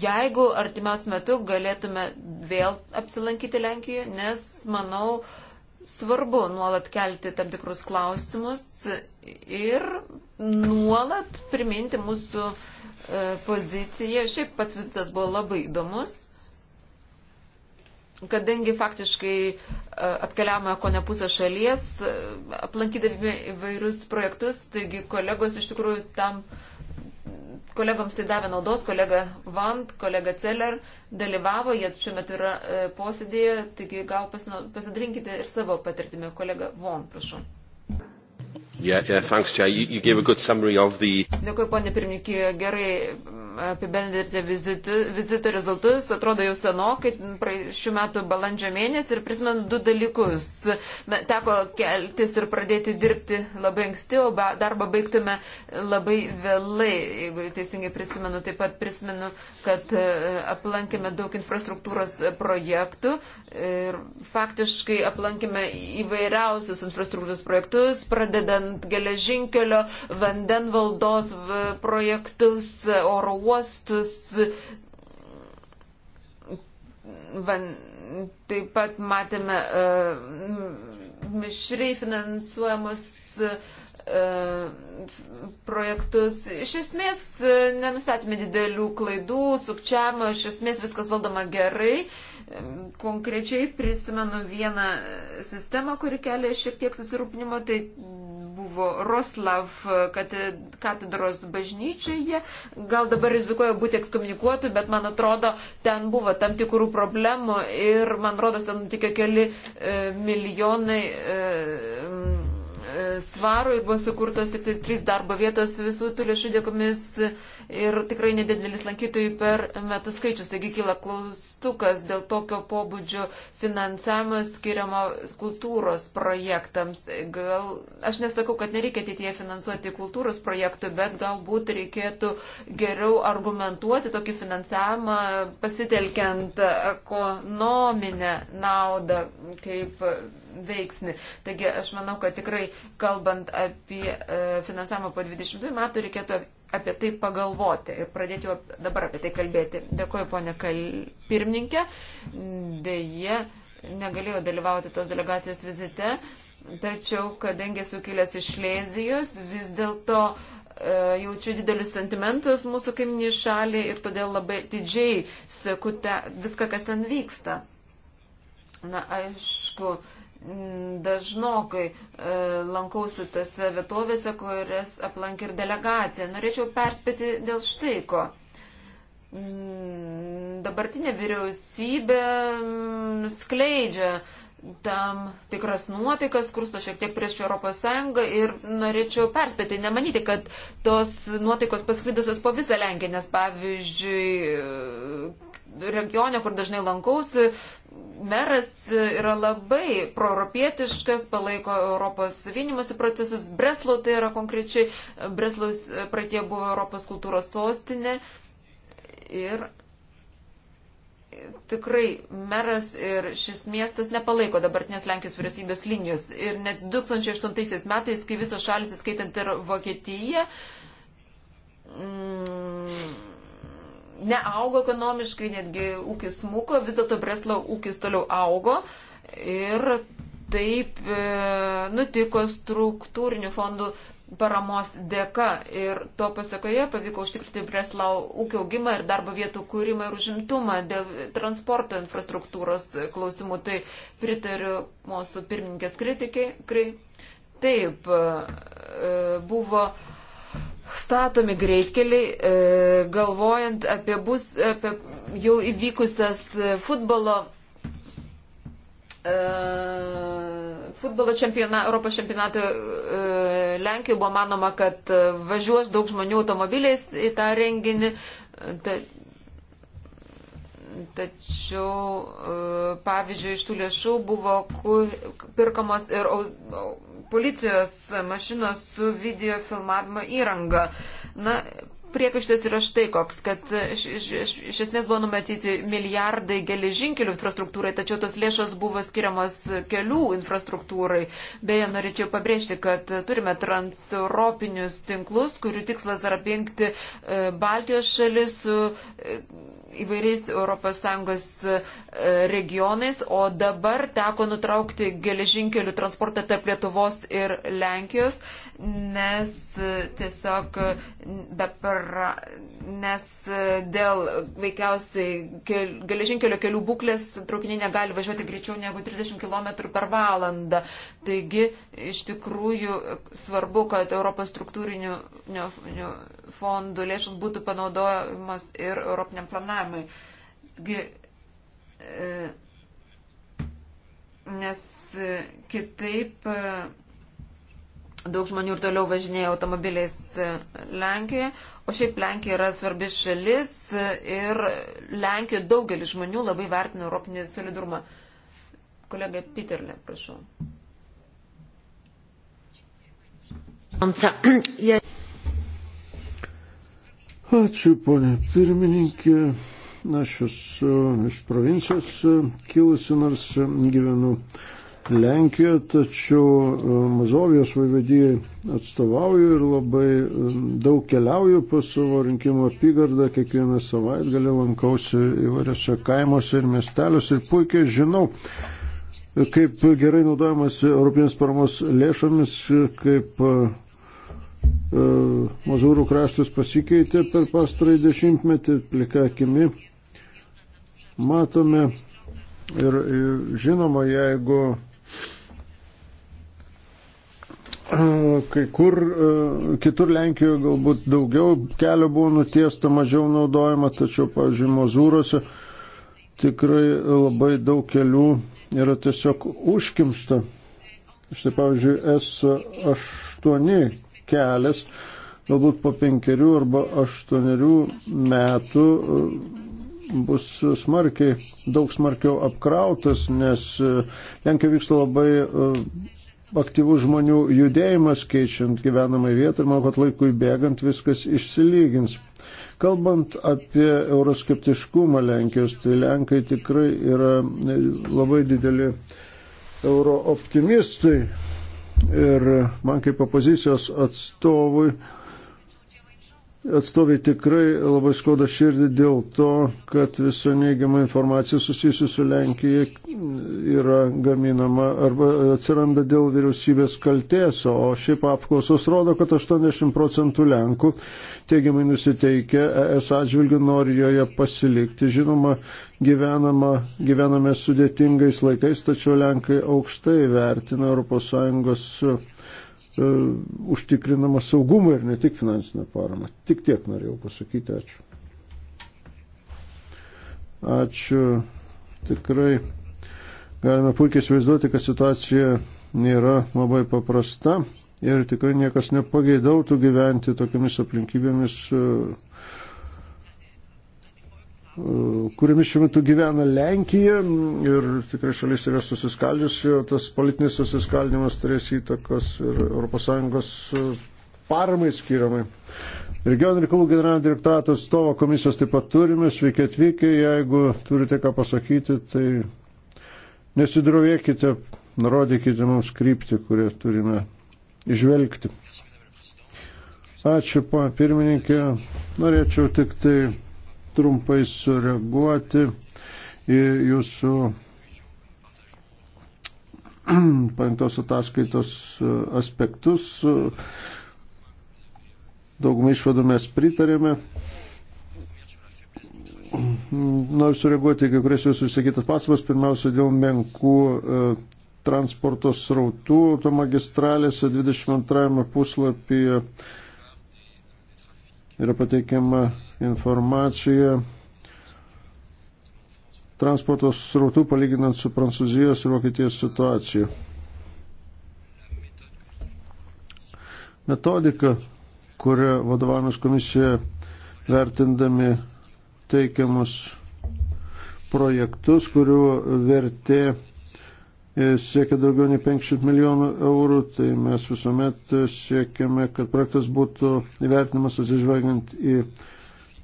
jeigu artimiausiu metu galėtume vėl apsilankyti Lenkijoje, nes manau, svarbu nuolat kelti tam tikrus klausimus ir nuolat priminti mūsų e, poziciją. Šiaip pats vizitas buvo labai įdomus, kadangi faktiškai e, apkeliavome ko ne pusę šalies, e, aplankydami įvairius projektus, taigi kolegos iš tikrųjų tam uh, kolegoms tai davė naudos, kolega Vant, kolega Celler dalyvavo, jie šiuo metu yra e, posėdėje, taigi gal pasidrinkite ir savo patirtimį. Kolega Von, prašau. Yeah, yeah, thanks, Jay. You, you gave a good summary of the... Dėkui, ponė pirmininkė, gerai apibendrinti vizitų, vizitų rezultatus, atrodo jau senokai, šių metų balandžio mėnesį ir prisimenu du dalykus. Teko keltis ir pradėti dirbti labai anksti, o darbą baigtume labai vėlai, jeigu teisingai prisimenu. Taip pat prisimenu, kad e, aplankėme daug infrastruktūros projektų ir faktiškai aplankėme įvairiausius infrastruktūros projektus, pradedant geležinkelio, vandenvaldos projektus, oro uostus, van, taip pat matėme uh, mišriai finansuojamus uh, projektus. Iš esmės e, nenustatėme didelių klaidų, sukčiavimo, iš esmės viskas valdoma gerai. Konkrečiai prisimenu vieną sistemą, kuri kelia šiek tiek susirūpinimo, tai buvo Roslav katedros bažnyčioje. Gal dabar rizikuoju būti ekskomunikuotų, bet man atrodo, ten buvo tam tikrų problemų ir man rodos, ten nutikė keli e, milijonai. E, e, svarų ir buvo sukurtos tik tai trys darbo vietos visų tų lėšų dėkomis. E, ir tikrai nedidelis lankytojų per metus skaičius. Taigi kyla klaustukas dėl tokio pobūdžio finansavimo skiriamo kultūros projektams. Gal, aš nesakau, kad nereikia ateityje finansuoti kultūros projektų, bet galbūt reikėtų geriau argumentuoti tokį finansavimą pasitelkiant ekonominę naudą kaip veiksnį. Taigi aš manau, kad tikrai kalbant apie e, finansavimą po 20 metų reikėtų apie tai pagalvoti ir pradėti jau dabar apie tai kalbėti. Dėkuoju, ponė Kal... pirmininkė. Deja, negalėjau dalyvauti tos delegacijos vizite, tačiau, kadangi esu kilęs iš Lėzijos, vis dėlto e, jaučiu didelius sentimentus mūsų kaiminiai šaliai ir todėl labai didžiai seku te, viską, kas ten vyksta. Na, aišku, dažnokai e, lankausi tose vietovėse, kurias aplankė ir delegacija. Norėčiau perspėti dėl štai ko. Mm, dabartinė vyriausybė mm, skleidžia tam tikras nuotaikas, kursto šiek tiek prieš Europos Sąjungą ir norėčiau perspėti, nemanyti, kad tos nuotaikos pasklidusios po visą Lenkiją, nes pavyzdžiui, regione, kur dažnai lankausi, meras yra labai proeuropietiškas, palaiko Europos vienimosi procesus. Breslau tai yra konkrečiai, Breslaus praeitie buvo Europos kultūros sostinė. Ir tikrai meras ir šis miestas nepalaiko dabartinės Lenkijos vyriausybės linijos. Ir net 2008 metais, kai visos šalis, skaitant ir Vokietiją, mm, neaugo ekonomiškai, netgi ūkis smuko, vis dėlto Breslau ūkis toliau augo. Ir taip e, nutiko struktūrinių fondų paramos dėka ir to pasakoje pavyko užtikrinti Breslau ūkio augimą ir darbo vietų kūrimą ir užimtumą dėl transporto infrastruktūros klausimų. Tai pritariu mūsų pirmininkės kritikai. Taip, e, buvo statomi greitkeliai, e, galvojant apie, bus, apie jau įvykusias e, futbolo E, futbolo čempiona, Europos čempionato e, Lenkijoje buvo manoma, kad e, važiuos daug žmonių automobiliais į tą renginį. Ta, tačiau, pavyzdžiui, iš tų lėšų buvo kur, pirkamos ir policijos mašinos su video filmavimo įranga. Na, priekaištas yra štai koks, kad iš, iš, iš, iš esmės buvo numatyti milijardai geležinkelių infrastruktūrai, tačiau tos lėšos buvo skiriamas kelių infrastruktūrai. Beje, norėčiau pabrėžti, kad turime transeuropinius tinklus, kurių tikslas yra apjungti e, Baltijos šalis su e, įvairiais ES e, regionais, o dabar teko nutraukti geležinkelių transportą tarp Lietuvos ir Lenkijos, nes tiesiog be per ra, nes e, dėl veikiausiai kel, geležinkelio kelių būklės traukiniai negali važiuoti greičiau negu 30 km per valandą. Taigi iš tikrųjų svarbu, kad Europos struktūrinių ne, ne, fondų lėšas būtų panaudojamas ir Europiniam planavimui. Taigi, e, nes e, kitaip. E, daug žmonių ir toliau važinėja automobiliais e, Lenkijoje, O šiaip Lenkija yra svarbi šalis ir Lenkija daugelis žmonių labai vertina Europinį solidarumą. Kolega Piterle, prašau. Ačiū, ponė pirmininkė. Aš esu iš provincijos kilusi, nors gyvenu Lenkijoje, tačiau e, Mazovijos vaivadijai atstovauju ir labai e, daug keliauju po savo rinkimo apygardą, kiekvieną savaitgalį lankausi įvairiose kaimuose ir miesteliuose ir puikiai žinau, kaip gerai naudojamas Europinės paramos lėšomis, kaip e, Mazūrų kraštas pasikeitė per pastarąjį dešimtmetį, plika akimi matome ir žinoma, jeigu Kai kur e, kitur Lenkijoje galbūt daugiau kelio buvo nutiesta, mažiau naudojama, tačiau, pavyzdžiui, Mozūrose tikrai labai daug kelių yra tiesiog užkimsta. Štai, pavyzdžiui, S8 kelias, galbūt po penkerių arba aštuonerių metų e, bus smarkiai, daug smarkiau apkrautas, nes e, Lenkija vyksta labai aktyvus žmonių judėjimas keičiant gyvenamą vietą ir manau, kad laikui bėgant viskas išsilygins. Kalbant apie euroskeptiškumą Lenkijos, tai Lenkai tikrai yra labai dideli eurooptimistai ir man kaip opozicijos atstovui atstoviai tikrai labai skauda širdį dėl to, kad visa neigiama informacija susijusi su Lenkija yra gaminama arba atsiranda dėl vyriausybės kalties, o šiaip apklausos rodo, kad 80 procentų Lenkų teigiamai nusiteikę ES atžvilgių nori joje pasilikti. Žinoma, gyvenama, gyvename sudėtingais laikais, tačiau Lenkai aukštai vertina ES E, užtikrinama saugumą ir ne tik finansinę paramą. Tik tiek norėjau pasakyti. Ačiū. Ačiū. Tikrai galime puikiai įsivaizduoti, kad situacija nėra labai paprasta ir tikrai niekas nepageidautų gyventi tokiamis aplinkybėmis, e, kuriomis šiuo metu gyvena Lenkija ir tikrai šalis yra susiskaldžiusi, tas politinis susiskaldimas turės įtakos ir ES e, paramai skiriamai. Regionų reikalų generalinio direktorato atstovo komisijos taip pat turime, sveiki atvykę, jeigu turite ką pasakyti, tai nesidrovėkite, nurodykite mums kryptį, kurią turime išvelgti. Ačiū, pana pirmininkė, norėčiau tik tai trumpai sureaguoti į jūsų paimtos ataskaitos aspektus. Daugumą išvadų mes pritarėme. Noriu sureaguoti kai kurias jūsų išsakytas pasvas, pirmiausia, dėl menkų e, transporto srautų automagistralėse 22 puslapyje yra pateikiama informacija transporto srautų palyginant su Prancūzijos ir Vokietijos situacija. Metodika, kuria vadovavimas komisija vertindami teikiamus projektus, kurių vertė e, siekia daugiau nei 50 milijonų eurų, tai mes visuomet e, siekiame, kad projektas būtų įvertinimas atsižvelgiant į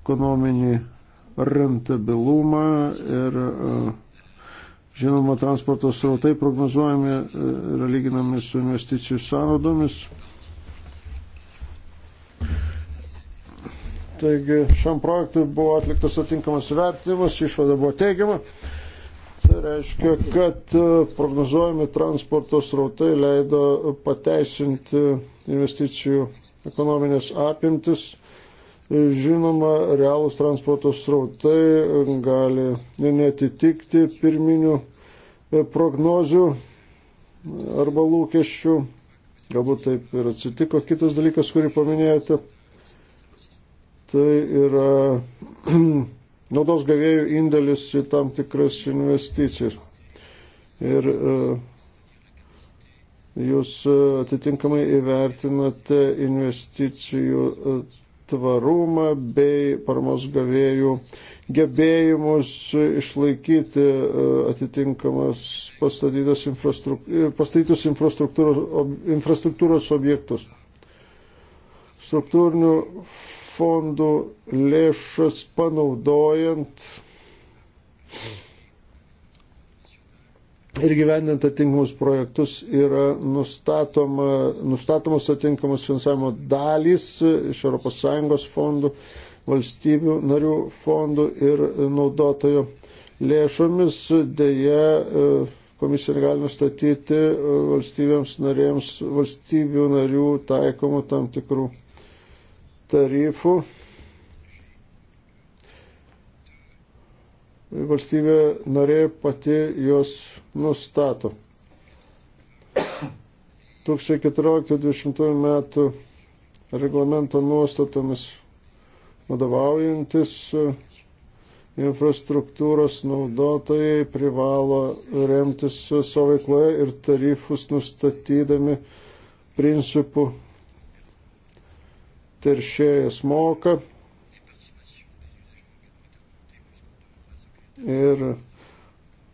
ekonominį rentabilumą ir e, žinoma transporto srautai prognozuojami e, yra lyginami su investicijų sąnaudomis. Taigi šiam projektui buvo atliktas atinkamas vertinimas, išvada buvo teigiama. Tai reiškia, kad e, prognozuojami transporto srautai leido pateisinti investicijų ekonominės apimtis Žinoma, realūs transporto srautai gali netitikti pirminių e, prognozių arba lūkesčių. Galbūt taip ir atsitiko. Kitas dalykas, kurį paminėjote, tai yra naudos gavėjų indėlis į tam tikras investicijas. Ir e, jūs e, atitinkamai įvertinate investicijų tvarumą bei paramos gavėjų gebėjimus išlaikyti e, atitinkamas e, pastatytus infrastruktūros, infrastruktūros objektus. Struktūrinių fondų lėšas panaudojant ir gyvendinti atinkamus projektus yra nustatoma, nustatomos atinkamos finansavimo dalys iš ES fondų, valstybių narių fondų ir naudotojo lėšomis. Deja, e, komisija gali nustatyti e, valstybėms narėms valstybių narių taikomų tam tikrų tarifų valstybė narė pati jos nustato. 2014-2020 metų reglamento nuostatomis vadovaujantis e, infrastruktūros naudotojai privalo remtis savo veikloje ir tarifus nustatydami principų teršėjas moka ir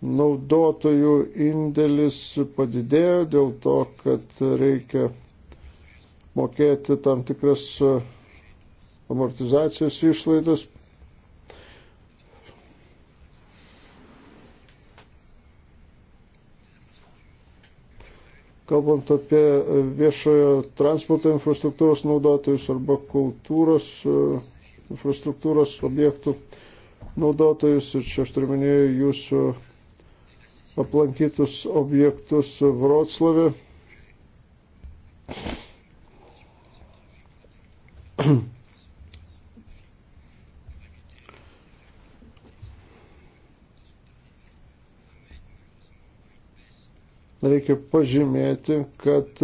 naudotojų indėlis padidėjo dėl to, kad reikia mokėti tam tikras amortizacijos išlaidas. Kalbant apie viešojo transporto infrastruktūros naudotojus arba kultūros e, infrastruktūros objektų, uh, naudotojus, ir čia aš turiu minėjau jūsų aplankytus objektus Vroclavė. Reikia pažymėti, kad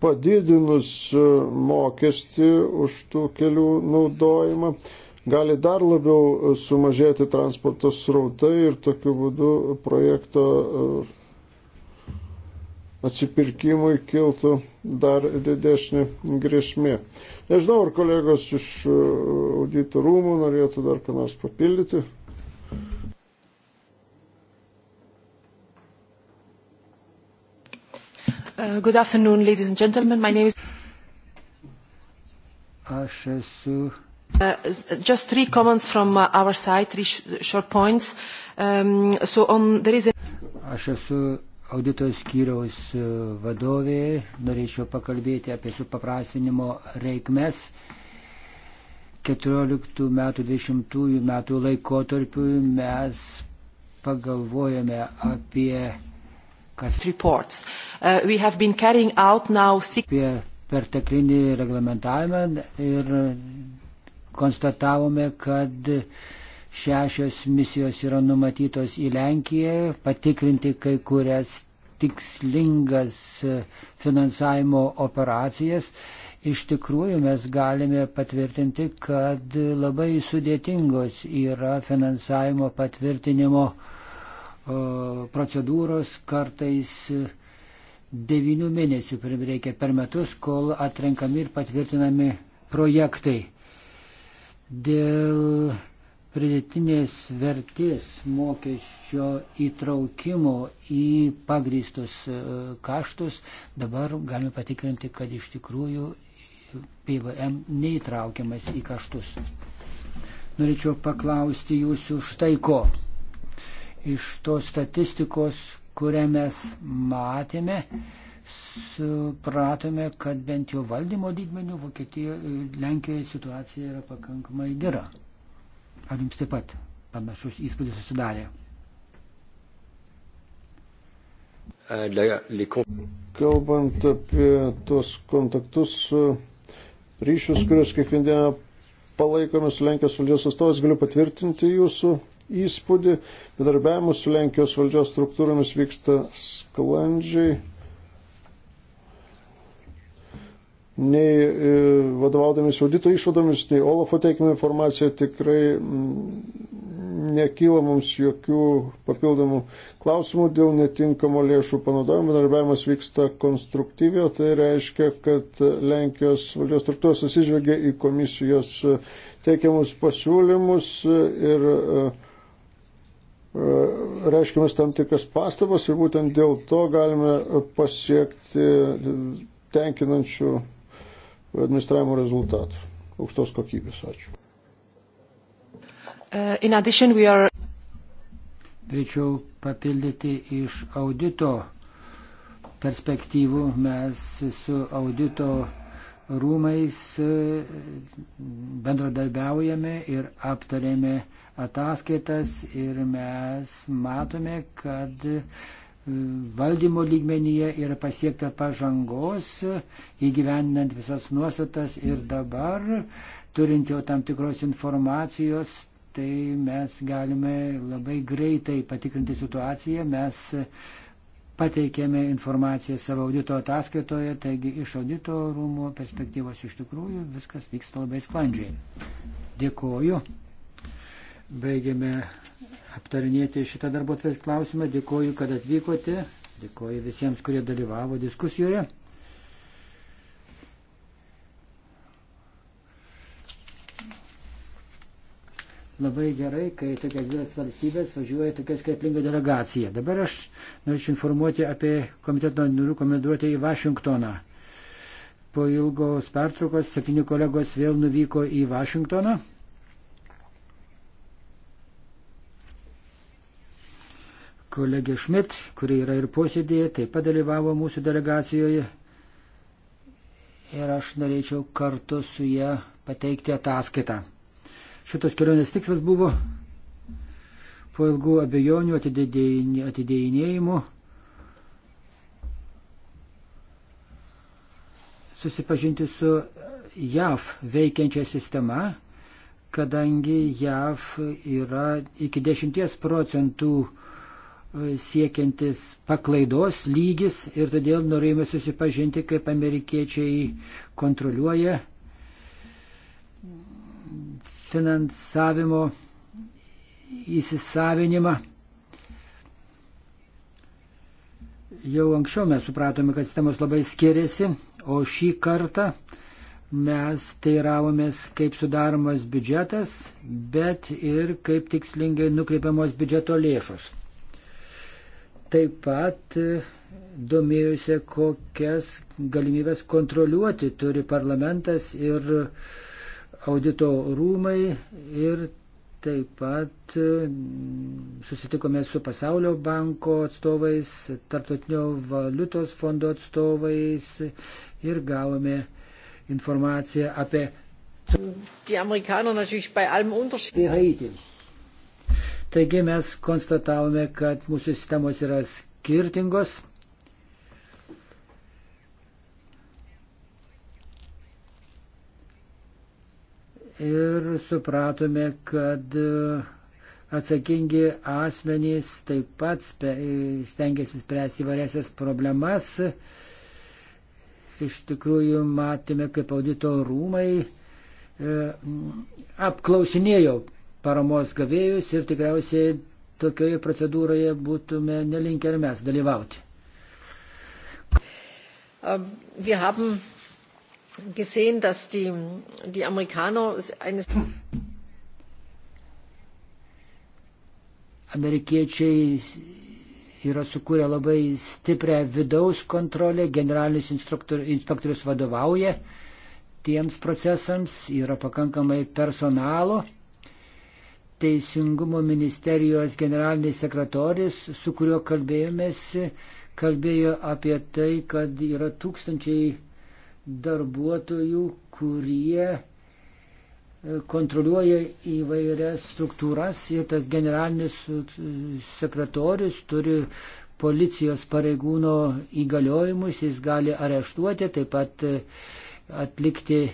padidinus mokestį už tų kelių naudojimą, gali dar labiau sumažėti transporto srautai ir tokiu būdu projekto e, atsipirkimui kiltų dar didesnė grėsmė. Nežinau, ar kolegos iš e, audito rūmų norėtų dar ką nors papildyti. Uh, good afternoon, ladies and gentlemen. My name is. Aš esu Uh, just three comments from uh, our side, three short points. Um, so on, there is a... Aš esu audito skyriaus uh, vadovė, norėčiau pakalbėti apie supaprastinimo reikmes. 14 metų, 20 metų laikotarpiu mes pagalvojame apie kas reports. Uh, we have been carrying out now six... apie perteklinį reglamentavimą ir konstatavome, kad šešios misijos yra numatytos į Lenkiją, patikrinti kai kurias tikslingas finansavimo operacijas. Iš tikrųjų mes galime patvirtinti, kad labai sudėtingos yra finansavimo patvirtinimo procedūros kartais devynių mėnesių prireikia per metus, kol atrenkami ir patvirtinami projektai dėl pridėtinės vertės mokesčio įtraukimo į pagristus e, kaštus, dabar galime patikrinti, kad iš tikrųjų PVM neįtraukiamas į kaštus. Norėčiau paklausti jūsų štai ko. Iš tos statistikos, kurią mes matėme, supratome, kad bent jau valdymo lygmenių Vokietijoje, Lenkijoje situacija yra pakankamai gera. Ar jums taip pat panašus įspūdis susidarė? Kalbant apie tuos kontaktus, e, ryšius, kuriuos kiekvieną palaikome su Lenkijos valdžios atstovas, galiu patvirtinti jūsų įspūdį. Bedarbiavimus su Lenkijos valdžios struktūromis vyksta sklandžiai nei e, vadovaudamis audito išvadomis, nei Olafo teikime informaciją, tikrai mm, nekyla mums jokių papildomų klausimų dėl netinkamo lėšų panaudojimo. Bendarbiavimas vyksta konstruktyviai, tai reiškia, kad Lenkijos valdžios struktūros atsižvelgia į komisijos e, teikiamus pasiūlymus ir e, reiškiamas tam tikras pastabas ir būtent dėl to galime pasiekti tenkinančių administravimo rezultatų, aukštos kokybės. Ačiū. Uh, addition, are... Norėčiau papildyti iš audito perspektyvų. Mes su audito rūmais uh, bendradarbiaujame ir aptarėme ataskaitas ir mes matome, kad uh, valdymo lygmenyje yra pasiekta pažangos, įgyvendinant visas nuostatas ir mm. dabar, turint jau tam tikros informacijos, tai mes galime labai greitai patikrinti situaciją, mes pateikėme informaciją savo audito ataskaitoje, taigi iš audito rūmų perspektyvos iš tikrųjų viskas vyksta labai sklandžiai. Dėkuoju. Baigėme aptarinėti šitą darbo atveju klausimą. Dėkoju, kad atvykote. Dėkoju visiems, kurie dalyvavo diskusijoje. Labai gerai, kai tokias dvi valstybės važiuoja tokia skaitlinga delegacija. Dabar aš norėčiau informuoti apie komiteto narių komenduotę į Vašingtoną. Po ilgos pertraukos septyni kolegos vėl nuvyko į Vašingtoną. kolegė Šmit, kuri yra ir posėdėje, taip pat dalyvavo mūsų delegacijoje. Ir aš norėčiau kartu su ją pateikti ataskaitą. Šitos kelionės tikslas buvo po ilgų abejonių atidėjinėjimų susipažinti su JAV veikiančia sistema, kadangi JAV yra iki 10 procentų siekiantis paklaidos lygis ir todėl norėjome susipažinti, kaip amerikiečiai kontroliuoja finansavimo įsisavinimą. Jau anksčiau mes supratome, kad sistemos labai skiriasi, o šį kartą mes teiravomės, kaip sudaromas biudžetas, bet ir kaip tikslingai nukreipiamos biudžeto lėšos taip pat e, domėjusi, kokias galimybės kontroliuoti turi parlamentas ir audito rūmai ir taip pat e, susitikome su Pasaulio banko atstovais, Tartotinio valiutos fondo atstovais ir gavome informaciją apie. Die Amerikaner natürlich bei allem Unterschied. Taigi mes konstatavome, kad mūsų sistemos yra skirtingos. Ir supratome, kad e, atsakingi asmenys taip pat e, stengiasi spręsti įvairiasias problemas. Iš tikrųjų, matėme, kaip audito rūmai e, apklausinėjo paramos gavėjus ir tikriausiai tokioje procedūroje būtume nelinkę ir mes dalyvauti. Ähm, wir haben gesehen, dass die, die Amerikaner eines. Amerikiečiai yra sukūrę labai stiprią vidaus kontrolę, generalinis inspektorius vadovauja tiems procesams, yra pakankamai personalo Teisingumo ministerijos generalinis sekretorius, su kuriuo kalbėjomės, kalbėjo apie tai, kad yra tūkstančiai darbuotojų, kurie e, kontroliuoja įvairias struktūras ir tas generalinis e, sekretorius turi policijos pareigūno įgaliojimus, jis gali areštuoti, taip pat e, atlikti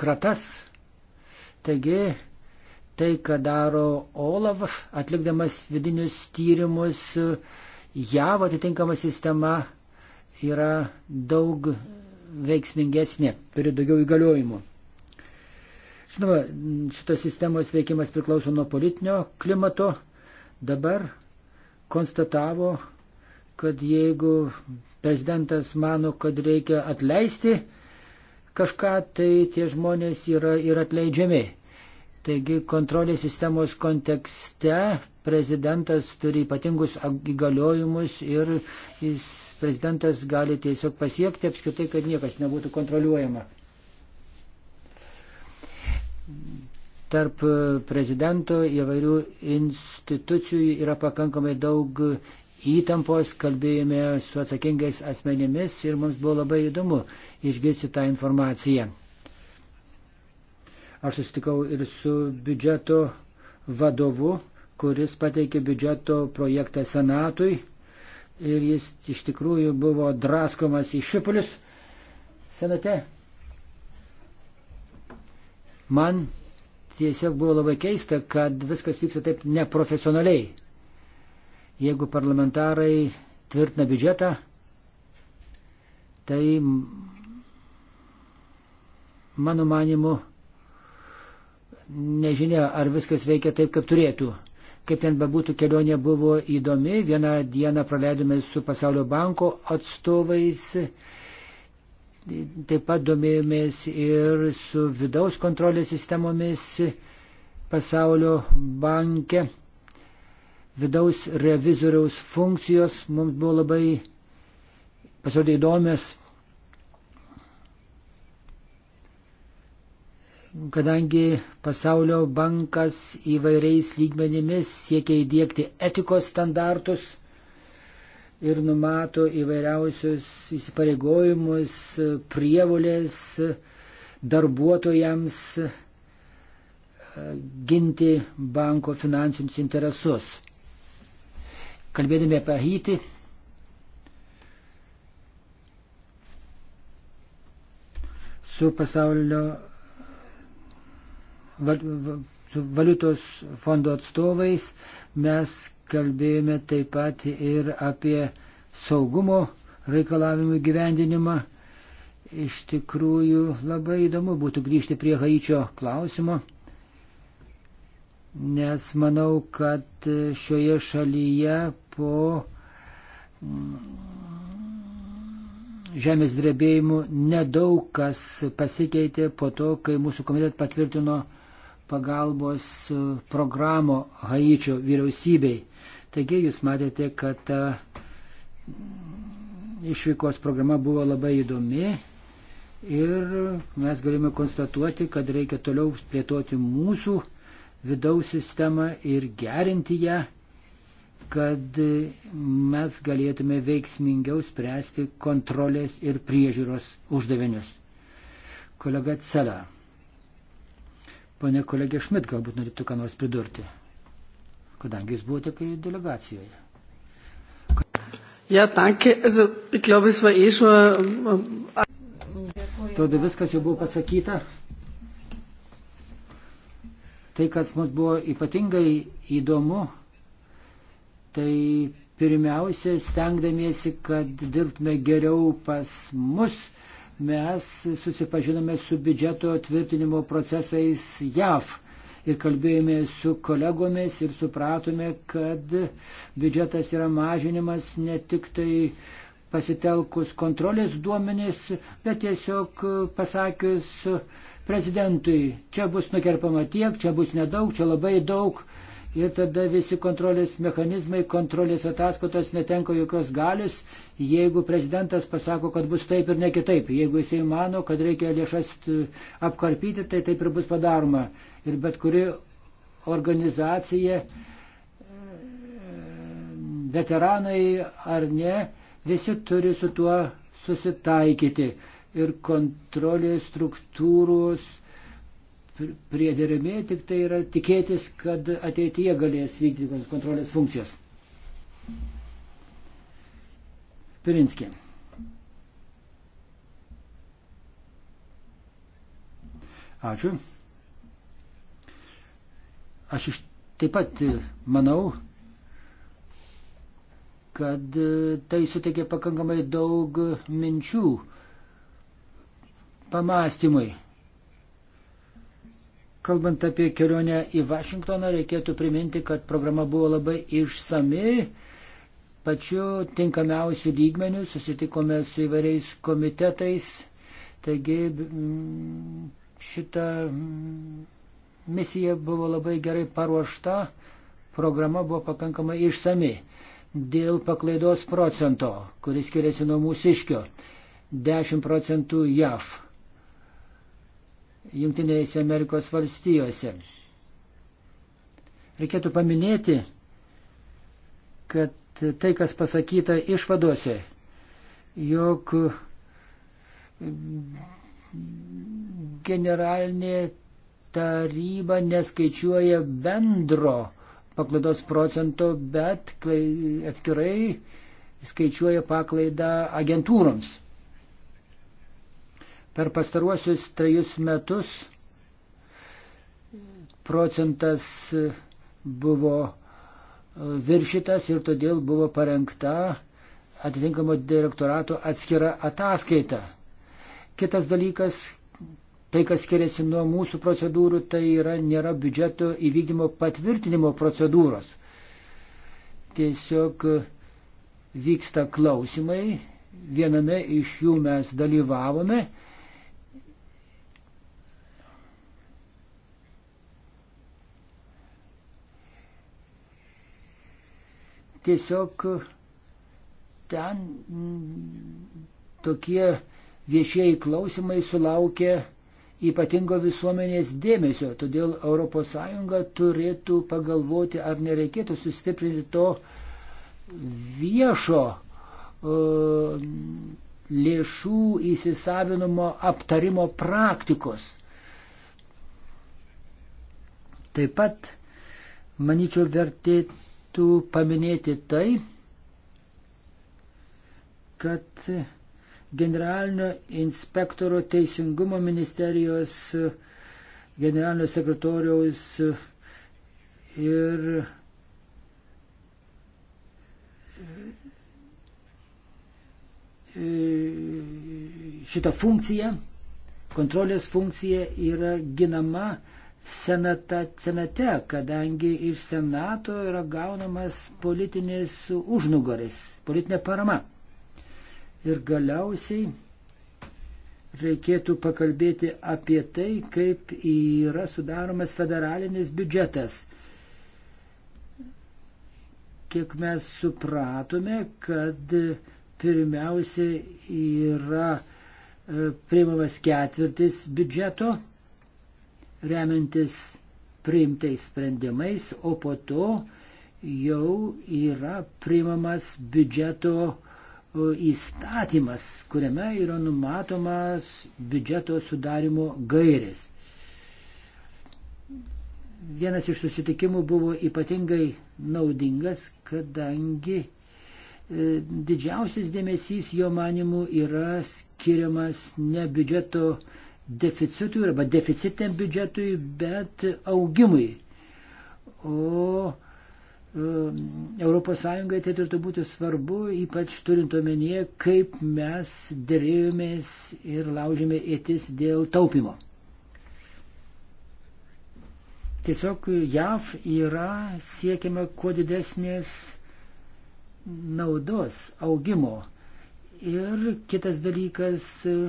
kratas Taigi, tai, ką daro OLAV, atlikdamas vidinius tyrimus, JAV atitinkama sistema yra daug veiksmingesnė, turi daugiau įgaliojimų. Žinoma, šitos sistemos veikimas priklauso nuo politinio klimato. Dabar konstatavo, kad jeigu prezidentas mano, kad reikia atleisti kažką, tai tie žmonės yra ir atleidžiami. Taigi kontrolės sistemos kontekste prezidentas turi ypatingus įgaliojimus ir jis, prezidentas gali tiesiog pasiekti apskritai, kad niekas nebūtų kontroliuojama. Tarp prezidento įvairių institucijų yra pakankamai daug įtampos, kalbėjome su atsakingais asmenimis ir mums buvo labai įdomu išgirsti tą informaciją. Aš susitikau ir su biudžeto vadovu, kuris pateikė biudžeto projektą Senatui ir jis iš tikrųjų buvo draskomas į šipulius. Senate, man tiesiog buvo labai keista, kad viskas vyksta taip neprofesionaliai. Jeigu parlamentarai tvirtina biudžetą, tai mano manimu nežinia, ar viskas veikia taip, kaip turėtų. Kaip ten bebūtų, kelionė buvo įdomi. Vieną dieną praleidome su Pasaulio banko atstovais. Taip pat domėjomės ir su vidaus kontrolės sistemomis Pasaulio banke vidaus revizoriaus funkcijos mums buvo labai pasirodė įdomias, kadangi pasaulio bankas įvairiais lygmenimis siekia įdėkti etikos standartus ir numato įvairiausius įsipareigojimus, prievolės darbuotojams ginti banko finansinius interesus kalbėdami apie Haitį, su pasaulio su valiutos fondo atstovais mes kalbėjome taip pat ir apie saugumo reikalavimų gyvendinimą. Iš tikrųjų labai įdomu būtų grįžti prie Haičio klausimo, nes manau, kad šioje šalyje po žemės drebėjimų nedaug kas pasikeitė po to, kai mūsų komitet patvirtino pagalbos programo Haičio vyriausybei. Taigi jūs matėte, kad ta e, išvykos programa buvo labai įdomi ir mes galime konstatuoti, kad reikia toliau plėtoti mūsų vidaus sistemą ir gerinti ją kad mes galėtume veiksmingiau spręsti kontrolės ir priežiūros uždavinius. Kolega Cela. Pane kolegė Šmit galbūt norėtų ką nors pridurti, kadangi jūs buvote kai delegacijoje. Ja, danke. Also, ich glaube, es war eh schon. Atrodo, viskas jau buvo pasakyta. Tai, kas mums buvo ypatingai įdomu, tai pirmiausia, stengdamiesi, kad dirbtume geriau pas mus, mes susipažinome su biudžeto tvirtinimo procesais JAV. Ir kalbėjome su kolegomis ir supratome, kad biudžetas yra mažinimas ne tik tai pasitelkus kontrolės duomenys, bet tiesiog pasakius prezidentui, čia bus nukerpama tiek, čia bus nedaug, čia labai daug, ir tada visi kontrolės mechanizmai, kontrolės ataskaitos netenka jokios galios, jeigu prezidentas pasako, kad bus taip ir ne kitaip. Jeigu jisai mano, kad reikia lėšas e, apkarpyti, tai taip ir bus padaroma. Ir bet kuri organizacija, e, veteranai ar ne, visi turi su tuo susitaikyti. Ir kontrolės struktūros priederami, tik tai yra tikėtis, kad ateityje galės vykdyti kontrolės funkcijos. Pirinskė. Ačiū. Aš iš taip pat manau, kad tai suteikia pakankamai daug minčių pamastymui. Kalbant apie kelionę į Vašingtoną, reikėtų priminti, kad programa buvo labai išsami. Pačiu tinkamiausiu lygmeniu susitikome su įvairiais komitetais. Taigi mm, šita mm, misija buvo labai gerai paruošta, programa buvo pakankamai išsami dėl paklaidos procento, kuris skiriasi nuo mūsiškio - 10 procentų JAV Junktinėse Amerikos valstijose. Reikėtų paminėti, kad tai, kas pasakyta išvadose, jog generalinė taryba neskaičiuoja bendro paklaidos procento, bet atskirai skaičiuoja paklaidą agentūroms. Per pastaruosius trejus metus procentas buvo e, viršytas ir todėl buvo parengta atitinkamo direktorato atskira ataskaita. Kitas dalykas, tai kas skiriasi nuo mūsų procedūrų, tai yra nėra biudžeto įvykdymo patvirtinimo procedūros. Tiesiog e, vyksta klausimai, viename iš jų mes dalyvavome tiesiog ten mm, tokie viešieji klausimai sulaukė ypatingo visuomenės dėmesio. Todėl ES turėtų pagalvoti, ar nereikėtų sustiprinti to viešo e, lėšų įsisavinimo aptarimo praktikos. Taip pat, manyčiau, vertėtų reikėtų paminėti tai, kad generalinio inspektoro teisingumo ministerijos generalinio sekretoriaus ir šita funkcija, kontrolės funkcija yra ginama senata, senate, kadangi iš senato yra gaunamas politinis užnugaris, politinė parama. Ir galiausiai reikėtų pakalbėti apie tai, kaip yra sudaromas federalinis biudžetas. Kiek mes supratome, kad pirmiausia yra e, priimamas ketvirtis biudžeto remiantis priimtais sprendimais, o po to jau yra priimamas biudžeto įstatymas, kuriame yra numatomas biudžeto sudarimo gairės. Vienas iš susitikimų buvo ypatingai naudingas, kadangi e, didžiausias dėmesys jo manimų yra skiriamas ne biudžeto deficitui arba deficitiniam biudžetui, bet augimui. O ES tai turėtų būti svarbu, ypač turint omenyje, kaip mes dėrėjomės ir laužėme ėtis dėl taupimo. Tiesiog JAV yra siekiama kuo didesnės naudos, augimo. Ir kitas dalykas, uh,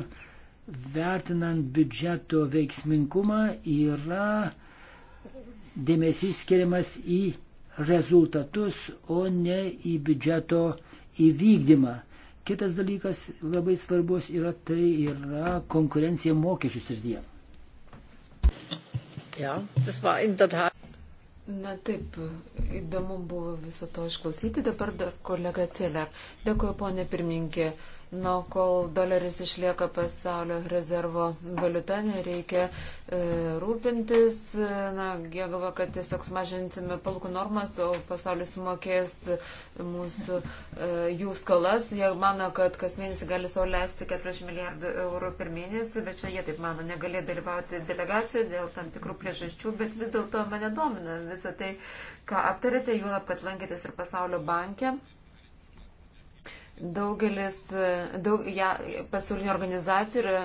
vertinant biudžeto veiksmingumą yra dėmesys skiriamas į rezultatus, o ne į biudžeto įvykdymą. Kitas dalykas labai svarbus yra tai yra konkurencija mokesčių srityje. Ja, Na taip, įdomu buvo viso to išklausyti. Dabar dar kolega Celer. Dėkuoju, ponė pirmininkė. Uh, nuo kol doleris išlieka pasaulio rezervo valiuta, nereikia e, rūpintis. Na, jie galvo, kad tiesiog sumažinsime palūkų normas, o pasaulis sumokės mūsų e, jų skolas. Jie mano, kad kas mėnesį gali savo leisti 40 milijardų eurų per mėnesį, bet čia jie taip mano, negalėjo dalyvauti delegacijoje dėl tam tikrų priežasčių, bet vis dėlto mane domina visą tai, ką aptarėte, juolab, kad lankėtės ir pasaulio bankė. Daugelis daug, ja, pasaulinių organizacijų yra,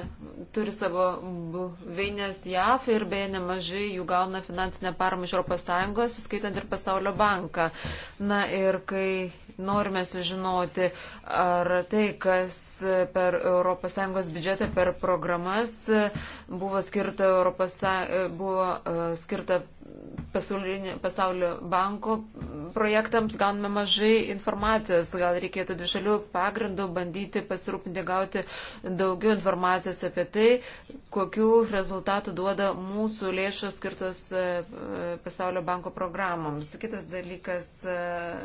turi savo buveinės JAF ir beje nemažai jų gauna finansinę paramą iš ES, skaitant ir Pasaulio banką. Na ir kai norime sužinoti, ar tai, kas per ES biudžetą, per programas buvo skirta, ES, buvo e, skirta pasaulio banko projektams gauname mažai informacijos. Gal reikėtų dvišalių pagrindų bandyti pasirūpinti gauti daugiau informacijos apie tai, kokių rezultatų duoda mūsų lėšos skirtos e, pasaulio banko programams. Kitas dalykas e,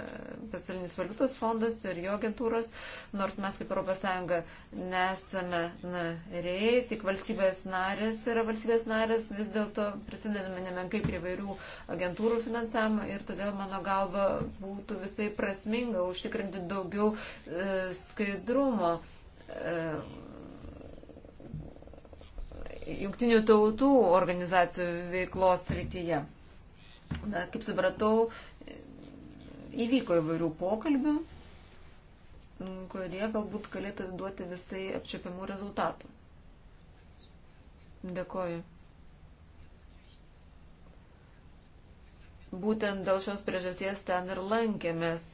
- pasaulinis valiutos fondas ir jo agentūros. Nors mes kaip Europos Sąjunga nesame nariai, tik valstybės narės yra valstybės narės, vis dėlto prisidedame nemenkai prie vairių įvairių agentūrų finansavimą ir todėl mano galva būtų visai prasminga užtikrinti daugiau e, skaidrumo. E, Jungtinių tautų organizacijų veiklos rytyje. Na, kaip supratau, įvyko įvairių pokalbių, kurie galbūt galėtų duoti visai apčiopiamų rezultatų. Dėkoju. būtent dėl šios priežasties ten ir lankėmės.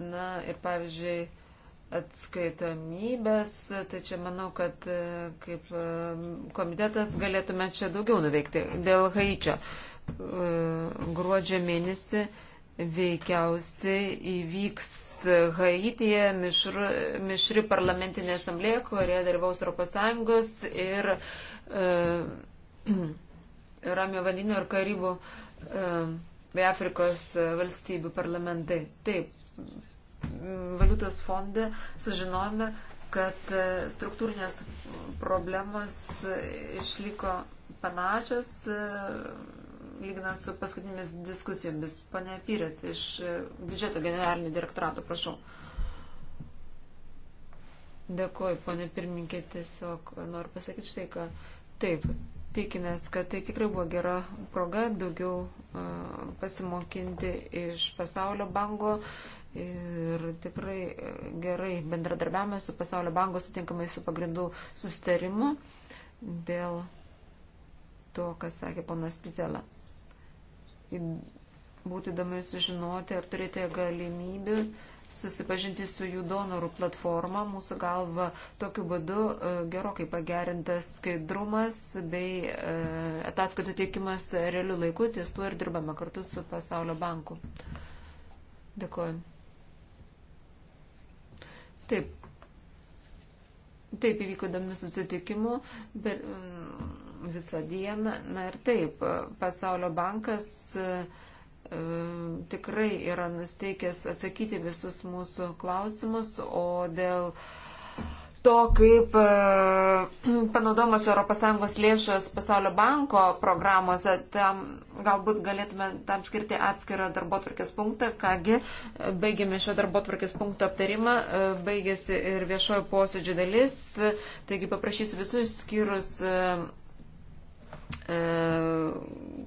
Na ir pavyzdžiui, atskaitomybės, tai čia manau, kad e, kaip e, komitetas galėtume čia daugiau nuveikti. Dėl Haičio e, gruodžio mėnesį veikiausiai įvyks Haityje mišri, mišri parlamentinė asamblėje, kurioje dalyvaus ES ir e, Ramio vandenio ir Karibų e, bei Afrikos e, valstybių parlamentai. Taip, valiutos fonde sužinojome, kad e, struktūrinės problemos išliko panašios, lyginant su paskutinėmis diskusijomis. Pane Pyrės iš biudžeto generalinio direktorato, prašau. Dėkuoju, pane pirmininkė, tiesiog noriu pasakyti štai ką. Taip, Tikimės, kad tai tikrai buvo gera proga daugiau pasimokinti iš pasaulio banko ir tikrai gerai bendradarbiavame su pasaulio banko sutinkamai su pagrindų susitarimu dėl to, kas sakė ponas Pizela. Būtų įdomu sužinoti, ar turite galimybių susipažinti su jų donorų platforma. Mūsų galva tokiu būdu e, gerokai pagerintas skaidrumas bei e, ataskaitų teikimas realių laikų, ties tuo ir dirbame kartu su Pasaulio banku. Dėkuoju. Taip. Taip įvyko damnių susitikimų per mm, visą dieną. Na ir taip, Pasaulio bankas uh, E, tikrai yra nusteikęs atsakyti visus mūsų klausimus, o dėl to, kaip e, panaudomos ES lėšos pasaulio banko programuose, tam galbūt galėtume tam skirti atskirą darbo tvarkės punktą. Kągi, baigėme šio darbo tvarkės punkto aptarimą, e, baigėsi ir viešojo posėdžio dalis, taigi paprašysiu visus skyrus E,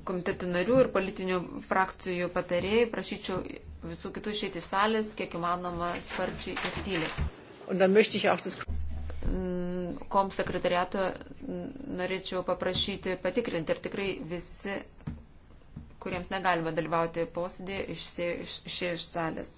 komitetų narių ir politinių frakcijų patarėjai, prašyčiau visų kitų išėti iš salės, kiek įmanoma, sparčiai ir tyliai. Mm, kom sekretariato norėčiau paprašyti patikrinti, ar tikrai visi, kuriems negalima dalyvauti posėdėje, išėjo iš, iš salės.